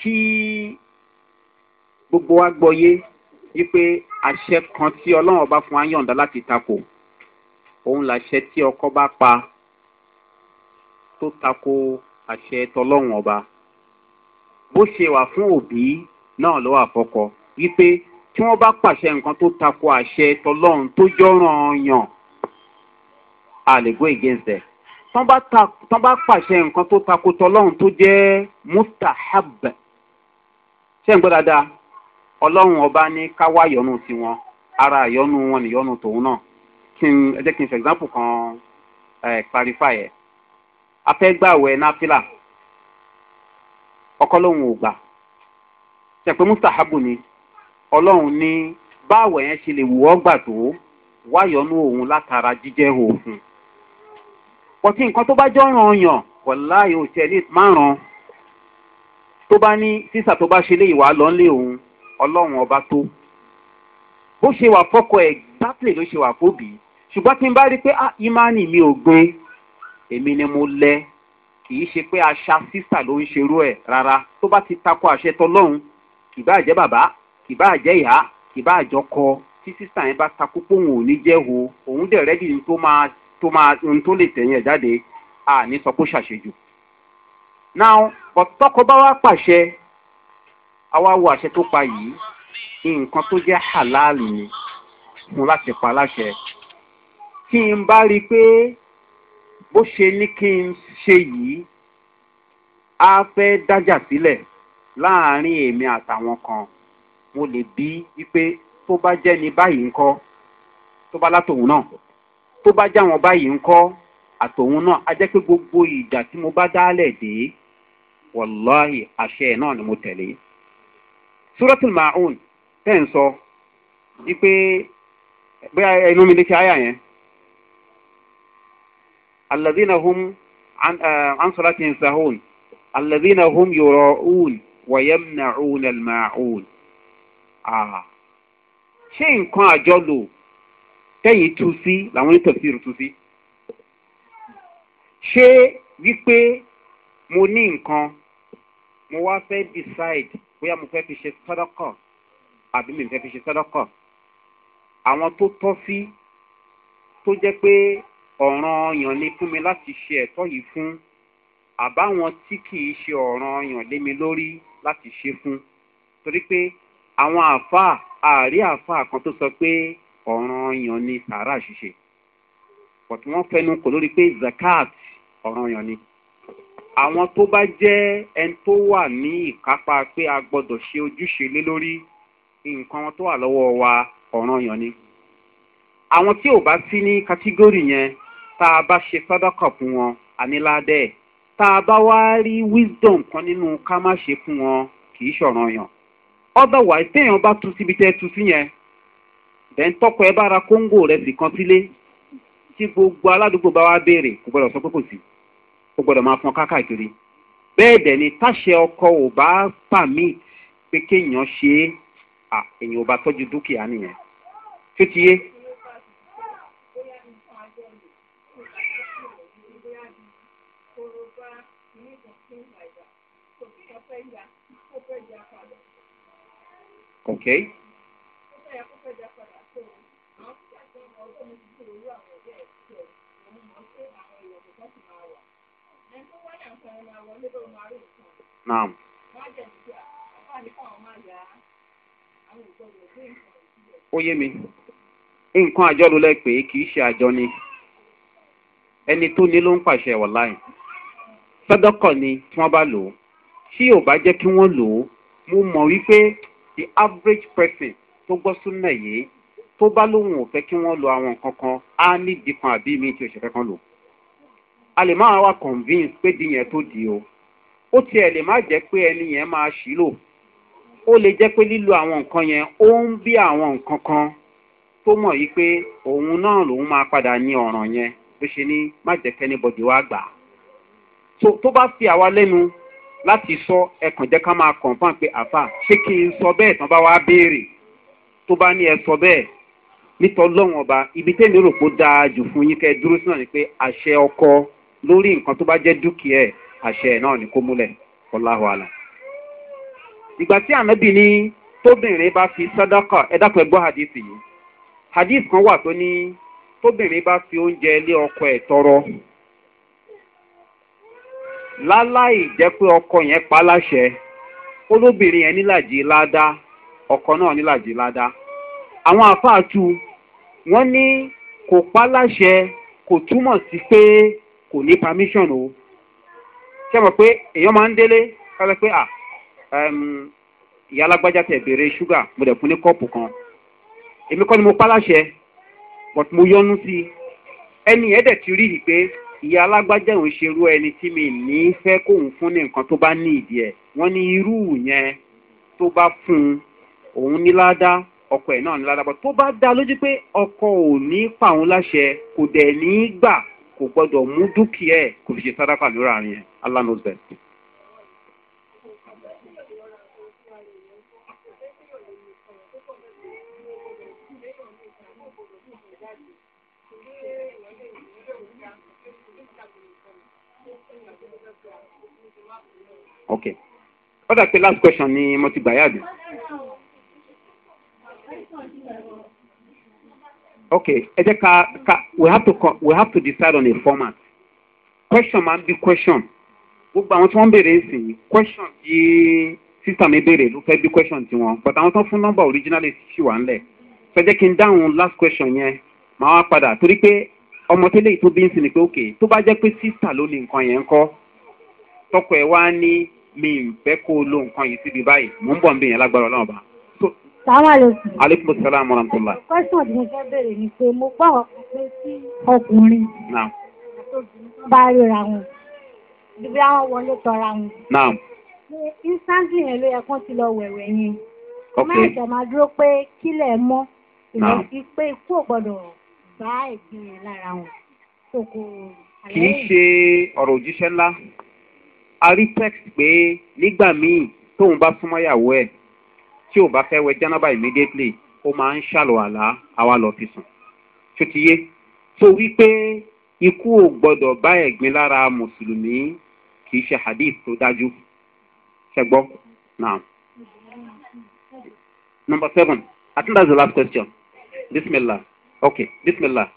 kí gbogbo wa gbọ́ yé wípé àṣẹ kan tí ọlọ́run ọba fún ayọ̀ǹda láti takò òun làṣẹ tí ọkọ bá pa tó takò àṣẹ tọlọ́run ọba bó ṣe wà fún òbí náà ló wà fọkọ wípé tí wọ́n bá pàṣẹ nǹkan tó takò àṣẹ tọlọ́run tó jọ́ràn yàn a lè go against ẹ̀ tán bá pàṣẹ nǹkan tó takò tọlọ́run tó jẹ́ mustahab ṣé ń gbọ́ dáadáa ọlọ́run ọba ní ká wá yọnu tiwọn ara yọnu wọn ni yọnu tòun náà kí n ẹ jẹ́ kí n fẹ́ example kan ẹ̀ clarify ẹ̀ afẹ́gbàwẹ̀ náfìlà ọkọ lóhun ò gbà ṣẹ̀pẹ́ mustahabu ni ọlọ́run ní báwẹ̀ yẹn ṣe lè wù ọ́ gbà tó wáyọ̀nú òun látara jíjẹ́ òfin pọ̀tí nǹkan tó bá jọ ràn ọyàn wọ̀láyò tẹ̀lé márùn-ún tó bá ní sísà tó bá ṣe léyìí wà lọ́nlé òun ọlọ́run ọba tó bó ṣe wà fọ́kọ ẹ̀ gbápẹ̀ ló ṣe wà fóbi ṣùgbọ́n tí n bá rí pé ah imani mi ò gbé èmi ni mo lẹ kì í ṣe pé aṣa sísà ló ń ṣerú ẹ̀ rárá tó bá ti takọ àṣẹ tọlọ́run kì bá jẹ́ bàbá kì bá jẹ́ ìyá kì bá jọ kọ tí sísà yẹn bá takú pé òun jẹ́ o òun dẹ̀ rẹ́dì tó máa tó máa ohun tó lè tẹ̀yìn ẹ̀ jáde à sọ pé ṣàṣejù. now bọ̀tọ́kọ bá wá pàṣẹ àwa wo àṣẹ tó pa yìí nǹkan tó jẹ́ halali ni mo láti pa láṣẹ kí n bá rí i pé bó ṣe ní kí n ṣe yìí á fẹ́ dájà sílẹ̀ láàrin èmi àtàwọn kan mo lè bí wípé tó bá jẹ́ ni báyìí ńkọ́ tó bá látòun náà tó bá jáwọn báyìí ńkọ́ àtòun náà á jẹ́ pé gbogbo ìjà tí mo bá dálẹ̀ dé wọ̀láhì àṣẹ náà ni mo tẹ̀lé suratul ma'un tẹ́ ń sọ wípé bóyá ẹnu mi létí àyà yẹn alladina hum an salati sahun alladina hum yura'un wa yamna'un al-ma'un ṣé nǹkan àjọlò tẹ́yìn tú sí làwọn onítọ̀síìrù tú sí ṣé wípé mo ní nǹkan mo wá fẹ́ decide bóyá mo fẹ́ fi ṣe sọ́dọ́kọ̀ àbí mi fẹ́ fi ṣe sọ́dọ́kọ̀ àwọn tó tọ́ sí tó jẹ́ pé ọ̀ràn ọyàn ni fún mi láti ṣe ẹ̀tọ́ yìí fún àbáwọn tí kì í ṣe ọ̀ràn ọyàn lé mi lórí láti ṣe fún torí pé àwọn àáfàá àárí àáfàá kan tó sọ pé ọ̀ràn ọyàn ni sàárà ṣíṣe pọ̀ tí wọ́n fẹnu kò lórí pé zakat ọ̀ràn ọyàn ni àwọn tó bá jẹ́ ẹni tó wà ní ìkápá pé a gbọ́dọ̀ ṣe ojúṣe lé lórí nǹkan tó wà lọ́wọ́ wa ọ̀ràn yàn ni. àwọn tí ò bá sí ní kátígórì yẹn tá a bá ṣe sádọ́kà fún wọn àníládẹ́ tá a bá wá rí wisdom kan nínú ká má ṣe fún wọn kì í ṣọ̀ràn yàn. otherwise téèyàn bá tu síbi tẹ́ tu sí yẹn bẹ́ẹ̀ tọkọ ẹ bá ra kóńgò rẹ̀ sì kan sílé tí gbogbo aládùúgbò bá wá béèrè kò gbọdọ̀ sọ pé kò sí ó gbọ́dọ̀ máa fọn káàkiri bẹ́ẹ̀ dẹ̀ ni táṣẹ ọkọ ò bá pàmì pé kéèyàn ṣe é èèyàn ò bá tọ́jú dúkìá nìyẹn tó yé. Okay. Naam. Ó yé mi. Nǹkan àjọlù lẹ pé kì í ṣe àjọ ni. Ẹni tó ní ló ń pàṣẹ wàláì. Sọ́dọ́kọ̀ ni tí wọ́n bá lò ó. Tí ò bá jẹ́ kí wọ́n lò ó, mo mọ̀ wípé the average person tó gbọ́ súnmọ̀ yìí tó bá lóun ò fẹ́ kí wọ́n lo àwọn nǹkan kan á ní ìdí kan àbí mi tí ò ṣe fẹ́ kan lò ó a lè máa wá convince pé di yẹn tó di o ó tiẹ̀ lè má jẹ́ pé ẹni yẹn máa ṣí lò ó lè jẹ́ pé lílo àwọn nǹkan yẹn ó ń bí àwọn nǹkan kan tó mọ̀ yí pé òun náà lòun máa padà ní ọ̀ràn yẹn bó ṣe ní má jẹ́ kẹ́ni bọ̀dì wá gbà á tó bá fi àwa lẹ́nu láti sọ ẹkàn jẹ́ ká máa confam pé àfà ṣé kí n sọ bẹ́ẹ̀ tán bá wá béèrè tó bá ní ẹ sọ bẹ́ẹ̀ nítorí lọ́wọ́n ọba ibi tẹ́mi rò pé ó dáa jù fún yín kẹ́ dúró sí náà ni pé àṣẹ ọkọ lórí nǹkan tó bá jẹ́ dúkìá ẹ̀ àṣẹ ẹ̀ náà ni kó múlẹ̀ ọláhu àlà. ìgbà tí ànábì ní tóbìnrin bá fi sádọ́kà ẹ dákun gbọ́ hadith yìí hadith kan wà tó ní tóbìnrin bá fi oúnjẹ lé ọkọ ẹ̀ tọrọ láláì jẹ́ pé ọkọ yẹn pa láṣẹ olóbìnrin yẹn nílàjì ládàá ọkọ náà nílàjì ládàá àwọn àfáàtú wọn ní kò pa láṣẹ kò túmọ̀ sí pé kò ní permission o ṣé mọ̀ pé èèyàn máa ń délé kálẹ̀ pé à ìyá alágbájá tẹ̀ béèrè ṣúgà mo ní kọ́ọ̀pù kan èmi kọ́ ni mo pálàṣẹ but mo yọnu sí i ẹni dẹ̀ ti rí i pé ìyá alágbájá òun ṣerú ẹni tí mi ní fẹ́ kóun fún ní nǹkan tó bá ní ìdí ẹ̀ wọ́n ní irú yẹn tó bá fún un òun kò gbọ́dọ̀ mú dúkìá ẹ̀ kò fi ṣe sádàkà lórí àárín ẹ̀ allah knows best. ok ọ̀dà pé last question ni mo ti gbà yàgbé. okay ẹ jẹ́ ká ká we have to we have to decide on a format question máa ń question gbogbo àwọn tí wọ́n ń béèrè ìsìn question bí sísà mi béèrè ló fẹ́ bí question tiwọn but àwọn tó ń fún nọ́mbà originally ṣì wà ńlẹ̀ fẹ́ jẹ́ kí n dáhùn last question yẹn màá wá padà torí pé ọmọ tẹ́lẹ̀ tó bí ń sìn ni pé ok tó bá jẹ́ pé sísà ló ní nǹkan yẹn ń tọkọ ẹ̀ wá ní mi ń fẹ́ kó o lo nǹkan yìí síbi báyìí mò ń bọ̀ ń bèèyàn lágbára ọlọ́run báyìí sàmàlẹ́kùn. aleykum salaam wa rahmatulah. kọ́sìmọ̀ tí mo fẹ́ bèrè ni pé mo gbọ́ àwọn kan pé tí ọkùnrin bá ríra wọn ibi àwọn wọlé tọra wọn. pé instantly yẹn ló yẹ kán ti lọ wẹ̀wẹ̀ yẹn. má ìjọ máa dúró pé kílẹ̀ mọ́ ìrètí pé ikú ò gbọ́dọ̀ bá ẹ̀gbìn yẹn lára wọn. kì í ṣe ọ̀rọ̀ òjíṣẹ́ ńlá a rí text pé nígbà míì tóun bá súnmọ́ ìyàwó tí ò bá fẹ́ wẹ jánábà immediately ó máa ń ṣàlùwàlá àwa lọ fi sùn tó ti yé tó wípé ikú ò gbọdọ̀ bá ẹ̀gbin lára mùsùlùmí kì í ṣe hadith tó dájú ṣẹgbọ́ now number seven i think that's the last question bismillah okay bismillah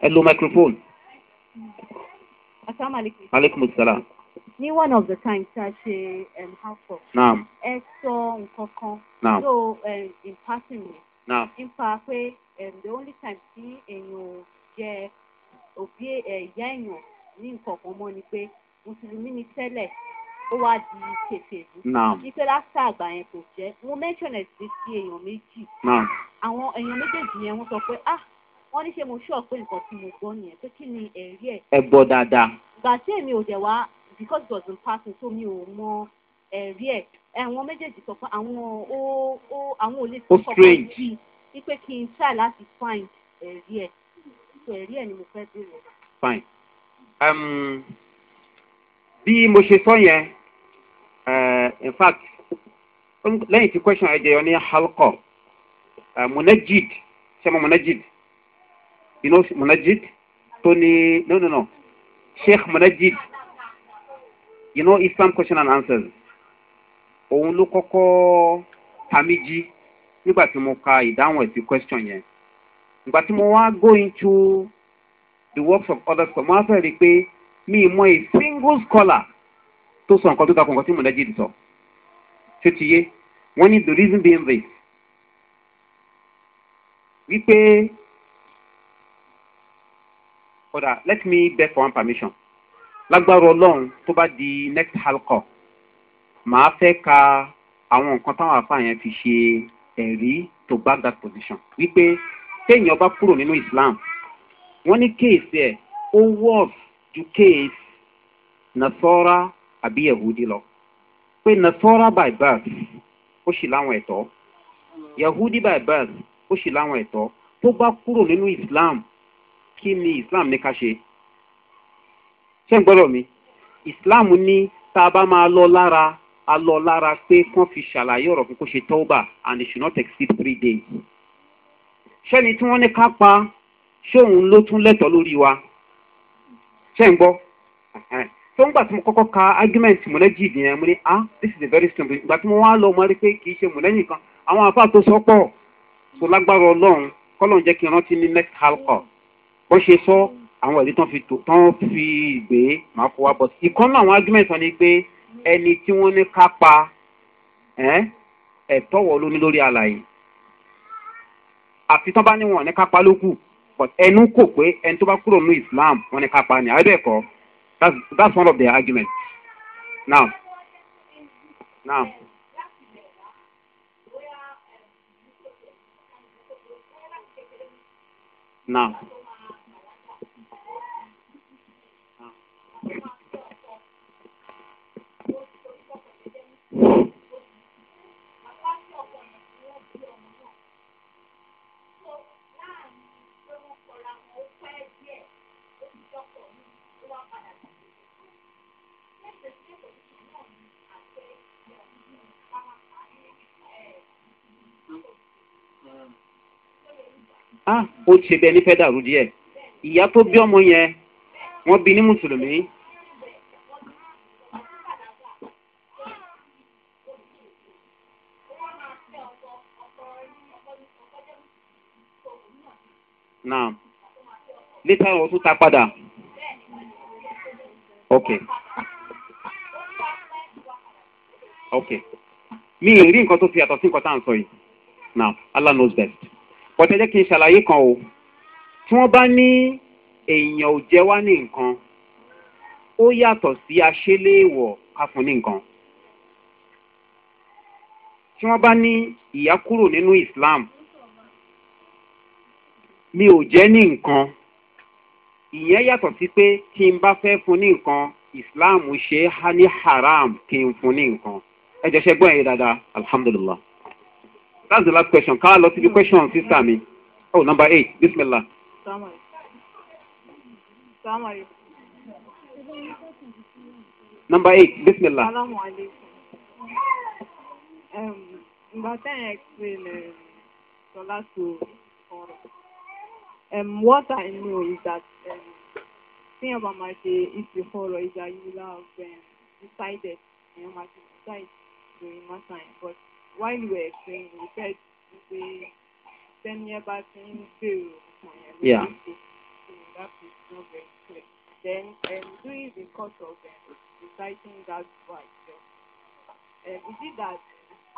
hello microphone. asalaamualeykum. aleykum salaam ní one of the times tá a ṣe um, half-up. naam. ẹ sọ nǹkan kan. naam. so um, in passing me. naam. nípa pé um, the only time tí èèyàn jẹ òbí ẹ̀yà èèyàn ní nǹkan kan mọ́ ni pé mùsùlùmí ni tẹ́lẹ̀ ó wá di kèfèrí. naam. ife láti àgbà yẹn kò jẹ́ mo mention ẹ̀ sí sí èèyàn méjì. naam. àwọn èèyàn méjèèjì yẹn wọ́n sọ pé ah wọ́n ní ṣe mo ṣọ́ọ̀ pé nǹkan tí mo gbọ́ nìyẹn pé kí ni ẹ̀rí ẹ̀. ẹ gbọ́ dáadáa. ìgbà tí èmi ò jẹ̀ wá because it was in person so mi ò mọ ẹ̀rí ẹ̀ àwọn méjèèjì sọ pé àwọn ó ó àwọn ò lè sọ pé bí i pé kí n try láti find ẹ̀rí ẹ̀ so ẹ̀rí ẹ̀ ni mo fẹ́ bèrè. fine um, bí mo ṣe sọ yẹn eh, in fact um, lẹ́yìn tí question ẹ̀ jẹyọ ní halkọ uh, eh, munajid ṣe mo munajid you know munajid tó ní no no no sheikh munajid you know islam question and answers òun ló kọ́kọ́ tamiji nígbà tí mo ka ìdáhùn ẹ̀ sí question yẹn ìgbà tí mo wá go into the works of others mo wá fẹ́ rí i pé mi mọ a single scholar tó sọ nǹkan tó takò nǹkan tí mo lẹ́jì sọ ṣé ti yé wọ́n ní the reason being this wípé ọ̀dà let me beg for one permission lágbára ọlọ́run tó bá di next halkọ màá fẹ́ ka àwọn nǹkan táwọn àfáà yẹn fi ṣe ẹ̀rí tó back that position wípé téèyàn bá kúrò nínú islam wọ́n ní kéèsì ẹ̀ ó wọ́ọ̀f ju kéèsì nasọ́ra àbí yahudi lọ pé nasọ́ra by birth ó sì láwọn ẹ̀tọ́ yahudi by birth ó sì láwọn ẹ̀tọ́ tó bá kúrò nínú islam kí ni islam ní ká ṣe ṣé ń gbọ́dọ̀ mi islam ní tá a bá máa lọ lára a lọ lára pé kán fi ṣàlàyé ọ̀rọ̀ fún ṣe tọ́ba and it should not exceed three days. ṣẹ́ni tí wọ́n ní ká pa ṣóun ló tún lẹ́tọ̀ọ́ lórí wa ṣé ń gbọ́ tó ń gbà tí mo kọ́kọ́ ka argument mọ̀lẹ́jì yẹn mo ní ah this is a very simple ìgbà tí mo wá lọ mo rí pé kì í ṣe mọ̀lẹ́yìn kan àwọn àfa tó sọ pọ̀ tó lágbára ọlọ́run kọ́lọ́n jẹ́ kí n rántí ní next halkọ̀ bó ṣe sọ àwọn ìdí tán fi tán fi gbé máa kó wa bọ̀ sí. ìkan náà àwọn argument wọn ni pé ẹni tí wọ́n ní ká pa ẹ̀tọ́ wọ̀ ló lórí àlàyé àfi tán bá ní wọn ní ká pa ló ẹnu kò pé ẹni tó bá kúrò ní islam wọn ní ká pa ni àbẹ́ ẹ̀kọ́ that's that's one of the arguments now now. Now. ah ó ti ṣe bẹ́ẹ̀ ní fẹ́ dàrú díẹ̀ ìyá tó bí ọmọ yẹn wọ́n bí ní mùsùlùmí. náà létà ọ̀rọ̀ tó ta padà ok ok mi ì rí nǹkan tó fi àtọ̀ sí nǹkan tá à ń sọ yìí now allah knows best pọ̀tẹ́jẹ́ kí n ṣàlàyé kan o tí wọ́n bá ní èèyàn ò jẹ́ wá ní nǹkan ó yàtọ̀ sí aṣẹ́léèwọ̀ káfún ní nǹkan tí wọ́n bá ní ìyá kúrò nínú islam mi ò jẹ́ ní nǹkan ìyẹn yàtọ̀ sí pé kí n bá fẹ́ fún ní nǹkan islam ṣe é ní haram kí n fún ní nǹkan ẹ jẹ́ ṣẹ́gbọ́n yẹn dáadáa alhamdulilah that's the last question ká lọ síbi hmm. question sísá me? oh number eight bismillah. number eight bismillah. Ìgbà um, tẹ́yìn explain Sọlá eh, to ọ̀rọ̀. Um, what I know is that um, téèyàn bá máa ṣe ìfìfọ̀rọ̀ ìjà yìí láàbẹ̀ decided èèyàn máa ṣe decide lórí my time. but while you were praying you said pé sẹ́ni ẹ bá ti ń bèrò ọkàn that is not very clear then um, during the course of um, reciting that verse um, is it that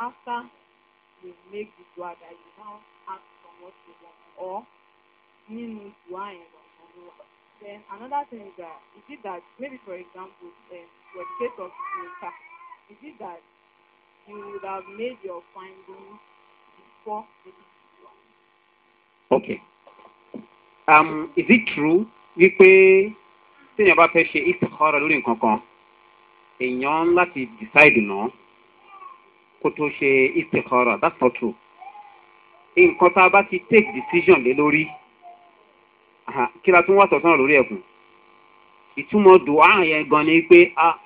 after you make the dua that you now ask for what you want or nínú wine? yẹn lọ then another thing is that is it that maybe for example um, for the case of Mecca is it that you would have made your findings before the Okay. Um, is it true wípé téèyàn bá fẹ́ ṣe istikhara lórí nǹkan kan èèyàn láti decide náà kó tó ṣe istikhara that's not true. nǹkan tá a bá ti take decision lé lórí kí la tún wá sọ̀tàn lórí ẹ̀kún ìtumọ̀ dùn áhàn yẹn gan ni pé ah,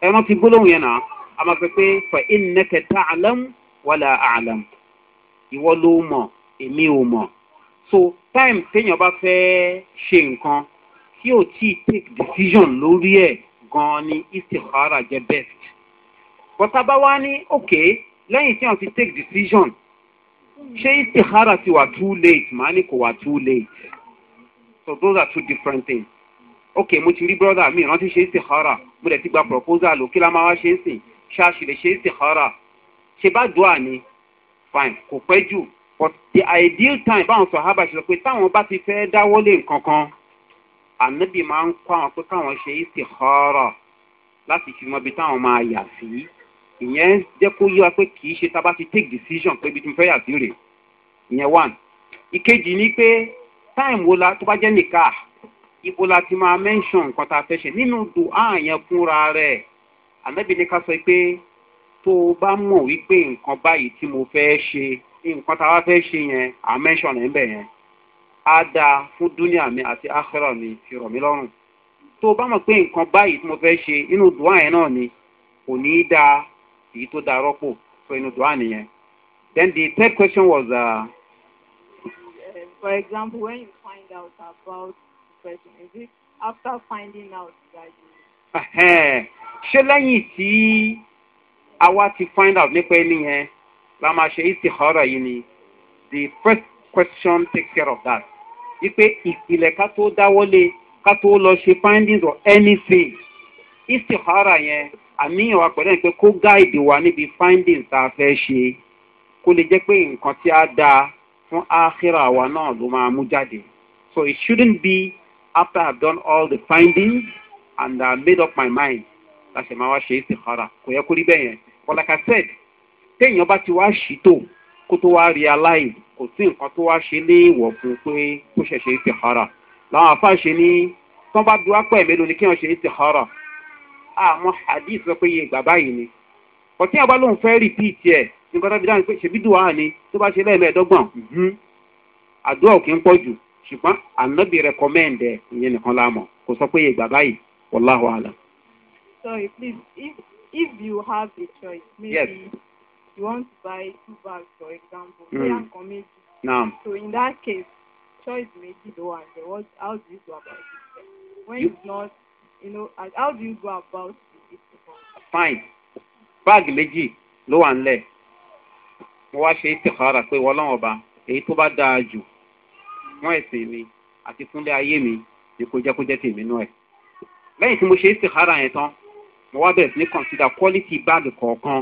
ẹran ti gbólóhùn yẹn náà a máa pẹ́ pé fa innaka ta'lam wala a'lam ìwọ ló mọ̀ èmi ò mọ̀ so time téèyàn bá fẹ́ ṣe nǹkan tí ò tí take decision lórí ẹ̀ gan-an ni istikhara jẹ́ best bọ́tà bá wá ní òkè lẹ́yìn tí wọ́n ti take decision ṣé istikhara ti wà too late màá ní kò wà too late so those are two different things ok mo ti rí brother mi rántí ṣe istikhara mo dẹ̀ ti gba proposal o la máa wá ṣe é sìn ṣé a sì lè ṣe istikhara ṣe bá dùn àní fine kò pẹ́ jù but the ideal time báwọn sọ̀hábà ṣe sọ pé táwọn bá ti fẹ́ dáwọ́lé nǹkan kan ànábì máa ń kọ́ àwọn pé káwọn ṣe istikhara láti fi mọ ibi táwọn máa yà sí ìyẹn jẹ́ kó yíwa pé kì í ṣe tá a bá ti take decision pé ibi tí mo fẹ́ yà sí rèé ìyẹn one ìkejì ni pé táìmù wo la tó bá jẹ́ nìka ibo la ti máa mention nǹkan tá a fẹ́ ṣe nínú dùn áàyàn fúnra rẹ̀ ànábì ní ká sọ pé tó o bá mọ̀ wípé nǹkan báyìí tí mo fẹ́ ṣe nǹkan tá a wá fẹ́ ṣe yẹn à ń bẹ̀ yẹn á dáa fún dúnìá mi àti áhẹ́rọ̀ mi fi rọ̀ mí lọ́rùn tó o bá mọ̀ pé nǹkan báyìí tí mo fẹ́ ṣe inú dùá yẹn náà ni kò ní í da èyí tó da rọ́pò sọ inú dùá nìyẹn. Then the third question was. Uh, for example, when you find out about the person, is it after finding out that you ṣé lẹ́yìn tí awa ti find out nípa ẹni yẹn la máa ṣe ìsìnkọ́rọ̀ yìí ni the first question takes care of that wípé ìpìlẹ̀ ká tó dáwọ́lé ká tó lọ ṣe findings of anything ìsìnkọ́rọ̀ yẹn àníyàn wa pẹ̀lú ẹ̀ pé kó gáìdì wa níbi findings tá a fẹ́ ṣe kó lè jẹ́ pé nǹkan tí a dáa fún áhírà wa náà ló máa mú jáde so it shouldn't be after i have done all the findings. and I uh, made up my mind láti máa wá ṣe é sèkara kò yẹ kó rí bẹ́ẹ̀ yẹn but like I said téèyàn bá ti wá ṣìtò kó tó wá realize kò sí nǹkan tó wá ṣe léèwọ̀ fún pé kó ṣẹ̀ ṣe é sèkara làwọn àfa ṣe ní tán bá du apá mélòó ni kí wọ́n ṣe é sèkara àmọ́ hadith sọ pé iye ìgbà báyìí ni kọtí àbá lòun fẹ́ repeat ẹ̀ nǹkan tó fi dáhùn pé ṣèbí dùn wá ni tó bá ṣe lẹ́ẹ̀mẹ́ẹ̀dọ́gbọ̀n mhm, àdúrà òkè ń pọ̀ jù ṣùgbọ́n ànábì recommend ẹ̀ ìyẹn nìkan láàmọ̀ kò sọ pé iye ìgbà báyìí Wallahu Sorry, please, if if you have a choice, maybe yes. you want to buy two bags, for example, mm. committee. No. So in that case, choice may be the one. What, how do you go about it? When you, it's not, you know, how do you go about it? Fine. Bag méjì ló wà nílẹ̀. Mo wá ṣe ìtẹ̀kára pé wọ́n lọ́wọ́ ọba èyí tó bá dáa jù fún ẹ̀sìn mi àti fúnlé ayé mi ni kò jẹ́ kó jẹ́ tèmi náà ẹ̀ lẹ́yìn tí mo ṣe istikhara yẹn tán mo wá bẹ̀rẹ̀ sí ní consider quality báàgì kọ̀ọ̀kan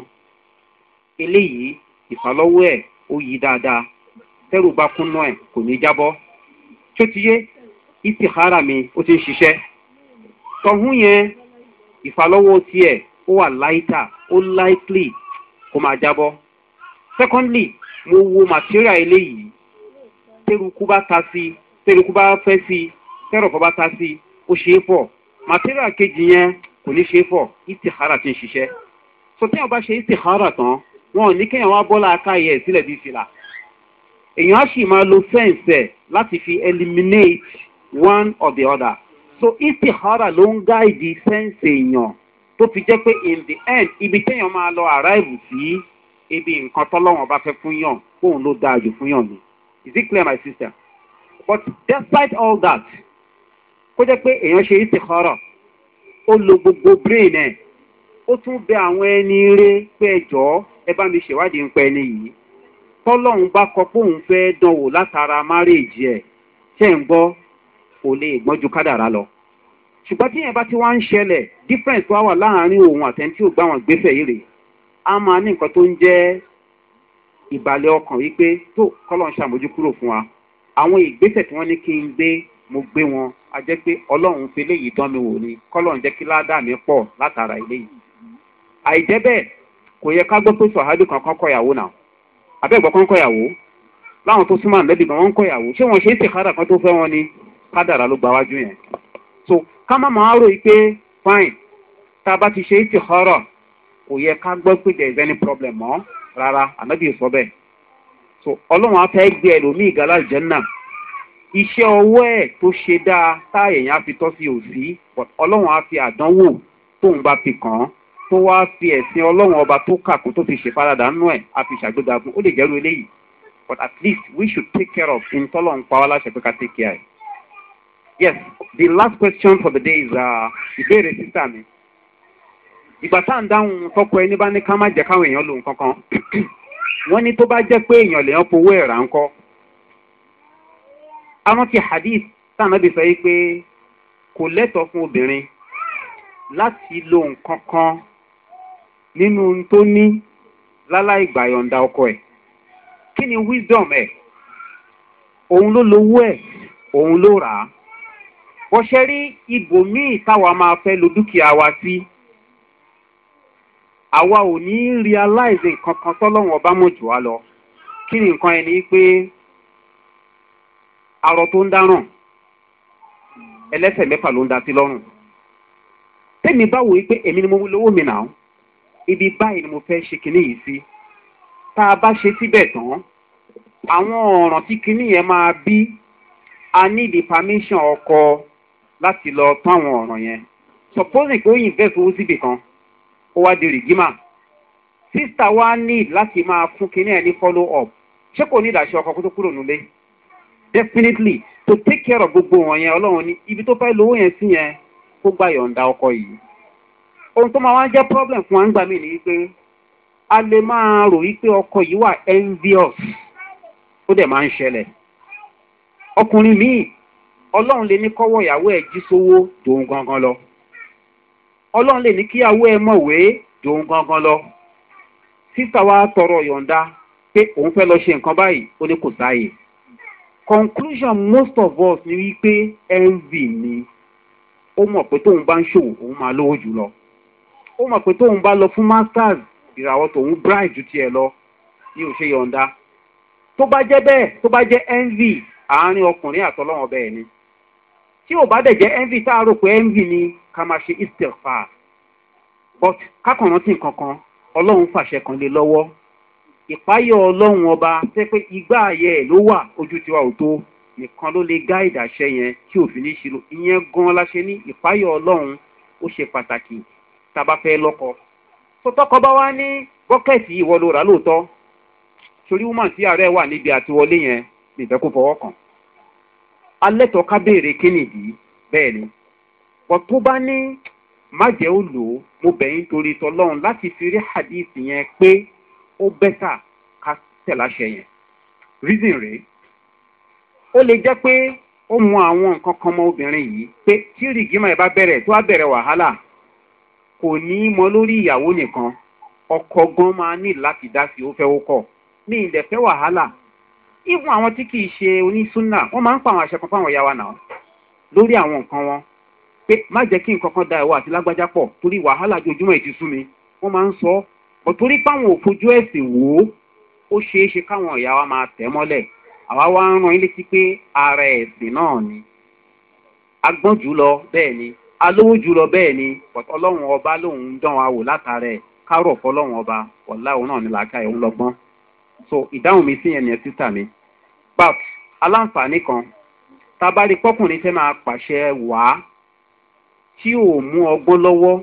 eléyìí ìfàlọ́wọ́ ẹ̀ ó yí dáadáa tẹ́rù bá kúnná ẹ̀ kò ní jábọ́ tó ti yé istikhara mi ó ti ń ṣiṣẹ́ tọ̀hún yẹn ìfàlọ́wọ́ tiẹ̀ ó wà láìta ó likely kó máa jábọ́ secondly mo wo material eléyìí tẹ́rù kú bá ta sí tẹ́rù kú bá fẹ́ sí tẹ́rù kú bá ta sí ó ṣe pọ̀ material kejì yẹn kò ní ṣe fọ ìtìkára ti ń ṣiṣẹ́ so tí wọn bá ṣe ìtìkára tán wọn ò ní kéèyàn wá bọ́lá akáyẹ ẹ̀ sílẹ̀ bíi fìlà èèyàn á sì máa lo fẹ́ǹsẹ̀ láti fi eliminate one or the other so ìtìkára ló ń gáìdì fẹ́ǹsì èèyàn tó fi jẹ́ pé in the end ibi téèyàn máa lọ arrive sí ibi nǹkan tọ́lọ́wọ̀n bá fẹ́ fún yàn kóun ló dáa jù fún yàn ni is it clear my sister but despite all that kó jẹ́ pé èèyàn ṣe ìtìkọ́rọ̀ ó lo gbogbo brain ẹ̀ ó tún bẹ àwọn ẹni ré pé ẹjọ́ ẹ bá mi ṣèwádìí ń pẹ́ ẹni yìí tọ́lọ́run bá kọ pé òun fẹ́ dánwò látara márèèjì ẹ̀ tẹ́ ń gbọ́ kò lè gbọ́n ju kádàrá lọ ṣùgbọ́n tí bá ti wá ń ṣẹlẹ̀ difference wá wà láàrin òun àtẹ̀ntí ò gbá wọn gbéfẹ̀ yìí rèé a máa ní nǹkan tó ń jẹ́ ìbàlẹ̀ ọkàn wípé tó kọ́lọ́ ṣàmójú kúrò fún wa àwọn ìgbésẹ̀ tí wọ́n ní kí n gbé mo gbé wọn a jẹ́ pé ọlọ́run fi léyìí dán mi wò ni kọ́lọ́run jẹ́ kí ládàá mi pọ̀ látara eléyìí àìjẹ́ bẹ́ẹ̀ kò yẹ ká gbọ́ pé sọ̀hádù kankan kọ̀yàwó náà abẹ́gbọ́ kan kọ̀yàwó láwọn tó súnmọ́ àmẹ́bí gan wọ́n kọ̀yàwó ṣé wọ́n ṣe é tèkára kan tó fẹ́ wọn ni kádàrà ló gba wájú yẹn so ká má máa rò pé fine tá a bá ti ṣe é tèkára kò yẹ ká gbọ́ pé there is any problem mọ́ rárá àmẹ́bí sọ bẹ́ẹ̀ so ọlọ́run á gbé ẹlòmíì galá jẹ́ náà iṣẹ́ ọwọ́ ẹ̀ tó ṣe dáa tá èèyàn fi tọ́ sí òsì ọlọ́run á fi àdánwò tóun bá fi kàn án tó wá fi ẹ̀sìn ọlọ́run ọba tó kàkó tó fi ṣèfaradà nú ẹ̀ á fi ṣàgbéga fún ó lè jẹ́rú eléyìí but at least we should take care of in tọ́lọ̀ ń pa wá láṣẹ pé ká take care ẹ̀. yes the last question for the day is uh, ìbéèrè sísá mi ìgbà tá à ń dáhùn tọkọ ẹni bá ní ká má jẹ káwọn èèyàn lòun kankan wọn ní tó bá jẹ pé èèyàn lèèyàn fowó ẹ̀ rà arántí hadith sànàbí sọ yìí pé kò lẹ́tọ̀ọ́ fún obìnrin láti lo nǹkan kan nínú tó ní láláì gbàyọ̀ǹda ọkọ ẹ̀ kí ni wisdom ẹ̀ òun ló lowó ẹ̀ òun ló rà á bọ́sẹ̀ rí ibòmíì táwa máa fẹ́ lo dúkìá wa sí àwa ò ní realize nǹkan kan tọ́lọ́wọ́n ọba mọ̀jù wa lọ kí ni nǹkan ẹni pé arọ tó ń dáràn ẹlẹ́sẹ̀ mẹ́fà ló ń da sí lọ́rùn tẹ́mi bá wòye pé èmi ni mo lówó mi nà ó ibi báyìí ni mo fẹ́ ṣe kinní yìí sí tá a bá ṣe síbẹ̀ tán àwọn ọ̀ràn tí kinní yẹn máa bí a ní permission ọkọ láti lọ tán àwọn ọ̀ràn yẹn supposing pé ó invest owó síbì kan ó wá di rìgímà sísá wa need láti máa fún kinní ẹ ní follow up ṣé kò ní ìdàṣẹ ọkọ kó tó kúrò nílé definitely to take care of gbogbo wọn yẹn ọlọ́run ní ibi tó fẹ́ lówó yẹn sí yẹn kó gbà yọ̀ǹda ọkọ yìí ohun tó máa wá jẹ́ problem fún wa nígbà míì ni wípé a lè máa rò wípé ọkọ yìí wà envious ó dẹ̀ máa ń ṣẹlẹ̀ ọkùnrin míì ọlọ́run lè ní kọ́wọ́ ìyàwó ẹ̀ jí sówó tòun gangan lọ ọlọ́run lè ní kíyàwó ẹ̀ mọ̀wé tòun gangan lọ sísà wa tọrọ yọ̀ǹda pé òun fẹ́ lọ ṣe nǹkan báyìí ó ní kò sáàyè conclusion most of us ni wípé envy ni ó mọ̀ pé tóun bá ń ṣòwò òun máa lówó jù lọ ó mọ̀ pé tóun bá lọ fún masters ìràwọ̀ tòun bright ju tiẹ̀ lọ ní òṣè yọ̀ǹda tó bá jẹ́ bẹ́ẹ̀ tó bá jẹ́ envy àárín ọkùnrin àtọlọ́wọ́n bẹ́ẹ̀ ni tí ò bá dẹ̀ jẹ́ envy tá a rò pé envy ni ká máa ṣe istelfa but kákànrántì kankan ọlọ́run fàṣẹ kan lé lọ́wọ́ ìpáyọ̀ ọlọ́run ọba tẹ́ pé igbá ayẹ ẹ̀ ló wà ojú tiwa ò tó nìkan ló lè gá ìdàṣẹ yẹn tí òfin ní ṣe ìyẹn gan la ṣe ní ìpáyọ̀ ọlọ́run ó ṣe pàtàkì tá a bá fẹ́ lọ́kọ. tó tọkọ bá wá ní bọ́kẹ́ẹ̀tì ìwọ rà lóòótọ́ torí woman tí ààrẹ wà níbi àtiwọlé yẹn nìbẹ́ kó fọwọ́ kàn. alẹ́tọ̀ ká béèrè kí bẹ́ẹ̀ ni bọ̀ tó bá ní má jẹ́ ó lò ó mo bẹ̀yìn torí tọlọ́run láti fi rí hadith yẹn pé ó bẹ́tà ká tẹ̀láṣẹ yẹn reason rèé ó lè jẹ́ pé ó mọ àwọn nǹkan kan mọ obìnrin yìí pé tí rìgímà ẹ̀ bá bẹ̀rẹ̀ tó á bẹ̀rẹ̀ wàhálà kò ní í mọ lórí ìyàwó nìkan ọkọ gan máa ní láti dá sí ó fẹ́ ó kọ̀ ní ilẹ̀ fẹ́ wàhálà even àwọn tí kì í ṣe onísúnà wọ́n máa ń pa àwọn àṣẹ kan fáwọn ìyá náà lórí àwọn nǹkan wọn pé má jẹ́ kí nǹkan kan da ìwọ àti lágbájá pọ̀ torí wàhálà ojoojúmọ́ ìtìsú òtúrí páwọn ò fojú ẹ̀sìn wò ó ó ṣeé ṣe káwọn ìyá wa máa tẹ̀ mọ́lẹ̀ àwa wá ń ran ilé sí pé ara ẹ̀sìn náà ni agbọ́n jù lọ bẹ́ẹ̀ ni alówó jù lọ bẹ́ẹ̀ ni ọlọ́run ọba lòun ń dán wa wò látara ẹ̀ kárọ̀ fọlọ́run ọba ọ̀la náà ni làákà ẹ̀ ń lọ́gbọ́n so ìdáhùn mi sí yẹn yẹn sísà mi but aláǹfààní kan tabari pọkùnrin fẹ́ máa pàṣẹ wàá tí ò mú ọgbọ́n lọ́wọ́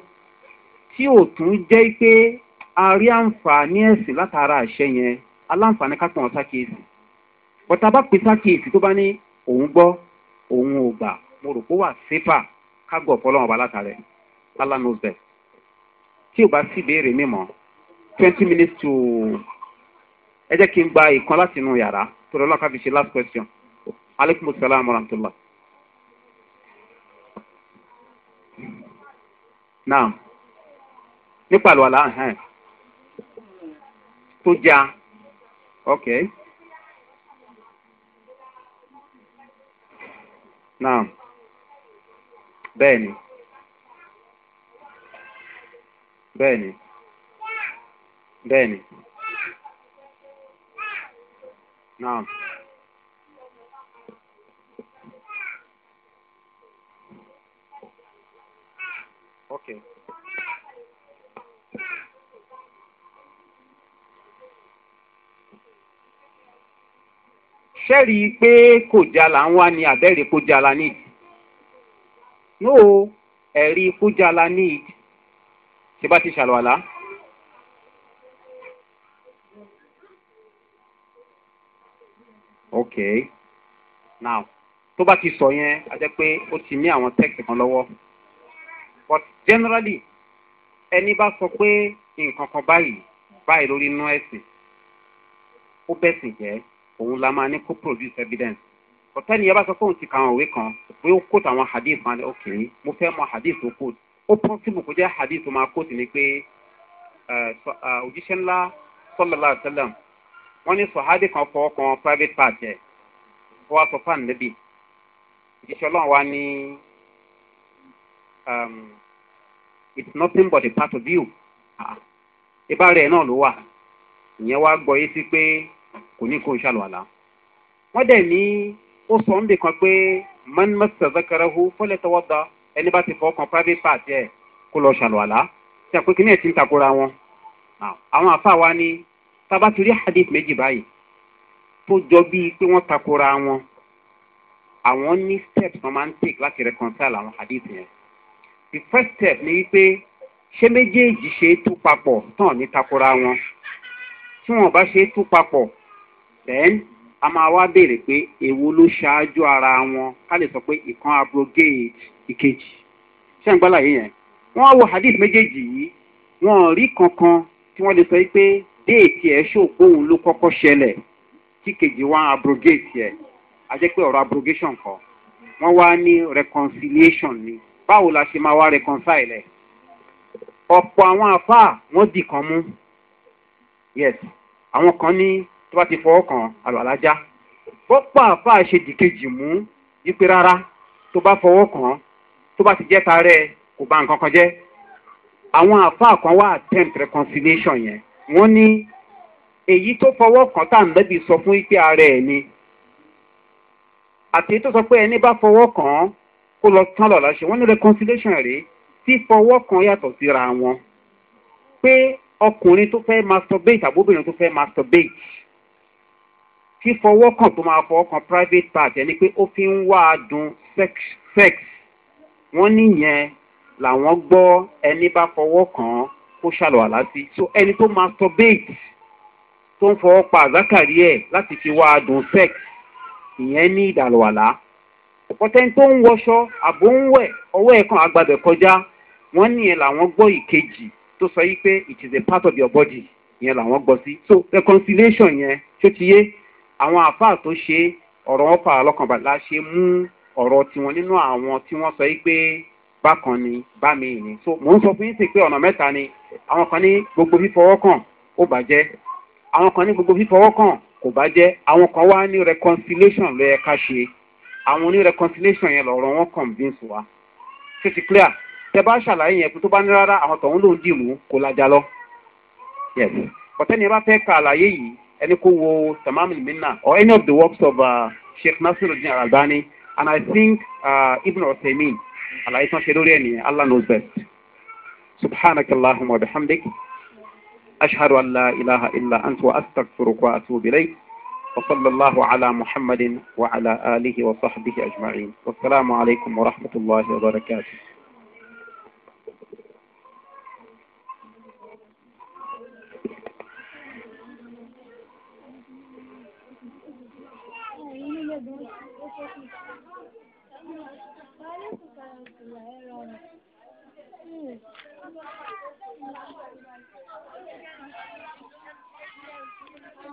tí ò tún jẹ́ pé a nfa àǹfààní ẹ̀sìn látara àṣẹ yẹn aláǹfààní ká sákèésì bọ́tà bá pè sákèésì tó bá ní òun gbọ́ òun ò gbà mo rò pé wà sípà ká fọlọ́wọ́n ọba látàrẹ allah knows tí ò bá sì béèrè mímọ́ twenty minutes to ẹ jẹ́ rahmatulah. naam tó já ok. Naam. Bẹ́ẹ̀ni. Bẹ́ẹ̀ni. Bẹ́ẹ̀ni. Naam. Okay. ṣẹ́rí pé kò jala ń wá ní àbẹ́rẹ́ kó jala ní ìdí. no ẹ̀rí kó jala ní ìdí. ṣé bá ti ṣàlùwàlá. ok now tó bá ti sọ yẹn a jẹ́ pé ó ti ní àwọn tẹ́kì kan lọ́wọ́ but generally ẹni bá sọ pé nǹkan kan báyìí báyìí lórí inú ẹ̀sìn ó bẹ̀sìn jẹ́ òun la máa ní kó produce evidence ọ̀tẹ́ni yẹn bá sọ pé òun ti ka àwọn òwe kan pé ó kóòtù àwọn hadith máa ní ok mo fẹ́ mọ hadith tó kóòtù ó pọ́ńtìmù kó jẹ́ hadith tó máa kóòtù ni pé òjíṣẹ́ ńlá sọ́lọ́lá àtẹ́lẹ̀m wọ́n ní sọ̀hádì kan fọ́ kan private part ẹ̀ ó wá sọ fún ànábì òjíṣẹ́ ọlọ́run wa ní um, it's nothing but a part of you ah, ìbára ẹ̀ náà ló wà ìyẹn wá gbọ́ yé sí pé kò ní kó ṣàlùwàlà wọ́n dẹ̀ ní ó sọ ń bì kan pé man masta zakarahu fọlẹ tọwọdọ ẹni bá ti fọ kan private part yẹ kó lọ ṣàlùwàlà tí a pé kí ní ẹ ti ń takora wọn àwọn àfa wa ni tába ti rí hadith méjì báyìí tó jọ bíi pé wọ́n takora wọn àwọn ní steps wọn máa ń take láti reconcile àwọn hadith yẹn the first step ni wípé ṣé méjèèjì ṣe é tú papọ̀ tán ní takora wọn tí wọn bá ṣe é tú papọ̀ then a máa wá béèrè pé èwo ló ṣáájú ara wọn ká lè sọ pé ìkan abrogate ìkejì ṣé ń gbọ́láyé yẹn wọ́n á wo hadith méjèèjì yìí wọn ò rí kankan tí wọ́n lè sọ pé déètì ẹ̀ ṣòpóhùn ló kọ́kọ́ ṣẹlẹ̀ tí kejì wá abrogate ẹ̀ a pé ọ̀rọ̀ abrogation kan wọ́n wá ní reconciliation ni báwo la ṣe máa wá reconcile ẹ̀ ọ̀pọ̀ àwọn àfáà wọ́n dì kan mú yes àwọn kan ní tó bá ti fọwọ́ kàn àlùwàlájá wọ́n pa àfa ṣe dìkejì mú wípé rárá tó bá fọwọ́ kàn tó bá ti jẹ́ tarẹ́ kò bá nǹkan kan jẹ́ àwọn àfa kan wá attempt reconciliation yẹn wọ́n ní èyí tó fọwọ́ kàn tá à ń lẹ́bi sọ fún wípé ara ẹ̀ ni àti tó sọ pé ẹni bá fọwọ́ kàn kó lọ tán lọ láṣẹ wọ́n ní reconciliation rèé tí fọwọ́ kan yàtọ̀ síra wọn pé ọkùnrin tó fẹ́ masturbate àbóbìnrin tó fẹ́ masturbate fífọwọ́ kàn tó máa fọwọ́ kan private part ẹni pé ó fi ń wá a dun sex sex wọ́n níyẹn làwọn gbọ́ ẹni bá fọwọ́ kàn án kó ṣàlọ́ àlá sí so ẹni tó masturbate tó ń fọwọ́ pa àzákàrí ẹ̀ láti fi wá a dun sex ìyẹn ní ìdàlọ́ àlá ọ̀pọ̀tẹ́ni tó ń wọṣọ àbò ń wẹ̀ ọwọ́ ẹ̀ kan àgbàdẹ̀ kọjá wọ́n níyẹn làwọn gbọ́ ìkejì tó sọ yí pé it is a part of your body ìyẹn làwọn gbọ́ sí so reconciliation yẹn ṣó ti yé àwọn àfáà tó ṣe ọ̀rọ̀ wọn fà lọ́kànbalẹ̀ la ṣe mú ọ̀rọ̀ tiwọn nínú àwọn tí wọ́n sọ pé bákan ni bá ni so mò ń sọ fún yín sí pé ọ̀nà mẹ́ta ni àwọn kan ní gbogbo fífọwọ́ kàn ó bàjẹ́ àwọn kan ní gbogbo fífọwọ́ kàn kò bàjẹ́ àwọn kan wá ní reconciliation ló yẹ ká ṣe àwọn ní reconciliation yẹn lọ̀rọ̀ wọn convince wa ṣe ti clear tẹ bá ṣàlàyé yẹn tó bá ní rárá àwọn tọ̀hún ló ń dìmú kó lajà lọ. ọ̀tẹ́ni bá fẹ́ ka àlàyé yìí ẹni kò wo tamam minna or any of the works of uh, sheikh nasiruddin albani and i think uh, ibn uthaymeen alayi tán ṣe lórí ẹni allah knows best subhanaka allahumma wa bihamdik ashhadu an la ilaha illa anta wa astaghfiruka wa atubu ilayk وصلى الله على محمد وعلى آله وصحبه أجمعين والسلام عليكم ورحمة الله وبركاته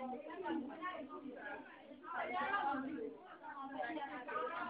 大家好，大家好。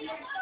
Thank you.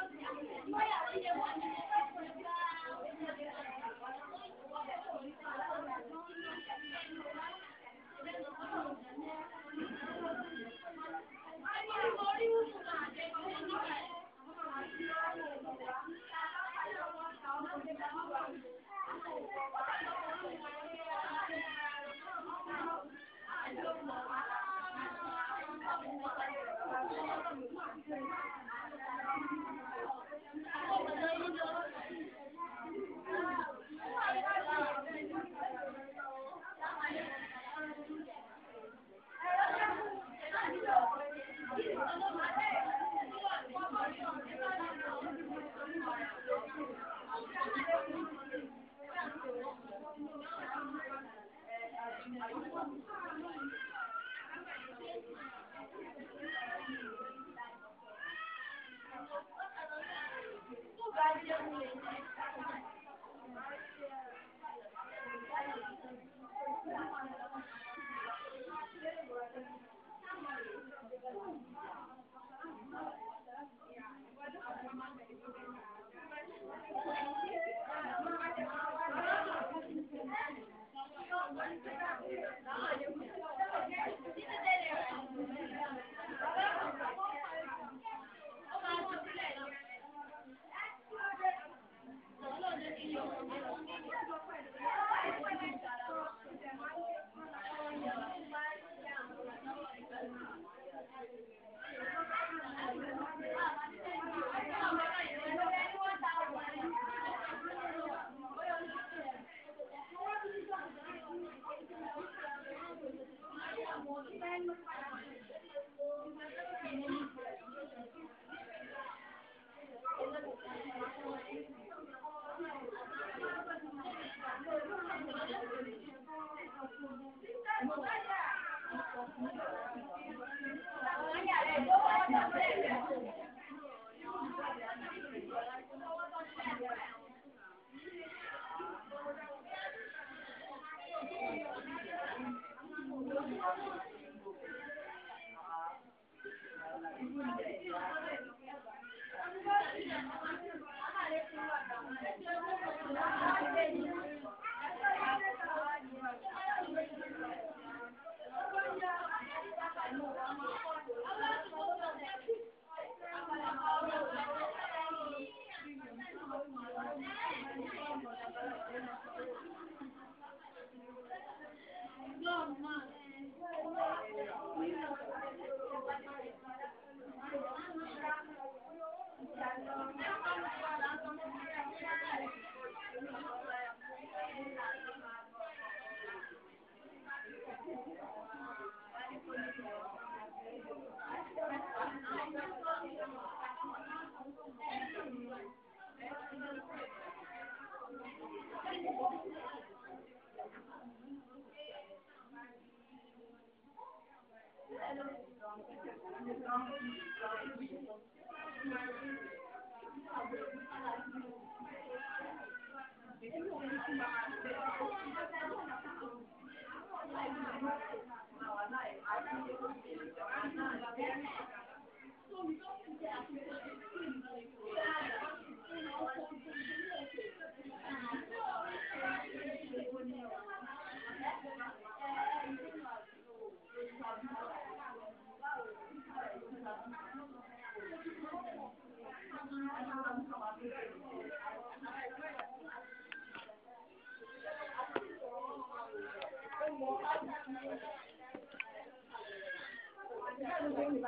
jazaki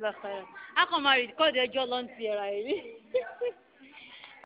la khairan a kàn máa rìkọ́dì ẹjọ́ ẹ̀ra yìí.